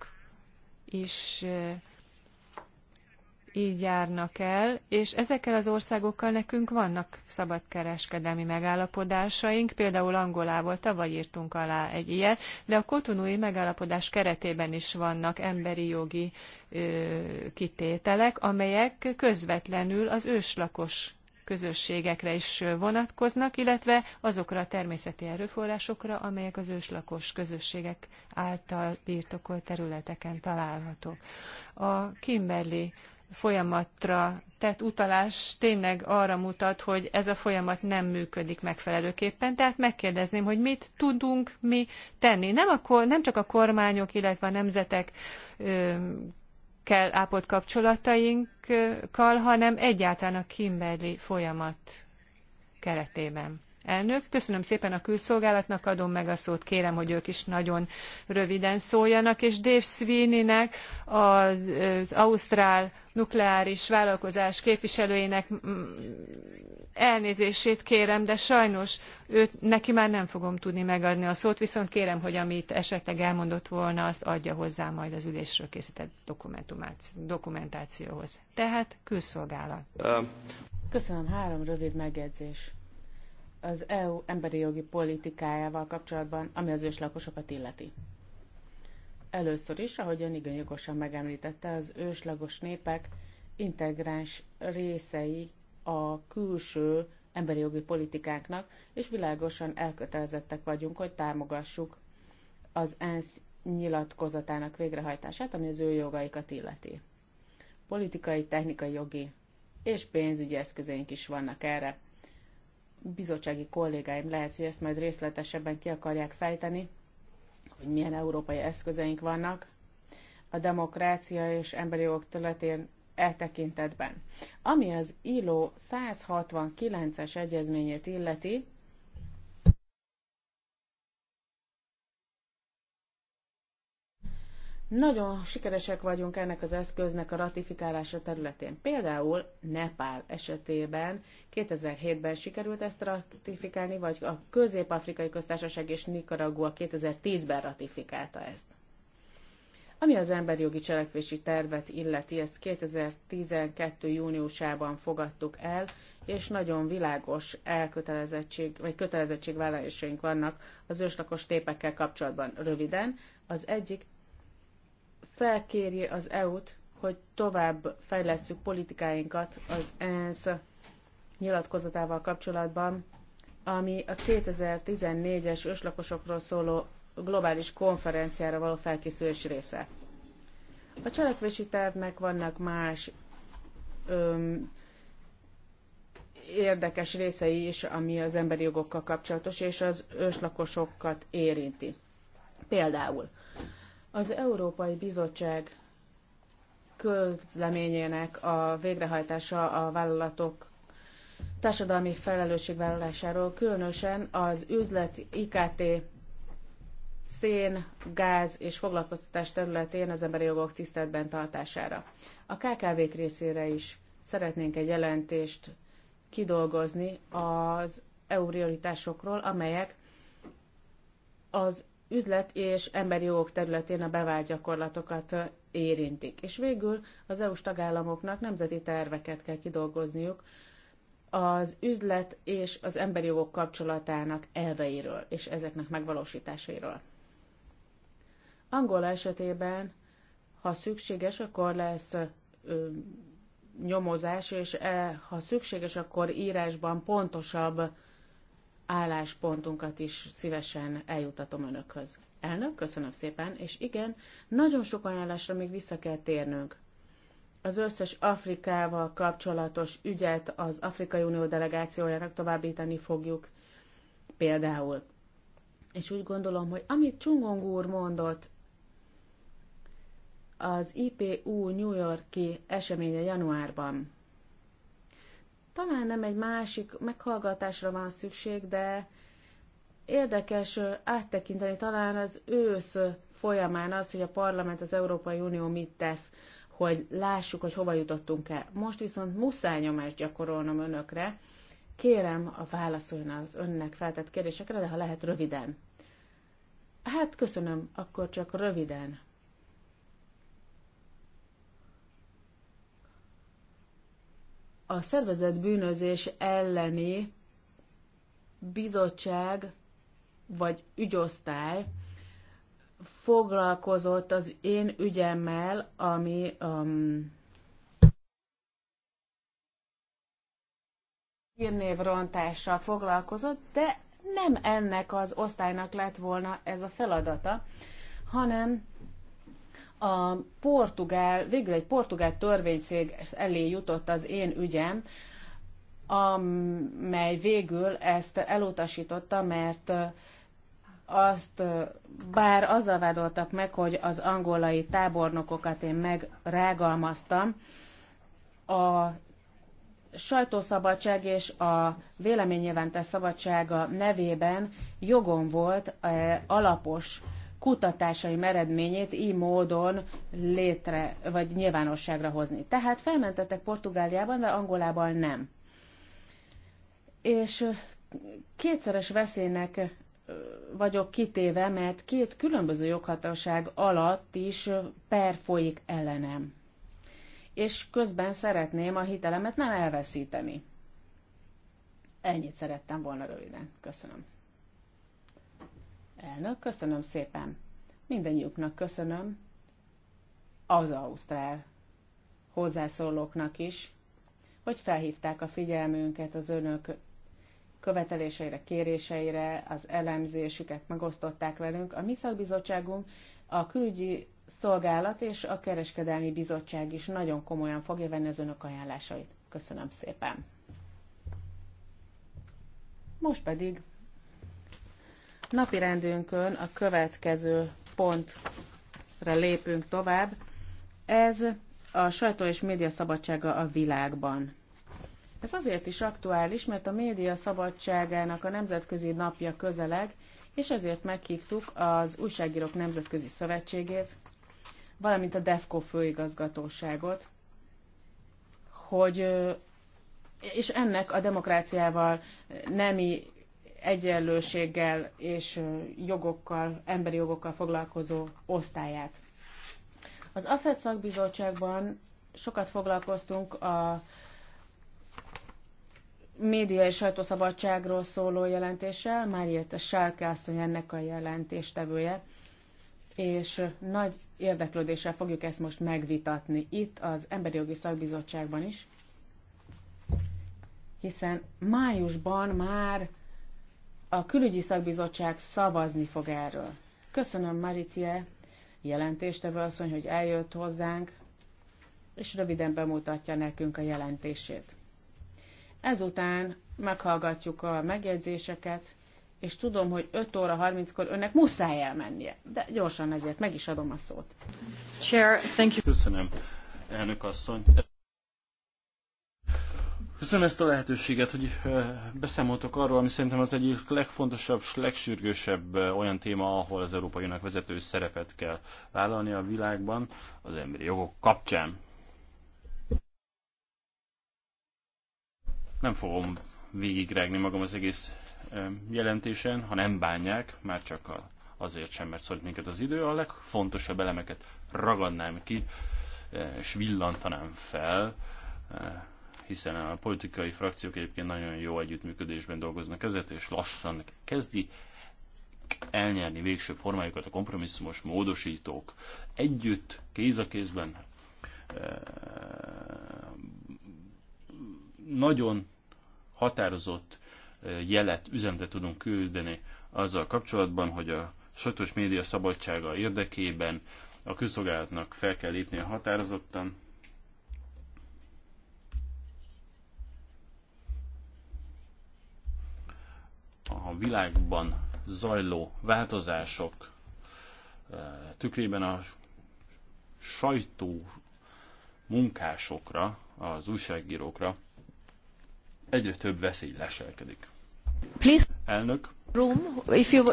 is így járnak el, és ezekkel az országokkal nekünk vannak szabadkereskedelmi megállapodásaink, például Angolával tavaly írtunk alá egy ilyet, de a kotonúi megállapodás keretében is vannak emberi jogi ö, kitételek, amelyek közvetlenül az őslakos közösségekre is vonatkoznak, illetve azokra a természeti erőforrásokra, amelyek az őslakos közösségek által birtokolt területeken találhatók. A Kimberley folyamatra tett utalás tényleg arra mutat, hogy ez a folyamat nem működik megfelelőképpen. Tehát megkérdezném, hogy mit tudunk mi tenni. Nem, a, nem csak a kormányok, illetve a nemzetek kell ápolt kapcsolatainkkal, hanem egyáltalán a Kimberley folyamat keretében. Elnök, köszönöm szépen a külszolgálatnak, adom meg a szót, kérem, hogy ők is nagyon röviden szóljanak, és Dave Sweeneynek, az, az Ausztrál nukleáris vállalkozás képviselőjének elnézését kérem, de sajnos őt, neki már nem fogom tudni megadni a szót, viszont kérem, hogy amit esetleg elmondott volna, azt adja hozzá majd az ülésről készített dokumentációhoz. Tehát külszolgálat. Köszönöm, három rövid megjegyzés az EU emberi jogi politikájával kapcsolatban, ami az őslakosokat illeti. Először is, ön igen jogosan megemlítette, az őslagos népek integráns részei a külső emberi jogi politikáknak, és világosan elkötelezettek vagyunk, hogy támogassuk az ENSZ nyilatkozatának végrehajtását, ami az ő jogaikat illeti. Politikai, technikai, jogi és pénzügyi eszközeink is vannak erre bizottsági kollégáim lehet, hogy ezt majd részletesebben ki akarják fejteni, hogy milyen európai eszközeink vannak a demokrácia és emberi jogok területén eltekintetben. Ami az ILO 169-es egyezményét illeti, Nagyon sikeresek vagyunk ennek az eszköznek a ratifikálása területén. Például Nepál esetében 2007-ben sikerült ezt ratifikálni, vagy a Közép-Afrikai Köztársaság és Nicaragua 2010-ben ratifikálta ezt. Ami az emberjogi cselekvési tervet illeti, ezt 2012. júniusában fogadtuk el, és nagyon világos elkötelezettség, vagy kötelezettségvállalásaink vannak az őslakos tépekkel kapcsolatban. Röviden, az egyik felkéri az EU-t, hogy tovább fejlesszük politikáinkat az ENSZ nyilatkozatával kapcsolatban, ami a 2014-es őslakosokról szóló globális konferenciára való felkészülés része. A cselekvési tervnek vannak más öm, érdekes részei is, ami az emberi jogokkal kapcsolatos, és az őslakosokat érinti. Például az Európai Bizottság közleményének a végrehajtása a vállalatok társadalmi felelősségvállalásáról, különösen az üzlet IKT szén, gáz és foglalkoztatás területén az emberi jogok tiszteletben tartására. A KKV-k részére is szeretnénk egy jelentést kidolgozni az EU prioritásokról, amelyek az üzlet és emberi jogok területén a bevált gyakorlatokat érintik. És végül az EU-s tagállamoknak nemzeti terveket kell kidolgozniuk az üzlet és az emberi jogok kapcsolatának elveiről és ezeknek megvalósításairól. Angola esetében, ha szükséges, akkor lesz ö, nyomozás, és e, ha szükséges, akkor írásban pontosabb álláspontunkat is szívesen eljutatom önökhöz. Elnök, köszönöm szépen, és igen, nagyon sok ajánlásra még vissza kell térnünk. Az összes Afrikával kapcsolatos ügyet az Afrikai Unió delegációjának továbbítani fogjuk például. És úgy gondolom, hogy amit Csungong úr mondott, az IPU New Yorki eseménye januárban, talán nem egy másik meghallgatásra van szükség, de érdekes áttekinteni talán az ősz folyamán az, hogy a parlament, az Európai Unió mit tesz, hogy lássuk, hogy hova jutottunk el. Most viszont muszáj nyomást gyakorolnom önökre. Kérem, a válaszoljon az önnek feltett kérdésekre, de ha lehet röviden. Hát köszönöm, akkor csak röviden. a szervezett bűnözés elleni bizottság vagy ügyosztály foglalkozott az én ügyemmel, ami um, hírnévrontással foglalkozott, de nem ennek az osztálynak lett volna ez a feladata, hanem a portugál, végül egy portugál törvényszég elé jutott az én ügyem, amely végül ezt elutasította, mert uh, azt uh, bár azzal vádoltak meg, hogy az angolai tábornokokat én megrágalmaztam, a sajtószabadság és a véleménynyilvántás szabadsága nevében jogom volt uh, alapos kutatásaim eredményét így módon létre, vagy nyilvánosságra hozni. Tehát felmentettek Portugáliában, de Angolában nem. És kétszeres veszélynek vagyok kitéve, mert két különböző joghatóság alatt is per folyik ellenem. És közben szeretném a hitelemet nem elveszíteni. Ennyit szerettem volna röviden. Köszönöm. Elnök, köszönöm szépen. Mindennyiuknak köszönöm. Az Ausztrál hozzászólóknak is, hogy felhívták a figyelmünket az önök követeléseire, kéréseire, az elemzésüket megosztották velünk. A mi szakbizottságunk, a külügyi szolgálat és a kereskedelmi bizottság is nagyon komolyan fogja venni az önök ajánlásait. Köszönöm szépen! Most pedig Napi rendünkön a következő pontra lépünk tovább. Ez a sajtó és média szabadsága a világban. Ez azért is aktuális, mert a média szabadságának a nemzetközi napja közeleg, és ezért meghívtuk az Újságírók Nemzetközi Szövetségét, valamint a DEFCO főigazgatóságot, hogy és ennek a demokráciával, nemi egyenlőséggel és jogokkal, emberi jogokkal foglalkozó osztályát. Az AFED szakbizottságban sokat foglalkoztunk a média és sajtószabadságról szóló jelentéssel, Máriette Sárke asszony ennek a jelentéstevője, és nagy érdeklődéssel fogjuk ezt most megvitatni itt az Emberi Jogi Szakbizottságban is, hiszen májusban már a külügyi szakbizottság szavazni fog erről. Köszönöm Maricie jelentéstevő asszony, hogy eljött hozzánk, és röviden bemutatja nekünk a jelentését. Ezután meghallgatjuk a megjegyzéseket, és tudom, hogy 5 óra 30-kor önnek muszáj elmennie, de gyorsan ezért meg is adom a szót. Chair, thank you. Köszönöm, elnök asszony. Köszönöm ezt a lehetőséget, hogy beszámoltok arról, ami szerintem az egyik legfontosabb, legsürgősebb olyan téma, ahol az Európai Uniónak vezető szerepet kell vállalni a világban az emberi jogok kapcsán. Nem fogom végigrágni magam az egész jelentésen, ha nem bánják, már csak azért sem, mert szólt minket az idő, a legfontosabb elemeket ragadnám ki, és villantanám fel, hiszen a politikai frakciók egyébként nagyon jó együttműködésben dolgoznak ezért, és lassan kezdi elnyerni végső formájukat a kompromisszumos módosítók együtt, kéz a kézben. Nagyon határozott jelet, üzenetet tudunk küldeni azzal kapcsolatban, hogy a sajtos média szabadsága érdekében a közszolgálatnak fel kell lépnie határozottan, a világban zajló változások eh, tükrében a sajtó munkásokra, az újságírókra egyre több veszély leselkedik. Please. Elnök. Room, if you...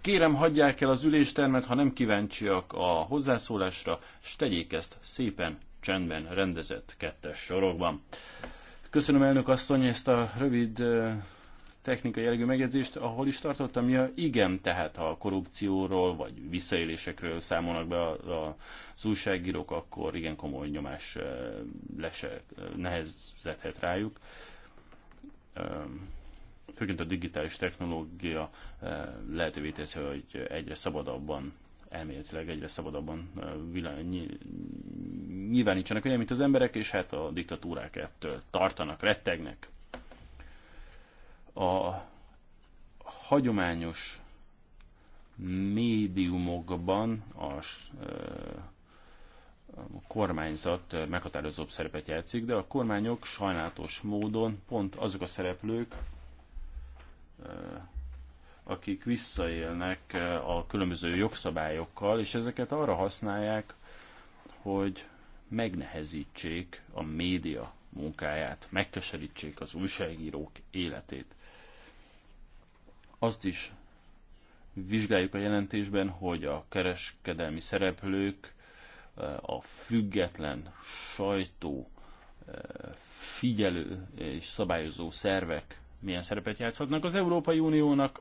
Kérem, hagyják el az üléstermet, ha nem kíváncsiak a hozzászólásra, és tegyék ezt szépen, csendben rendezett kettes sorokban. Köszönöm elnök asszony ezt a rövid eh, technikai jellegű megjegyzést, ahol is tartottam, ja igen, tehát ha a korrupcióról vagy visszaélésekről számolnak be az újságírók, akkor igen komoly nyomás lese, nehezedhet rájuk. Főként a digitális technológia lehetővé teszi, hogy egyre szabadabban elméletileg egyre szabadabban nyilvánítsanak, olyan, mint az emberek, és hát a diktatúrák ettől tartanak, rettegnek, a hagyományos médiumokban a, kormányzat meghatározóbb szerepet játszik, de a kormányok sajnálatos módon pont azok a szereplők, akik visszaélnek a különböző jogszabályokkal, és ezeket arra használják, hogy megnehezítsék a média munkáját, megkeserítsék az újságírók életét. Azt is vizsgáljuk a jelentésben, hogy a kereskedelmi szereplők, eh, a független sajtó, eh, figyelő és szabályozó szervek milyen szerepet játszhatnak. Az Európai Uniónak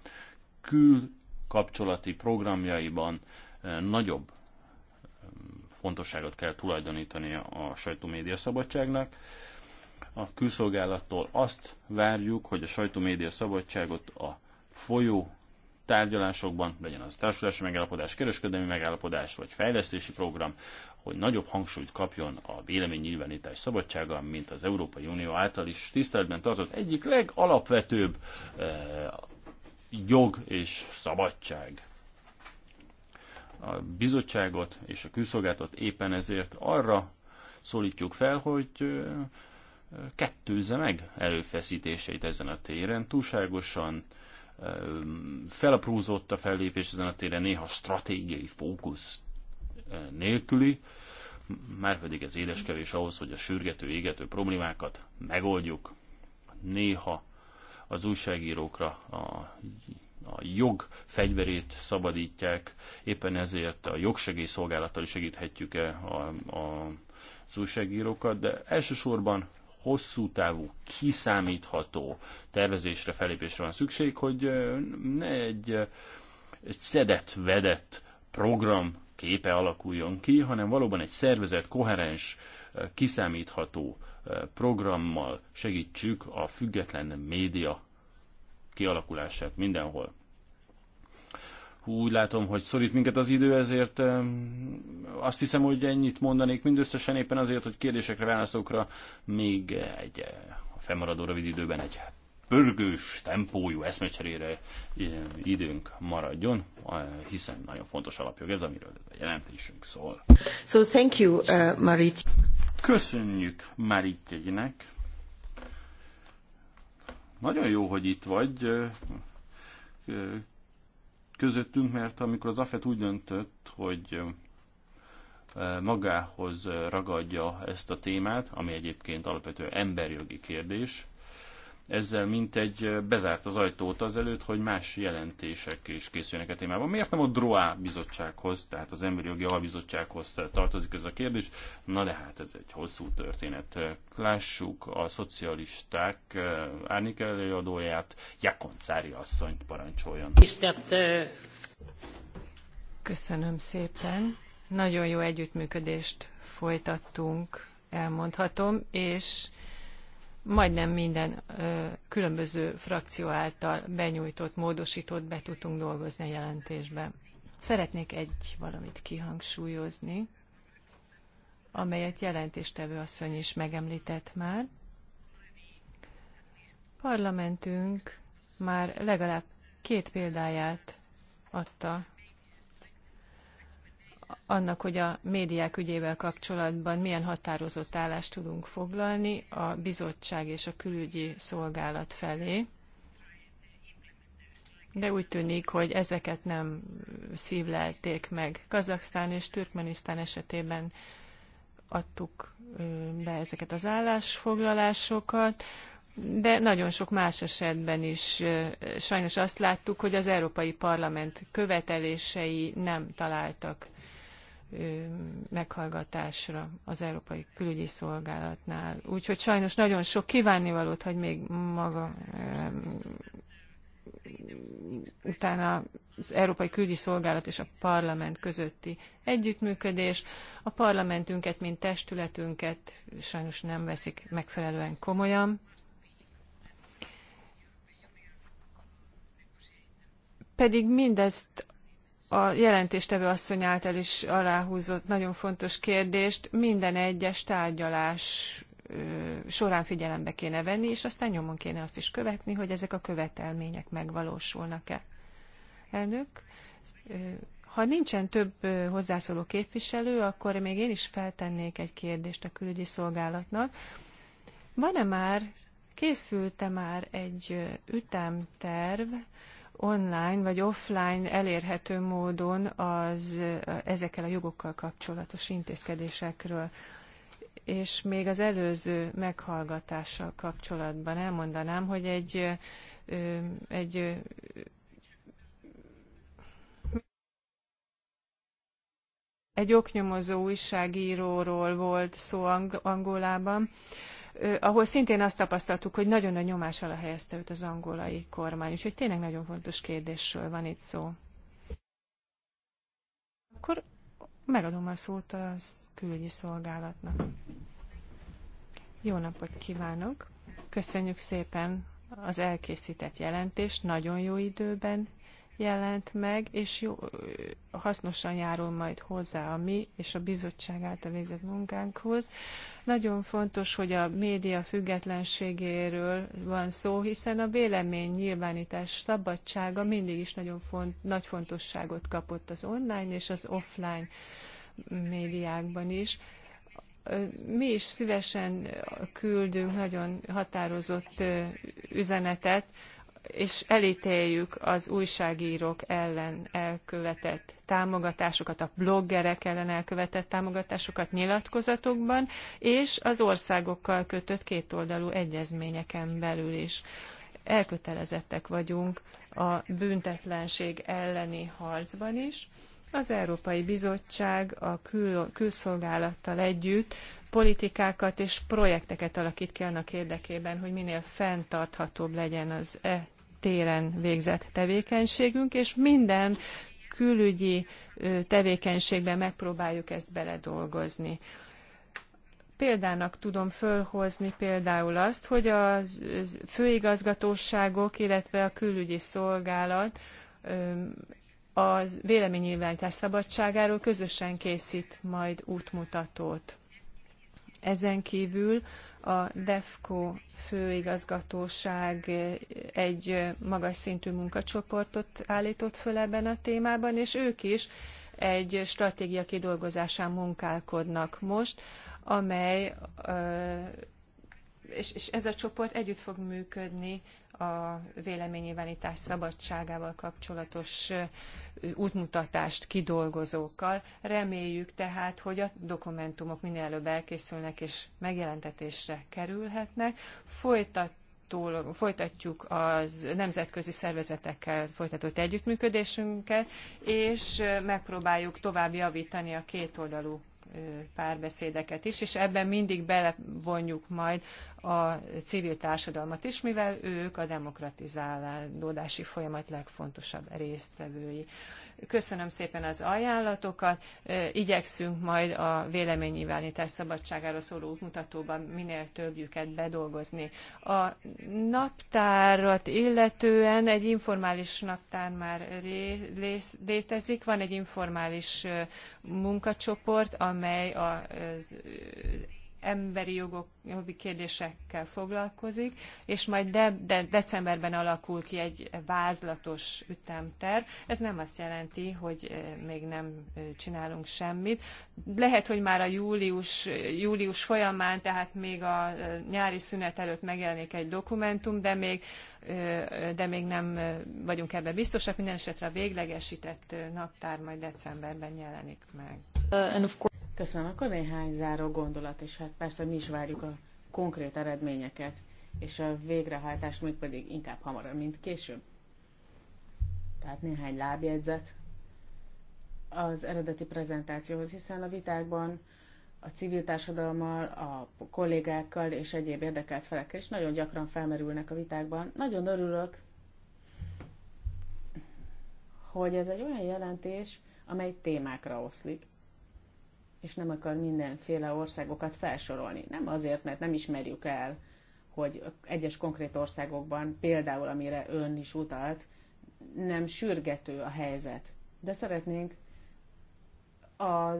külkapcsolati programjaiban eh, nagyobb fontosságot kell tulajdonítani a sajtómédia szabadságnak a külszolgálattól azt várjuk, hogy a sajtómédia szabadságot a folyó tárgyalásokban, legyen az társulási megállapodás, kereskedelmi megállapodás vagy fejlesztési program, hogy nagyobb hangsúlyt kapjon a véleménynyilvánítás szabadsága, mint az Európai Unió által is tiszteletben tartott egyik legalapvetőbb eh, jog és szabadság. A bizottságot és a külszolgáltat éppen ezért arra szólítjuk fel, hogy eh, kettőzze meg előfeszítéseit ezen a téren. Túlságosan felaprózott a fellépés ezen a téren, néha stratégiai fókusz nélküli, már pedig ez édeskevés ahhoz, hogy a sürgető, égető problémákat megoldjuk. Néha az újságírókra a, a jog fegyverét szabadítják, éppen ezért a jogsegélyszolgálattal is segíthetjük -e a, a, az újságírókat, de elsősorban hosszú távú, kiszámítható tervezésre, felépésre van szükség, hogy ne egy, egy szedett-vedett program képe alakuljon ki, hanem valóban egy szervezett, koherens, kiszámítható programmal segítsük a független média kialakulását mindenhol. Úgy látom, hogy szorít minket az idő, ezért azt hiszem, hogy ennyit mondanék mindösszesen éppen azért, hogy kérdésekre, válaszokra még egy eh, a fennmaradó rövid időben egy pörgős tempójú eszmecserére eh, időnk maradjon, eh, hiszen nagyon fontos alapjog ez, amiről ez a jelentésünk szól. So thank you, uh, Marit. Köszönjük Maritjegynek. Nagyon jó, hogy itt vagy közöttünk, mert amikor az AFET úgy döntött, hogy e, magához ragadja ezt a témát, ami egyébként alapvetően emberjogi kérdés, ezzel mint egy bezárt az ajtót azelőtt, hogy más jelentések is készülnek a témában. Miért nem a DROA bizottsághoz, tehát az Emberi Jogi Albizottsághoz tartozik ez a kérdés? Na de hát ez egy hosszú történet. Lássuk a szocialisták árnyék előadóját, Jakoncári asszonyt parancsoljon. Köszönöm szépen. Nagyon jó együttműködést folytattunk, elmondhatom, és majdnem minden különböző frakció által benyújtott, módosított be tudtunk dolgozni a jelentésbe. Szeretnék egy valamit kihangsúlyozni, amelyet jelentéstevő asszony is megemlített már. Parlamentünk már legalább két példáját adta annak, hogy a médiák ügyével kapcsolatban milyen határozott állást tudunk foglalni a bizottság és a külügyi szolgálat felé. De úgy tűnik, hogy ezeket nem szívlelték meg. Kazaksztán és Türkmenisztán esetében adtuk be ezeket az állásfoglalásokat, de nagyon sok más esetben is sajnos azt láttuk, hogy az Európai Parlament követelései nem találtak meghallgatásra az Európai Külügyi Szolgálatnál. Úgyhogy sajnos nagyon sok kívánnivalót hogy még maga utána az Európai Külügyi Szolgálat és a parlament közötti együttműködés. A parlamentünket, mint testületünket sajnos nem veszik megfelelően komolyan. Pedig mindezt a jelentéstevő asszony által is aláhúzott nagyon fontos kérdést minden egyes tárgyalás során figyelembe kéne venni, és aztán nyomon kéne azt is követni, hogy ezek a követelmények megvalósulnak-e. Elnök, ha nincsen több hozzászóló képviselő, akkor még én is feltennék egy kérdést a külügyi szolgálatnak. Van-e már, készült-e már egy ütemterv, online vagy offline elérhető módon az ezekkel a jogokkal kapcsolatos intézkedésekről. És még az előző meghallgatással kapcsolatban elmondanám, hogy egy, egy egy oknyomozó újságíróról volt szó Angolában, ahol szintén azt tapasztaltuk, hogy nagyon nagy nyomás alá helyezte őt az angolai kormány. Úgyhogy tényleg nagyon fontos kérdésről van itt szó. Akkor megadom a szót az külügyi szolgálatnak. Jó napot kívánok! Köszönjük szépen az elkészített jelentést, nagyon jó időben jelent meg, és jó, hasznosan járul majd hozzá a mi és a bizottság által végzett munkánkhoz. Nagyon fontos, hogy a média függetlenségéről van szó, hiszen a vélemény nyilvánítás szabadsága mindig is nagyon font, nagy fontosságot kapott az online és az offline médiákban is mi is szívesen küldünk nagyon határozott üzenetet és elítéljük az újságírók ellen elkövetett támogatásokat, a bloggerek ellen elkövetett támogatásokat nyilatkozatokban, és az országokkal kötött kétoldalú egyezményeken belül is. Elkötelezettek vagyunk a büntetlenség elleni harcban is. Az Európai Bizottság a kül- külszolgálattal együtt politikákat és projekteket alakít ki annak érdekében, hogy minél fenntarthatóbb legyen az e téren végzett tevékenységünk, és minden külügyi tevékenységben megpróbáljuk ezt beledolgozni. Példának tudom fölhozni például azt, hogy a főigazgatóságok, illetve a külügyi szolgálat a véleménynyilvánítás szabadságáról közösen készít majd útmutatót. Ezen kívül a DEFCO főigazgatóság egy magas szintű munkacsoportot állított föl ebben a témában, és ők is egy stratégia kidolgozásán munkálkodnak most, amely és, ez a csoport együtt fog működni a véleménynyilvánítás szabadságával kapcsolatos útmutatást kidolgozókkal. Reméljük tehát, hogy a dokumentumok minél előbb elkészülnek és megjelentetésre kerülhetnek. Folytat folytatjuk az nemzetközi szervezetekkel folytatott együttműködésünket, és megpróbáljuk tovább javítani a kétoldalú párbeszédeket is, és ebben mindig belevonjuk majd a civil társadalmat is, mivel ők a demokratizálódási folyamat legfontosabb résztvevői. Köszönöm szépen az ajánlatokat. Igyekszünk majd a véleménynyilvánítás szabadságára szóló útmutatóban minél többjüket bedolgozni. A naptárat illetően egy informális naptár már létezik. Van egy informális munkacsoport, amely a emberi jogok jogi kérdésekkel foglalkozik, és majd de, de, decemberben alakul ki egy vázlatos ütemterv. Ez nem azt jelenti, hogy még nem csinálunk semmit. Lehet, hogy már a július, július folyamán, tehát még a nyári szünet előtt megjelenik egy dokumentum, de még, de még nem vagyunk ebben biztosak. Minden esetre a véglegesített naptár majd decemberben jelenik meg. Uh, Köszönöm. Akkor néhány záró gondolat, és hát persze mi is várjuk a konkrét eredményeket, és a végrehajtást még pedig inkább hamarabb, mint később. Tehát néhány lábjegyzet az eredeti prezentációhoz, hiszen a vitákban a civil társadalommal, a kollégákkal és egyéb érdekelt felekkel is nagyon gyakran felmerülnek a vitákban. Nagyon örülök, hogy ez egy olyan jelentés, amely témákra oszlik, és nem akar mindenféle országokat felsorolni. Nem azért, mert nem ismerjük el, hogy egyes konkrét országokban, például amire ön is utalt, nem sürgető a helyzet. De szeretnénk a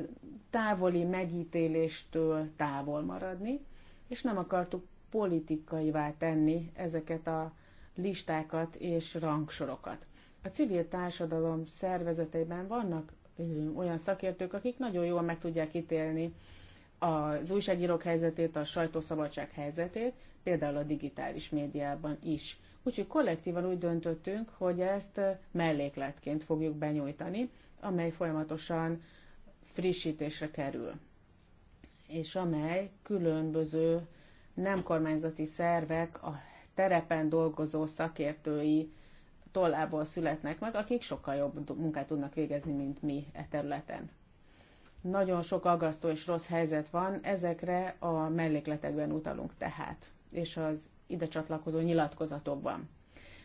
távoli megítéléstől távol maradni, és nem akartuk politikaivá tenni ezeket a listákat és rangsorokat. A civil társadalom szervezeteiben vannak olyan szakértők, akik nagyon jól meg tudják ítélni az újságírók helyzetét, a sajtószabadság helyzetét, például a digitális médiában is. Úgyhogy kollektívan úgy döntöttünk, hogy ezt mellékletként fogjuk benyújtani, amely folyamatosan frissítésre kerül, és amely különböző nem kormányzati szervek, a terepen dolgozó szakértői tollából születnek meg, akik sokkal jobb munkát tudnak végezni, mint mi e területen. Nagyon sok aggasztó és rossz helyzet van, ezekre a mellékletekben utalunk tehát, és az ide csatlakozó nyilatkozatokban.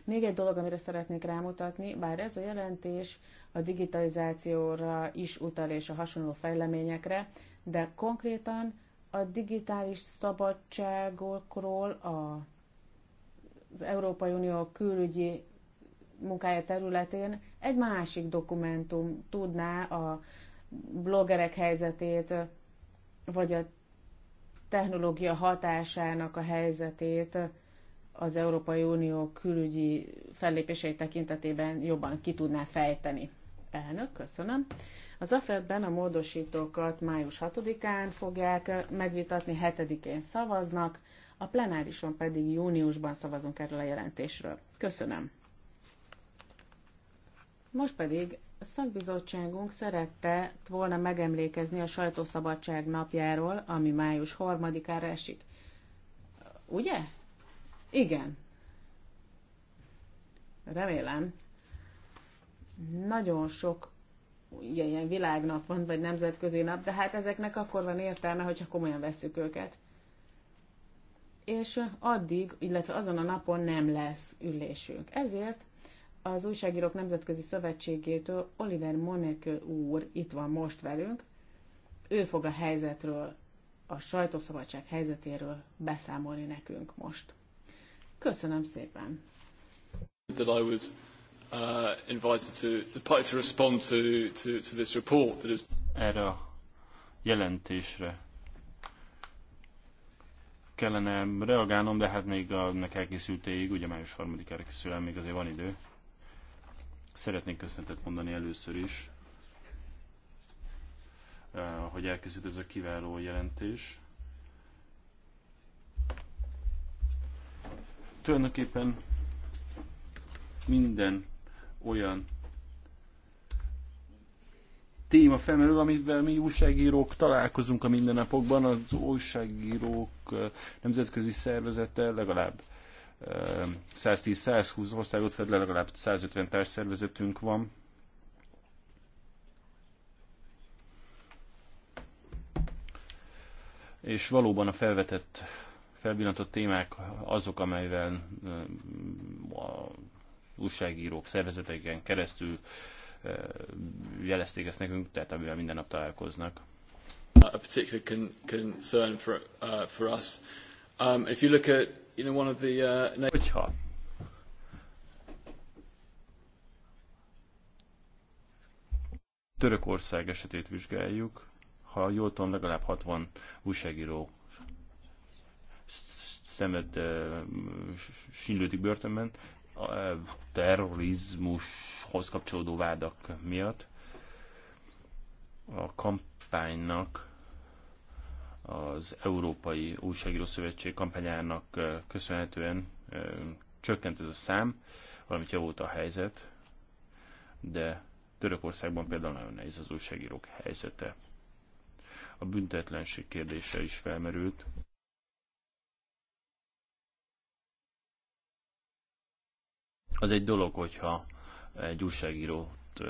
Még egy dolog, amire szeretnék rámutatni, bár ez a jelentés a digitalizációra is utal és a hasonló fejleményekre, de konkrétan a digitális szabadságokról, a, az Európai Unió külügyi munkája területén egy másik dokumentum tudná a bloggerek helyzetét, vagy a technológia hatásának a helyzetét az Európai Unió külügyi fellépései tekintetében jobban ki tudná fejteni. Elnök, köszönöm. Az AFED-ben a módosítókat május 6-án fogják megvitatni, 7-én szavaznak, a plenárison pedig júniusban szavazunk erről a jelentésről. Köszönöm. Most pedig a szakbizottságunk szerette volna megemlékezni a sajtószabadság napjáról, ami május harmadikára esik. Ugye? Igen. Remélem. Nagyon sok ugye, ilyen világnap van, vagy nemzetközi nap, de hát ezeknek akkor van értelme, hogyha komolyan vesszük őket. És addig, illetve azon a napon nem lesz ülésünk. Ezért az Újságírók Nemzetközi Szövetségétől Oliver Monekő úr itt van most velünk. Ő fog a helyzetről, a sajtószabadság helyzetéről beszámolni nekünk most. Köszönöm szépen! That I was uh, invited to, to, to respond to, to, to this report that is... Erre a jelentésre kellene reagálnom, de hát még a, ennek elkészültéig, ugye május 3 készül még azért van idő. Szeretnék köszöntet mondani először is, eh, hogy elkészült ez a kiváló jelentés. Tulajdonképpen minden olyan téma felmerül, amivel mi újságírók találkozunk a mindennapokban, az újságírók eh, nemzetközi szervezete legalább 110-120 országot fed le, legalább 150 társszervezetünk van. És valóban a felvetett, felvillantott témák azok, amelyvel a újságírók szervezeteken keresztül jelezték ezt nekünk, tehát amivel minden nap találkoznak. A particular concern for, uh, for us. Um, if you look at you know, one of the, uh, hogyha Törökország esetét vizsgáljuk, ha jól tudom, legalább 60 újságíró szemet sinlődik börtönben, a terrorizmushoz kapcsolódó vádak miatt. A kampánynak az Európai Újságíró Szövetség kampányának köszönhetően csökkent ez a szám, valamit javult a helyzet, de Törökországban például nagyon nehéz az újságírók helyzete. A büntetlenség kérdése is felmerült. Az egy dolog, hogyha egy újságírót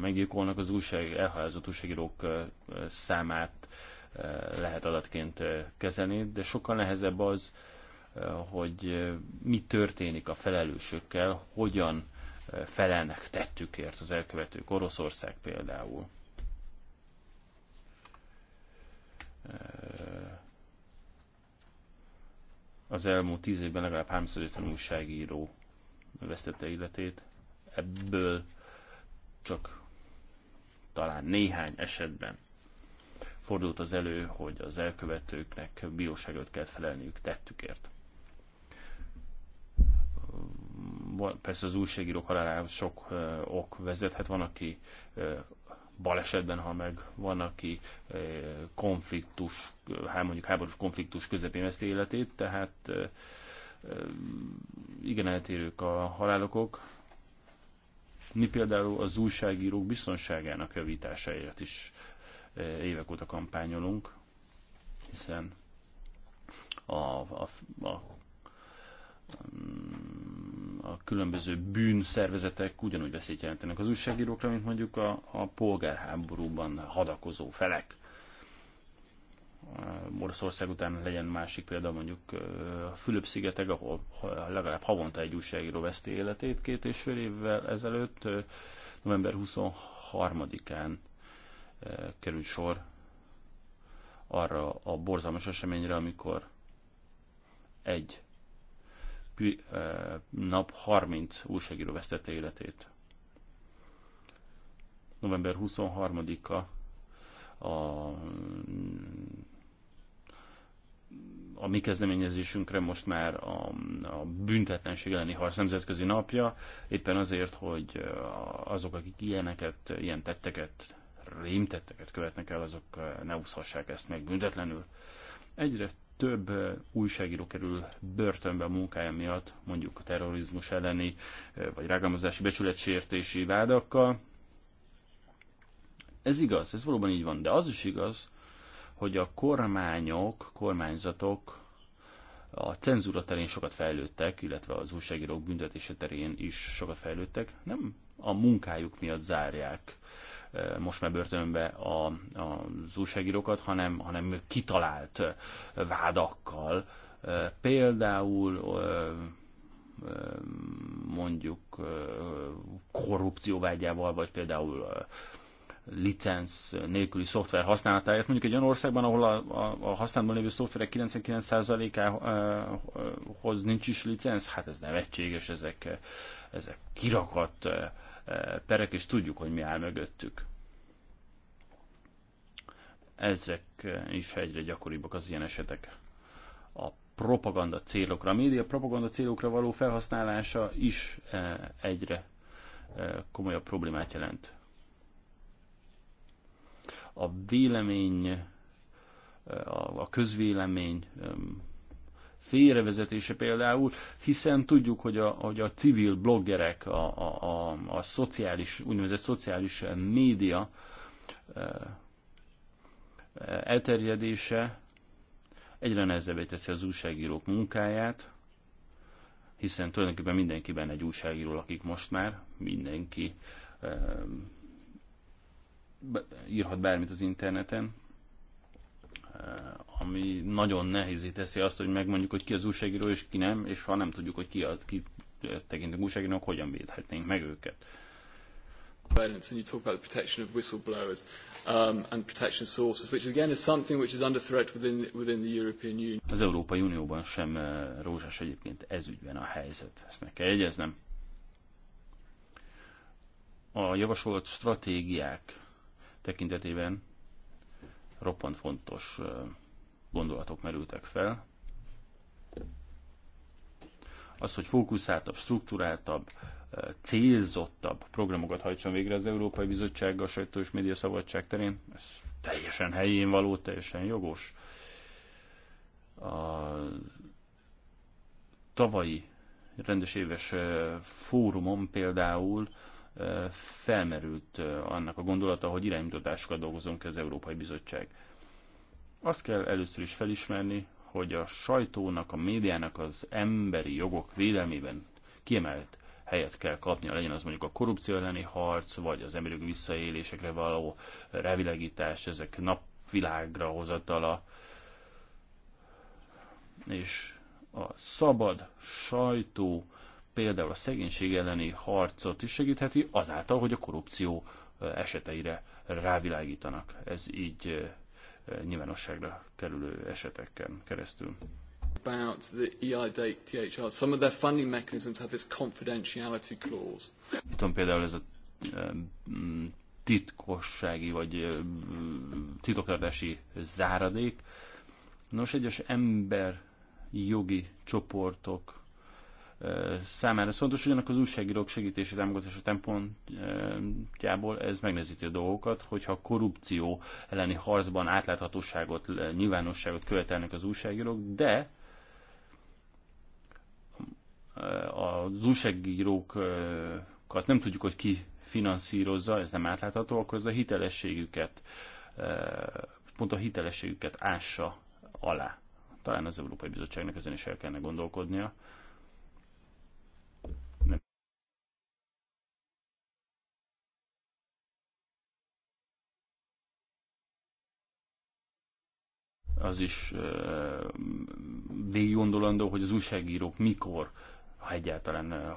meggyilkolnak, az újság, elhalálozott újságírók számát lehet adatként kezelni, de sokkal nehezebb az, hogy mi történik a felelősökkel, hogyan felelnek tettükért az elkövetők. Oroszország például. Az elmúlt tíz évben legalább 350 újságíró vesztette életét. Ebből csak talán néhány esetben fordult az elő, hogy az elkövetőknek bíróságot kell felelniük tettükért. Persze az újságírók halálához sok ok vezethet, van, aki balesetben hal meg, van, aki konfliktus, mondjuk háborús konfliktus közepén veszti életét, tehát igen eltérők a halálokok. Mi például az újságírók biztonságának javításáért is eh, évek óta kampányolunk, hiszen a, a, a a különböző bűnszervezetek ugyanúgy veszélyt jelentenek az újságírókra, mint mondjuk a, a polgárháborúban hadakozó felek. Oroszország után legyen másik példa mondjuk a Fülöp-szigetek, ahol legalább havonta egy újságíró veszti életét két és fél évvel ezelőtt, november 23-án került sor arra a borzalmas eseményre, amikor egy nap 30 újságíró vesztette életét. November 23-a a a mi kezdeményezésünkre most már a, a büntetlenség elleni harc nemzetközi napja, éppen azért, hogy azok, akik ilyeneket, ilyen tetteket, rémtetteket követnek el, azok ne úszhassák ezt meg büntetlenül. Egyre több újságíró kerül börtönbe a munkája miatt, mondjuk a terrorizmus elleni, vagy rágalmazási becsületsértési vádakkal. Ez igaz, ez valóban így van, de az is igaz, hogy a kormányok, kormányzatok a cenzúra terén sokat fejlődtek, illetve az újságírók büntetése terén is sokat fejlődtek, nem a munkájuk miatt zárják e, most már börtönbe a, a, az újságírókat, hanem, hanem kitalált e, vádakkal. E, például mondjuk korrupcióvágyával, vagy például licenc nélküli szoftver használatáért. Mondjuk egy olyan országban, ahol a, a, a használatban lévő szoftverek 99%-ához nincs is licenc, hát ez nevetséges, ezek, ezek kirakat eh, eh, perek, és tudjuk, hogy mi áll mögöttük. Ezek eh, is egyre gyakoribbak az ilyen esetek. A propaganda célokra, a média propaganda célokra való felhasználása is egyre komolyabb problémát jelent a vélemény, a közvélemény félrevezetése például, hiszen tudjuk, hogy a, hogy a civil bloggerek, a, a, a, a szociális, úgynevezett szociális média e, elterjedése egyre nehezebbé teszi az újságírók munkáját, hiszen tulajdonképpen mindenkiben egy újságíró akik most már, mindenki írhat bármit az interneten, eh, ami nagyon nehézé teszi azt, hogy megmondjuk, hogy ki az újságíró és ki nem, és ha nem tudjuk, hogy ki, ad, ki tekintünk újságírónak, hogyan védhetnénk meg őket. Surveillance, and you talk about the protection of whistleblowers um, and protection sources, which again is something which is under threat within, within the European Union. Az Európai Unióban sem uh, rózsás egyébként ez ügyben a helyzet, ezt meg kell jegyeznem. A javasolt stratégiák tekintetében roppant fontos gondolatok merültek fel. Az, hogy fókuszáltabb, struktúráltabb, célzottabb programokat hajtson végre az Európai Bizottság a sajtó és média szabadság terén, ez teljesen helyén való, teljesen jogos. A tavalyi rendes éves fórumon például felmerült annak a gondolata, hogy iránymutatásokat ki az Európai Bizottság. Azt kell először is felismerni, hogy a sajtónak, a médiának az emberi jogok védelmében kiemelt helyet kell kapnia, legyen az mondjuk a korrupció elleni harc, vagy az emberi visszaélésekre való revilegítás, ezek napvilágra hozatala, és a szabad sajtó például a szegénység elleni harcot is segítheti, azáltal, hogy a korrupció eseteire rávilágítanak. Ez így nyilvánosságra kerülő eseteken keresztül. About the EIDA THR, some of their funding mechanisms have this confidentiality clause. Itt például ez a titkossági vagy titoktartási záradék. Nos, egyes ember jogi csoportok számára szontos, ugyanakkor az újságírók segítési támogatása tempontjából ez megnézíti a dolgokat, hogyha a korrupció elleni harcban átláthatóságot, nyilvánosságot követelnek az újságírók, de az újságírókat nem tudjuk, hogy ki finanszírozza, ez nem átlátható, akkor ez a hitelességüket, pont a hitelességüket ássa alá. Talán az Európai Bizottságnak ezen is el kellene gondolkodnia. az is végiggondolandó, hogy az újságírók mikor, ha egyáltalán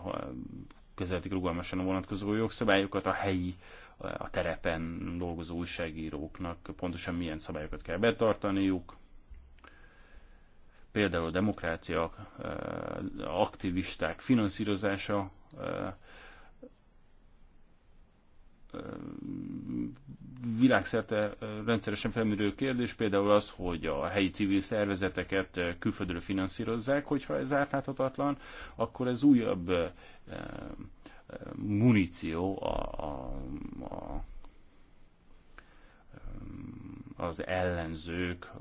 közelítik rugalmasan a vonatkozó jogszabályokat, a helyi, a terepen dolgozó újságíróknak pontosan milyen szabályokat kell betartaniuk. Például a demokrácia, aktivisták finanszírozása, világszerte rendszeresen felmerülő kérdés például az, hogy a helyi civil szervezeteket külföldről finanszírozzák, hogyha ez átláthatatlan, akkor ez újabb muníció a, a, a, az ellenzők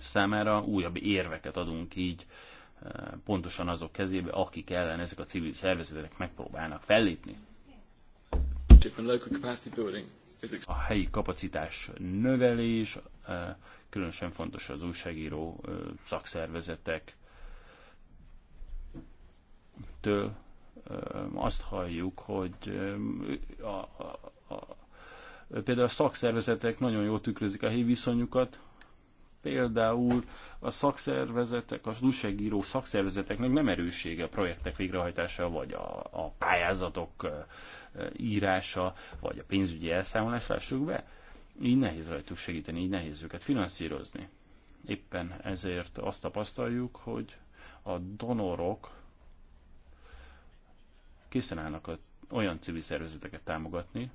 számára, újabb érveket adunk így pontosan azok kezébe, akik ellen ezek a civil szervezetek megpróbálnak fellépni. A helyi kapacitás növelés, eh, különösen fontos az újságíró eh, szakszervezetek től eh, azt halljuk, hogy a, a, a, például a szakszervezetek nagyon jól tükrözik a helyi viszonyukat, Például a szakszervezetek, az újságíró szakszervezeteknek nem erőssége a projektek végrehajtása, vagy a, a pályázatok írása, vagy a pénzügyi elszámolás, lássuk be. Így nehéz rajtuk segíteni, így nehéz őket finanszírozni. Éppen ezért azt tapasztaljuk, hogy a donorok készen állnak a, olyan civil szervezeteket támogatni,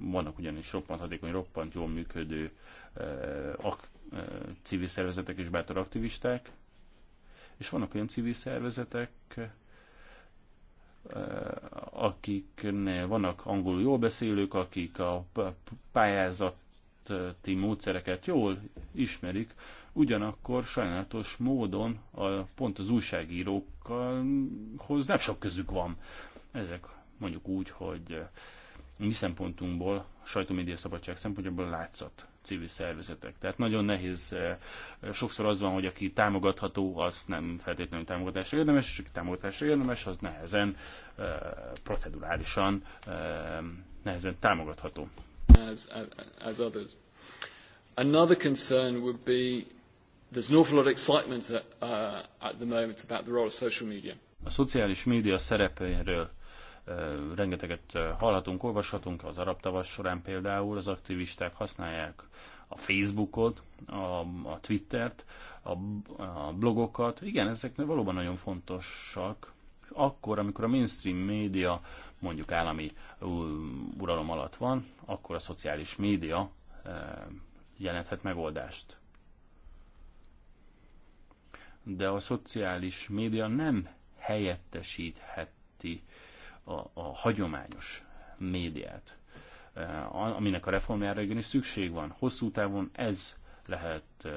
vannak ugyanis roppant hatékony, roppant jól működő eh, ak, eh, civil szervezetek és bátor aktivisták, és vannak olyan civil szervezetek, eh, akiknél vannak angolul jól beszélők, akik a pályázati módszereket jól ismerik, ugyanakkor sajnálatos módon a, pont az újságírókhoz nem sok közük van. Ezek mondjuk úgy, hogy mi szempontunkból, sajtómédia szabadság szempontjából látszat civil szervezetek. Tehát nagyon nehéz, eh, sokszor az van, hogy aki támogatható, az nem feltétlenül támogatásra érdemes, és aki támogatásra érdemes, az nehezen, eh, procedurálisan eh, nehezen támogatható. As, as others. Another concern would be there's an awful lot of excitement at, uh, at the moment about the role of social media. A szociális média szerepéről rengeteget hallhatunk, olvashatunk az arab tavas során például az aktivisták használják a Facebookot, a, a Twittert, a, a blogokat. Igen, ezek valóban nagyon fontosak, akkor, amikor a mainstream média mondjuk állami uralom alatt van, akkor a szociális média jelenthet megoldást. De a szociális média nem helyettesítheti a, a hagyományos médiát, e, aminek a reformjára igenis szükség van. Hosszú távon ez lehet e,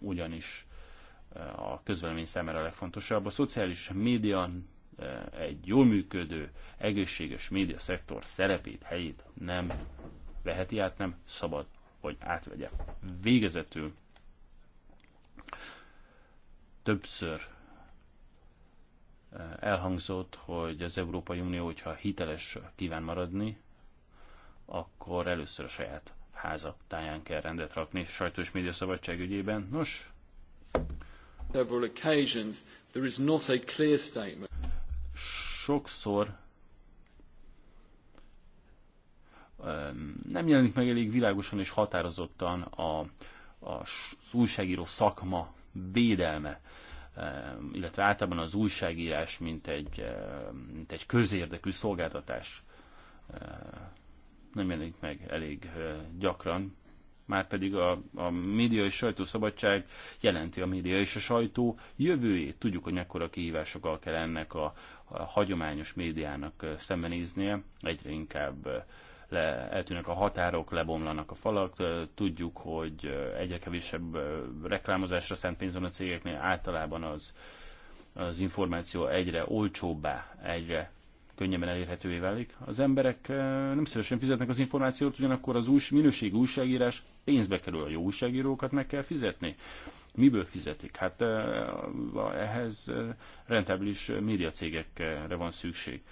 ugyanis e, a közvélemény számára a legfontosabb. A szociális média egy jól működő, egészséges szektor szerepét, helyét nem veheti át, nem szabad, hogy átvegye. Végezetül többször elhangzott, hogy az Európai Unió, hogyha hiteles kíván maradni, akkor először a saját háza táján kell rendet rakni sajtós média szabadság ügyében. Nos, several occasions there is not a clear statement. Sokszor nem jelenik meg elég világosan és határozottan a, a újságíró szakma védelme Ehm, illetve általában az újságírás, mint egy, ehm, mint egy közérdekű szolgáltatás ehm, nem jelenik meg elég gyakran. Márpedig a, a média és sajtószabadság jelenti a média és a sajtó jövőjét. Tudjuk, hogy mekkora kihívásokkal kell ennek a, a hagyományos médiának szembenéznie, egyre inkább le, eltűnnek a határok, lebomlanak a falak, tudjuk, hogy egyre kevésebb reklámozásra szent pénz van a cégeknél, általában az, az információ egyre olcsóbbá, egyre könnyebben elérhetővé válik. Az emberek nem szívesen fizetnek az információt, ugyanakkor az új minőségi újságírás pénzbe kerül, a jó újságírókat meg kell fizetni. Miből fizetik? Hát ehhez rentábilis médiacégekre van szükség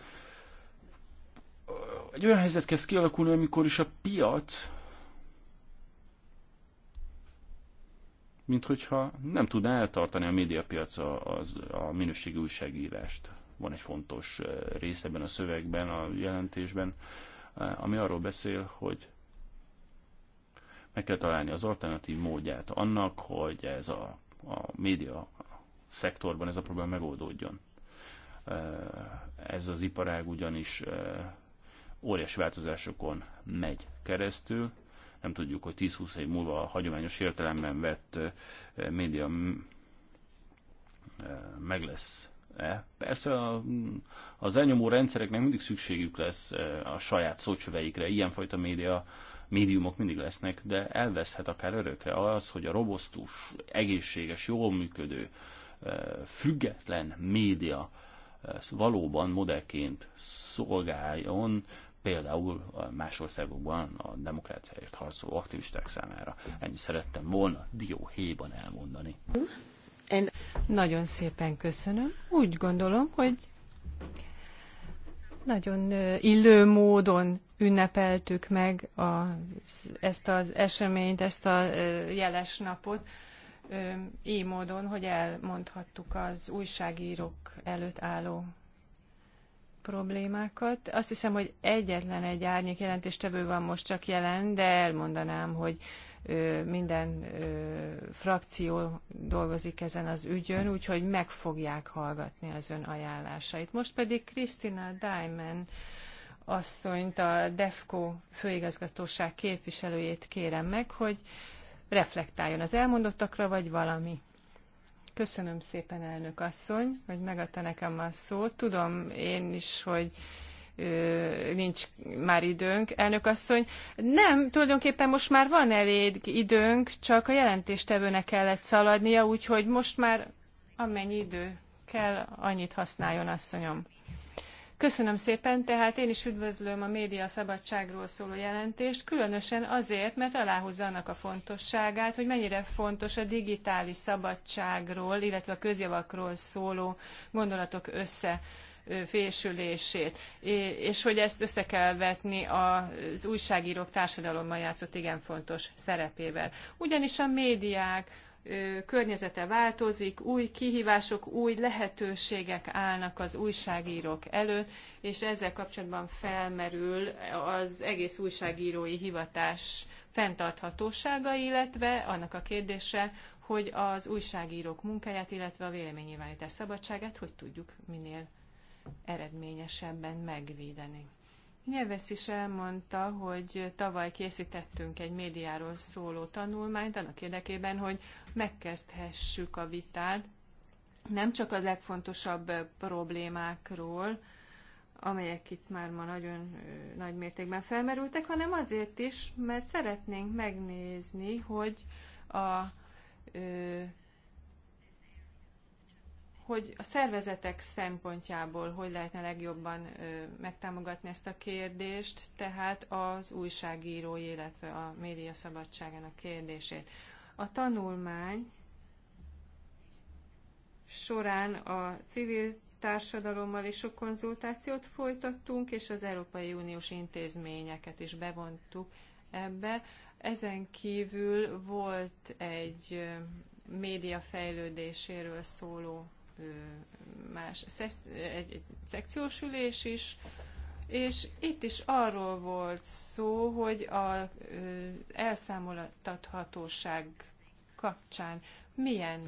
egy olyan helyzet kezd kialakulni, amikor is a piac mint hogyha nem tudná eltartani a médiapiac a, az, a minőségi újságírást. Van egy fontos eh, rész ebben a szövegben, a jelentésben, eh, ami arról beszél, hogy meg kell találni az alternatív módját annak, hogy ez a, a média szektorban ez a probléma megoldódjon. Eh, ez az iparág ugyanis óriás változásokon megy keresztül. Nem tudjuk, hogy 10-20 év múlva a hagyományos értelemben vett média meg lesz-e. Persze a, az elnyomó rendszereknek mindig szükségük lesz a saját szócsöveikre, ilyenfajta média médiumok mindig lesznek, de elveszhet akár örökre az, hogy a robosztus, egészséges, jól működő, független média valóban modellként szolgáljon például más országokban a demokráciáért harcoló aktivisták számára. Ennyi szerettem volna dióhéjban elmondani. And... Nagyon szépen köszönöm. Úgy gondolom, hogy nagyon illő módon ünnepeltük meg a, ezt az eseményt, ezt a jeles napot, így módon, hogy elmondhattuk az újságírók előtt álló problémákat. Azt hiszem, hogy egyetlen egy árnyék jelentéstevő van most csak jelen, de elmondanám, hogy minden frakció dolgozik ezen az ügyön, úgyhogy meg fogják hallgatni az ön ajánlásait. Most pedig Krisztina Diamond asszonyt, a DEFCO főigazgatóság képviselőjét kérem meg, hogy reflektáljon az elmondottakra, vagy valami Köszönöm szépen, elnök asszony, hogy megadta nekem a szót. Tudom én is, hogy nincs már időnk, elnök asszony. Nem, tulajdonképpen most már van elég időnk, csak a jelentéstevőnek kellett szaladnia, úgyhogy most már amennyi idő kell, annyit használjon, asszonyom. Köszönöm szépen, tehát én is üdvözlöm a média szabadságról szóló jelentést, különösen azért, mert aláhozza annak a fontosságát, hogy mennyire fontos a digitális szabadságról, illetve a közjavakról szóló gondolatok össze fésülését, és hogy ezt össze kell vetni az újságírók társadalomban játszott igen fontos szerepével. Ugyanis a médiák, környezete változik, új kihívások, új lehetőségek állnak az újságírók előtt, és ezzel kapcsolatban felmerül az egész újságírói hivatás fenntarthatósága, illetve annak a kérdése, hogy az újságírók munkáját, illetve a véleménynyilvánítás szabadságát hogy tudjuk minél eredményesebben megvédeni. Nyelvesz is elmondta, hogy tavaly készítettünk egy médiáról szóló tanulmányt annak érdekében, hogy megkezdhessük a vitát nem csak az legfontosabb problémákról, amelyek itt már ma nagyon nagy mértékben felmerültek, hanem azért is, mert szeretnénk megnézni, hogy a ö, hogy a szervezetek szempontjából hogy lehetne legjobban megtámogatni ezt a kérdést, tehát az újságírói, illetve a média szabadságának kérdését. A tanulmány során a civil társadalommal is sok konzultációt folytattunk, és az Európai Uniós intézményeket is bevontuk ebbe. Ezen kívül volt egy média fejlődéséről szóló más szesz, egy, egy szekciós ülés is, és itt is arról volt szó, hogy az elszámoltathatóság kapcsán milyen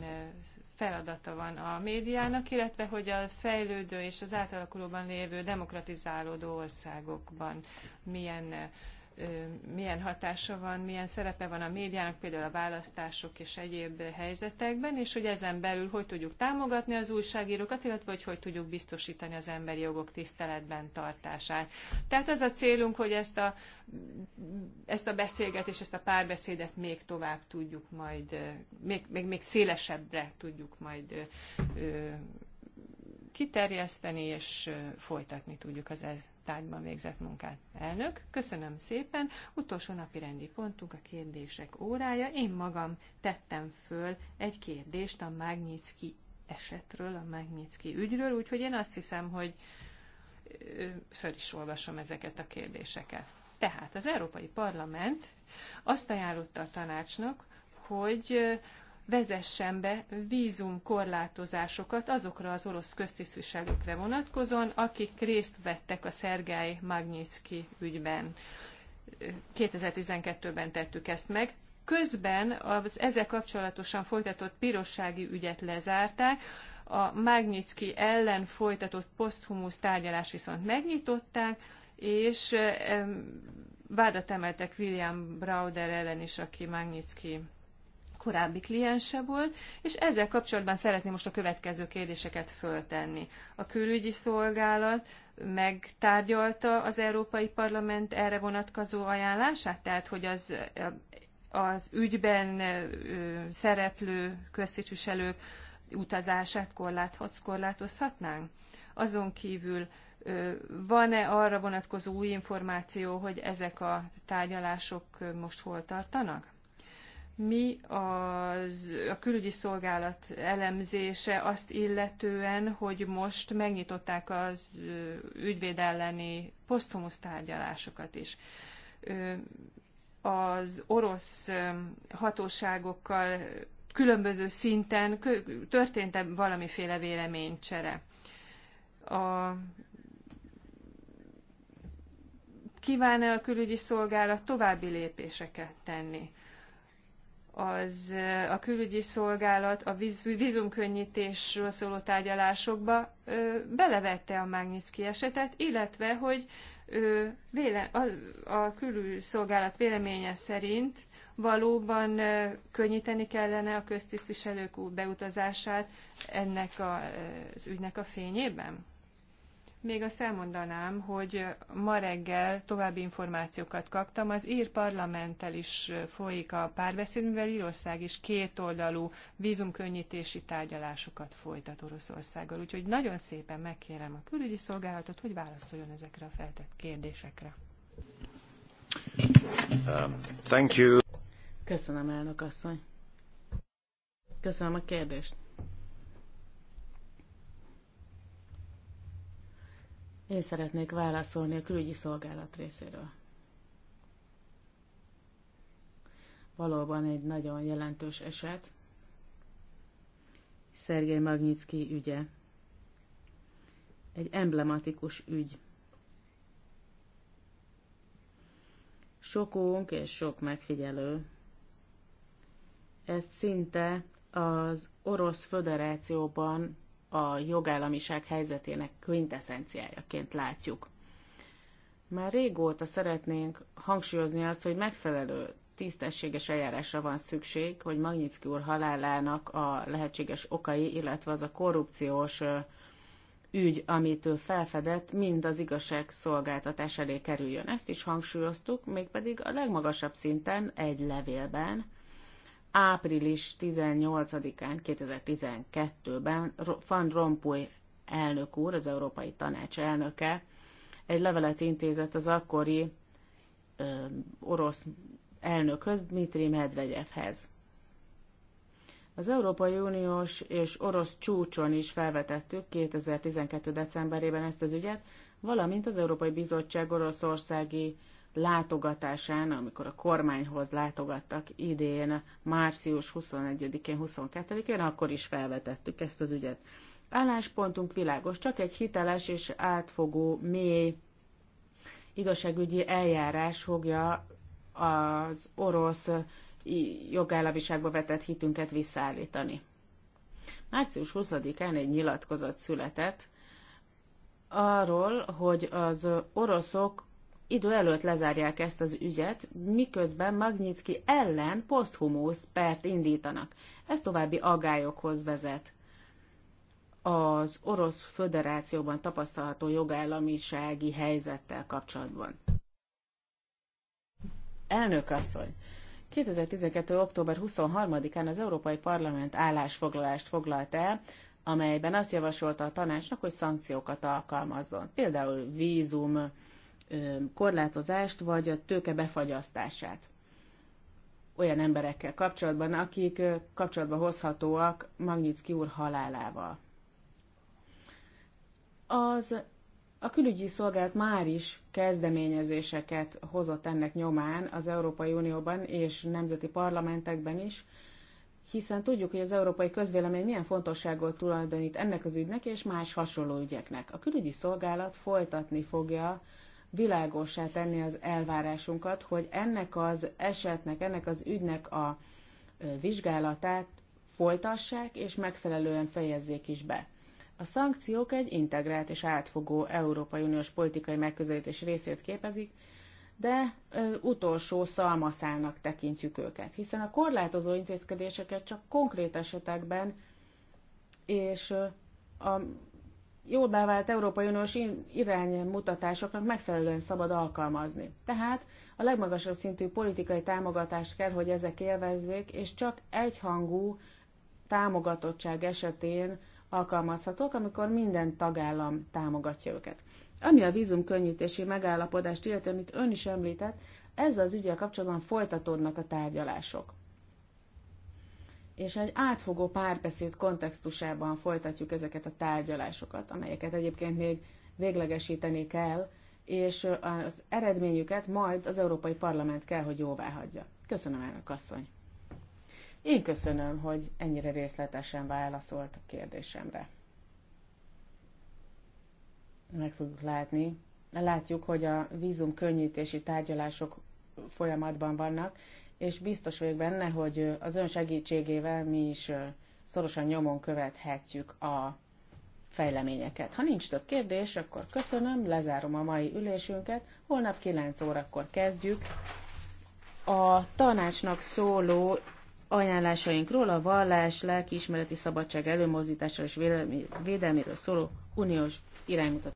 feladata van a médiának, illetve hogy a fejlődő és az átalakulóban lévő demokratizálódó országokban milyen milyen hatása van, milyen szerepe van a médiának, például a választások és egyéb helyzetekben, és hogy ezen belül hogy tudjuk támogatni az újságírókat, illetve hogy hogy tudjuk biztosítani az emberi jogok tiszteletben tartását. Tehát az a célunk, hogy ezt a, ezt a beszélgetést, ezt a párbeszédet még tovább tudjuk majd, még, még, még szélesebbre tudjuk majd ö, kiterjeszteni és folytatni tudjuk az ez tárgyban végzett munkát. Elnök, köszönöm szépen. Utolsó napi rendi pontunk a kérdések órája. Én magam tettem föl egy kérdést a Magnitsky esetről, a Magnitsky ügyről, úgyhogy én azt hiszem, hogy föl is olvasom ezeket a kérdéseket. Tehát az Európai Parlament azt ajánlotta a tanácsnak, hogy vezessen be vízumkorlátozásokat azokra az orosz köztisztviselőkre vonatkozóan, akik részt vettek a Szergály Magnyitski ügyben. 2012-ben tettük ezt meg. Közben az ezzel kapcsolatosan folytatott pirossági ügyet lezárták, a Magnitsky ellen folytatott poszthumusz tárgyalás viszont megnyitották, és vádat emeltek William Browder ellen is, aki Magnitsky korábbi kliense volt, és ezzel kapcsolatban szeretném most a következő kérdéseket föltenni. A külügyi szolgálat megtárgyalta az Európai Parlament erre vonatkozó ajánlását, tehát hogy az az ügyben szereplő köztisviselők utazását korláthoz korlátozhatnánk? Azon kívül van-e arra vonatkozó új információ, hogy ezek a tárgyalások most hol tartanak? mi az, a külügyi szolgálat elemzése azt illetően, hogy most megnyitották az ügyvéd elleni tárgyalásokat is. Az orosz hatóságokkal különböző szinten történt -e valamiféle véleménycsere. A kíván-e a külügyi szolgálat további lépéseket tenni? az, a külügyi szolgálat a vízumkönnyítésről szóló tárgyalásokba ö, belevette a Magnitsky esetet, illetve hogy ö, véle, a, a szolgálat véleménye szerint valóban ö, könnyíteni kellene a köztisztviselők beutazását ennek a, az ügynek a fényében? Még azt elmondanám, hogy ma reggel további információkat kaptam. Az ír parlamenttel is folyik a párbeszéd, mivel Írország is kétoldalú vízumkönnyítési tárgyalásokat folytat Oroszországgal. Úgyhogy nagyon szépen megkérem a külügyi szolgálatot, hogy válaszoljon ezekre a feltett kérdésekre. Um, thank you. Köszönöm, elnök asszony. Köszönöm a kérdést. Én szeretnék válaszolni a külügyi szolgálat részéről. Valóban egy nagyon jelentős eset. Szergei Magnyicki ügye. Egy emblematikus ügy. Sokunk és sok megfigyelő ezt szinte az Orosz Föderációban a jogállamiság helyzetének quintessenciájaként látjuk. Már régóta szeretnénk hangsúlyozni azt, hogy megfelelő tisztességes eljárásra van szükség, hogy Magnitsky úr halálának a lehetséges okai, illetve az a korrupciós ügy, amit ő felfedett, mind az igazság szolgáltatás elé kerüljön. Ezt is hangsúlyoztuk, mégpedig a legmagasabb szinten egy levélben, április 18-án 2012-ben Van Rompuy elnök úr, az Európai Tanács elnöke egy levelet intézett az akkori ö, orosz elnökhöz, Dmitri Medvegyevhez. Az Európai Uniós és orosz csúcson is felvetettük 2012. decemberében ezt az ügyet, valamint az Európai Bizottság oroszországi látogatásán, amikor a kormányhoz látogattak idén, március 21-én, 22-én, akkor is felvetettük ezt az ügyet. Álláspontunk világos, csak egy hiteles és átfogó, mély igazságügyi eljárás fogja az orosz jogállamiságba vetett hitünket visszaállítani. Március 20-án egy nyilatkozat született arról, hogy az oroszok idő előtt lezárják ezt az ügyet, miközben Magnitsky ellen poszthumusz pert indítanak. Ez további agályokhoz vezet. Az Orosz Föderációban tapasztalható jogállamisági helyzettel kapcsolatban. Elnök asszony, 2012. október 23-án az Európai Parlament állásfoglalást foglalt el, amelyben azt javasolta a tanácsnak, hogy szankciókat alkalmazzon. Például vízum korlátozást, vagy a tőke befagyasztását olyan emberekkel kapcsolatban, akik kapcsolatba hozhatóak Magnitsky úr halálával. Az a külügyi szolgálat már is kezdeményezéseket hozott ennek nyomán az Európai Unióban és nemzeti parlamentekben is, hiszen tudjuk, hogy az európai közvélemény milyen fontosságot tulajdonít ennek az ügynek és más hasonló ügyeknek. A külügyi szolgálat folytatni fogja világossá tenni az elvárásunkat, hogy ennek az esetnek, ennek az ügynek a vizsgálatát folytassák és megfelelően fejezzék is be. A szankciók egy integrált és átfogó Európai Uniós politikai megközelítés részét képezik, de ö, utolsó szalmaszálnak tekintjük őket, hiszen a korlátozó intézkedéseket csak konkrét esetekben és ö, a jól bevált Európai Uniós iránymutatásoknak megfelelően szabad alkalmazni. Tehát a legmagasabb szintű politikai támogatást kell, hogy ezek élvezzék, és csak egyhangú támogatottság esetén alkalmazhatók, amikor minden tagállam támogatja őket. Ami a vízumkönnyítési megállapodást illeti, amit ön is említett, ez az ügyel kapcsolatban folytatódnak a tárgyalások és egy átfogó párbeszéd kontextusában folytatjuk ezeket a tárgyalásokat, amelyeket egyébként még véglegesíteni kell, és az eredményüket majd az Európai Parlament kell, hogy jóvá hagyja. Köszönöm, elnök asszony! Én köszönöm, hogy ennyire részletesen válaszolt a kérdésemre. Meg fogjuk látni. Látjuk, hogy a vízum könnyítési tárgyalások folyamatban vannak, és biztos vagyok benne, hogy az ön segítségével mi is szorosan nyomon követhetjük a fejleményeket. Ha nincs több kérdés, akkor köszönöm, lezárom a mai ülésünket. Holnap 9 órakor kezdjük a tanácsnak szóló ajánlásainkról a vallás, lelkiismereti szabadság előmozdítására és védelméről szóló uniós iránymutatás.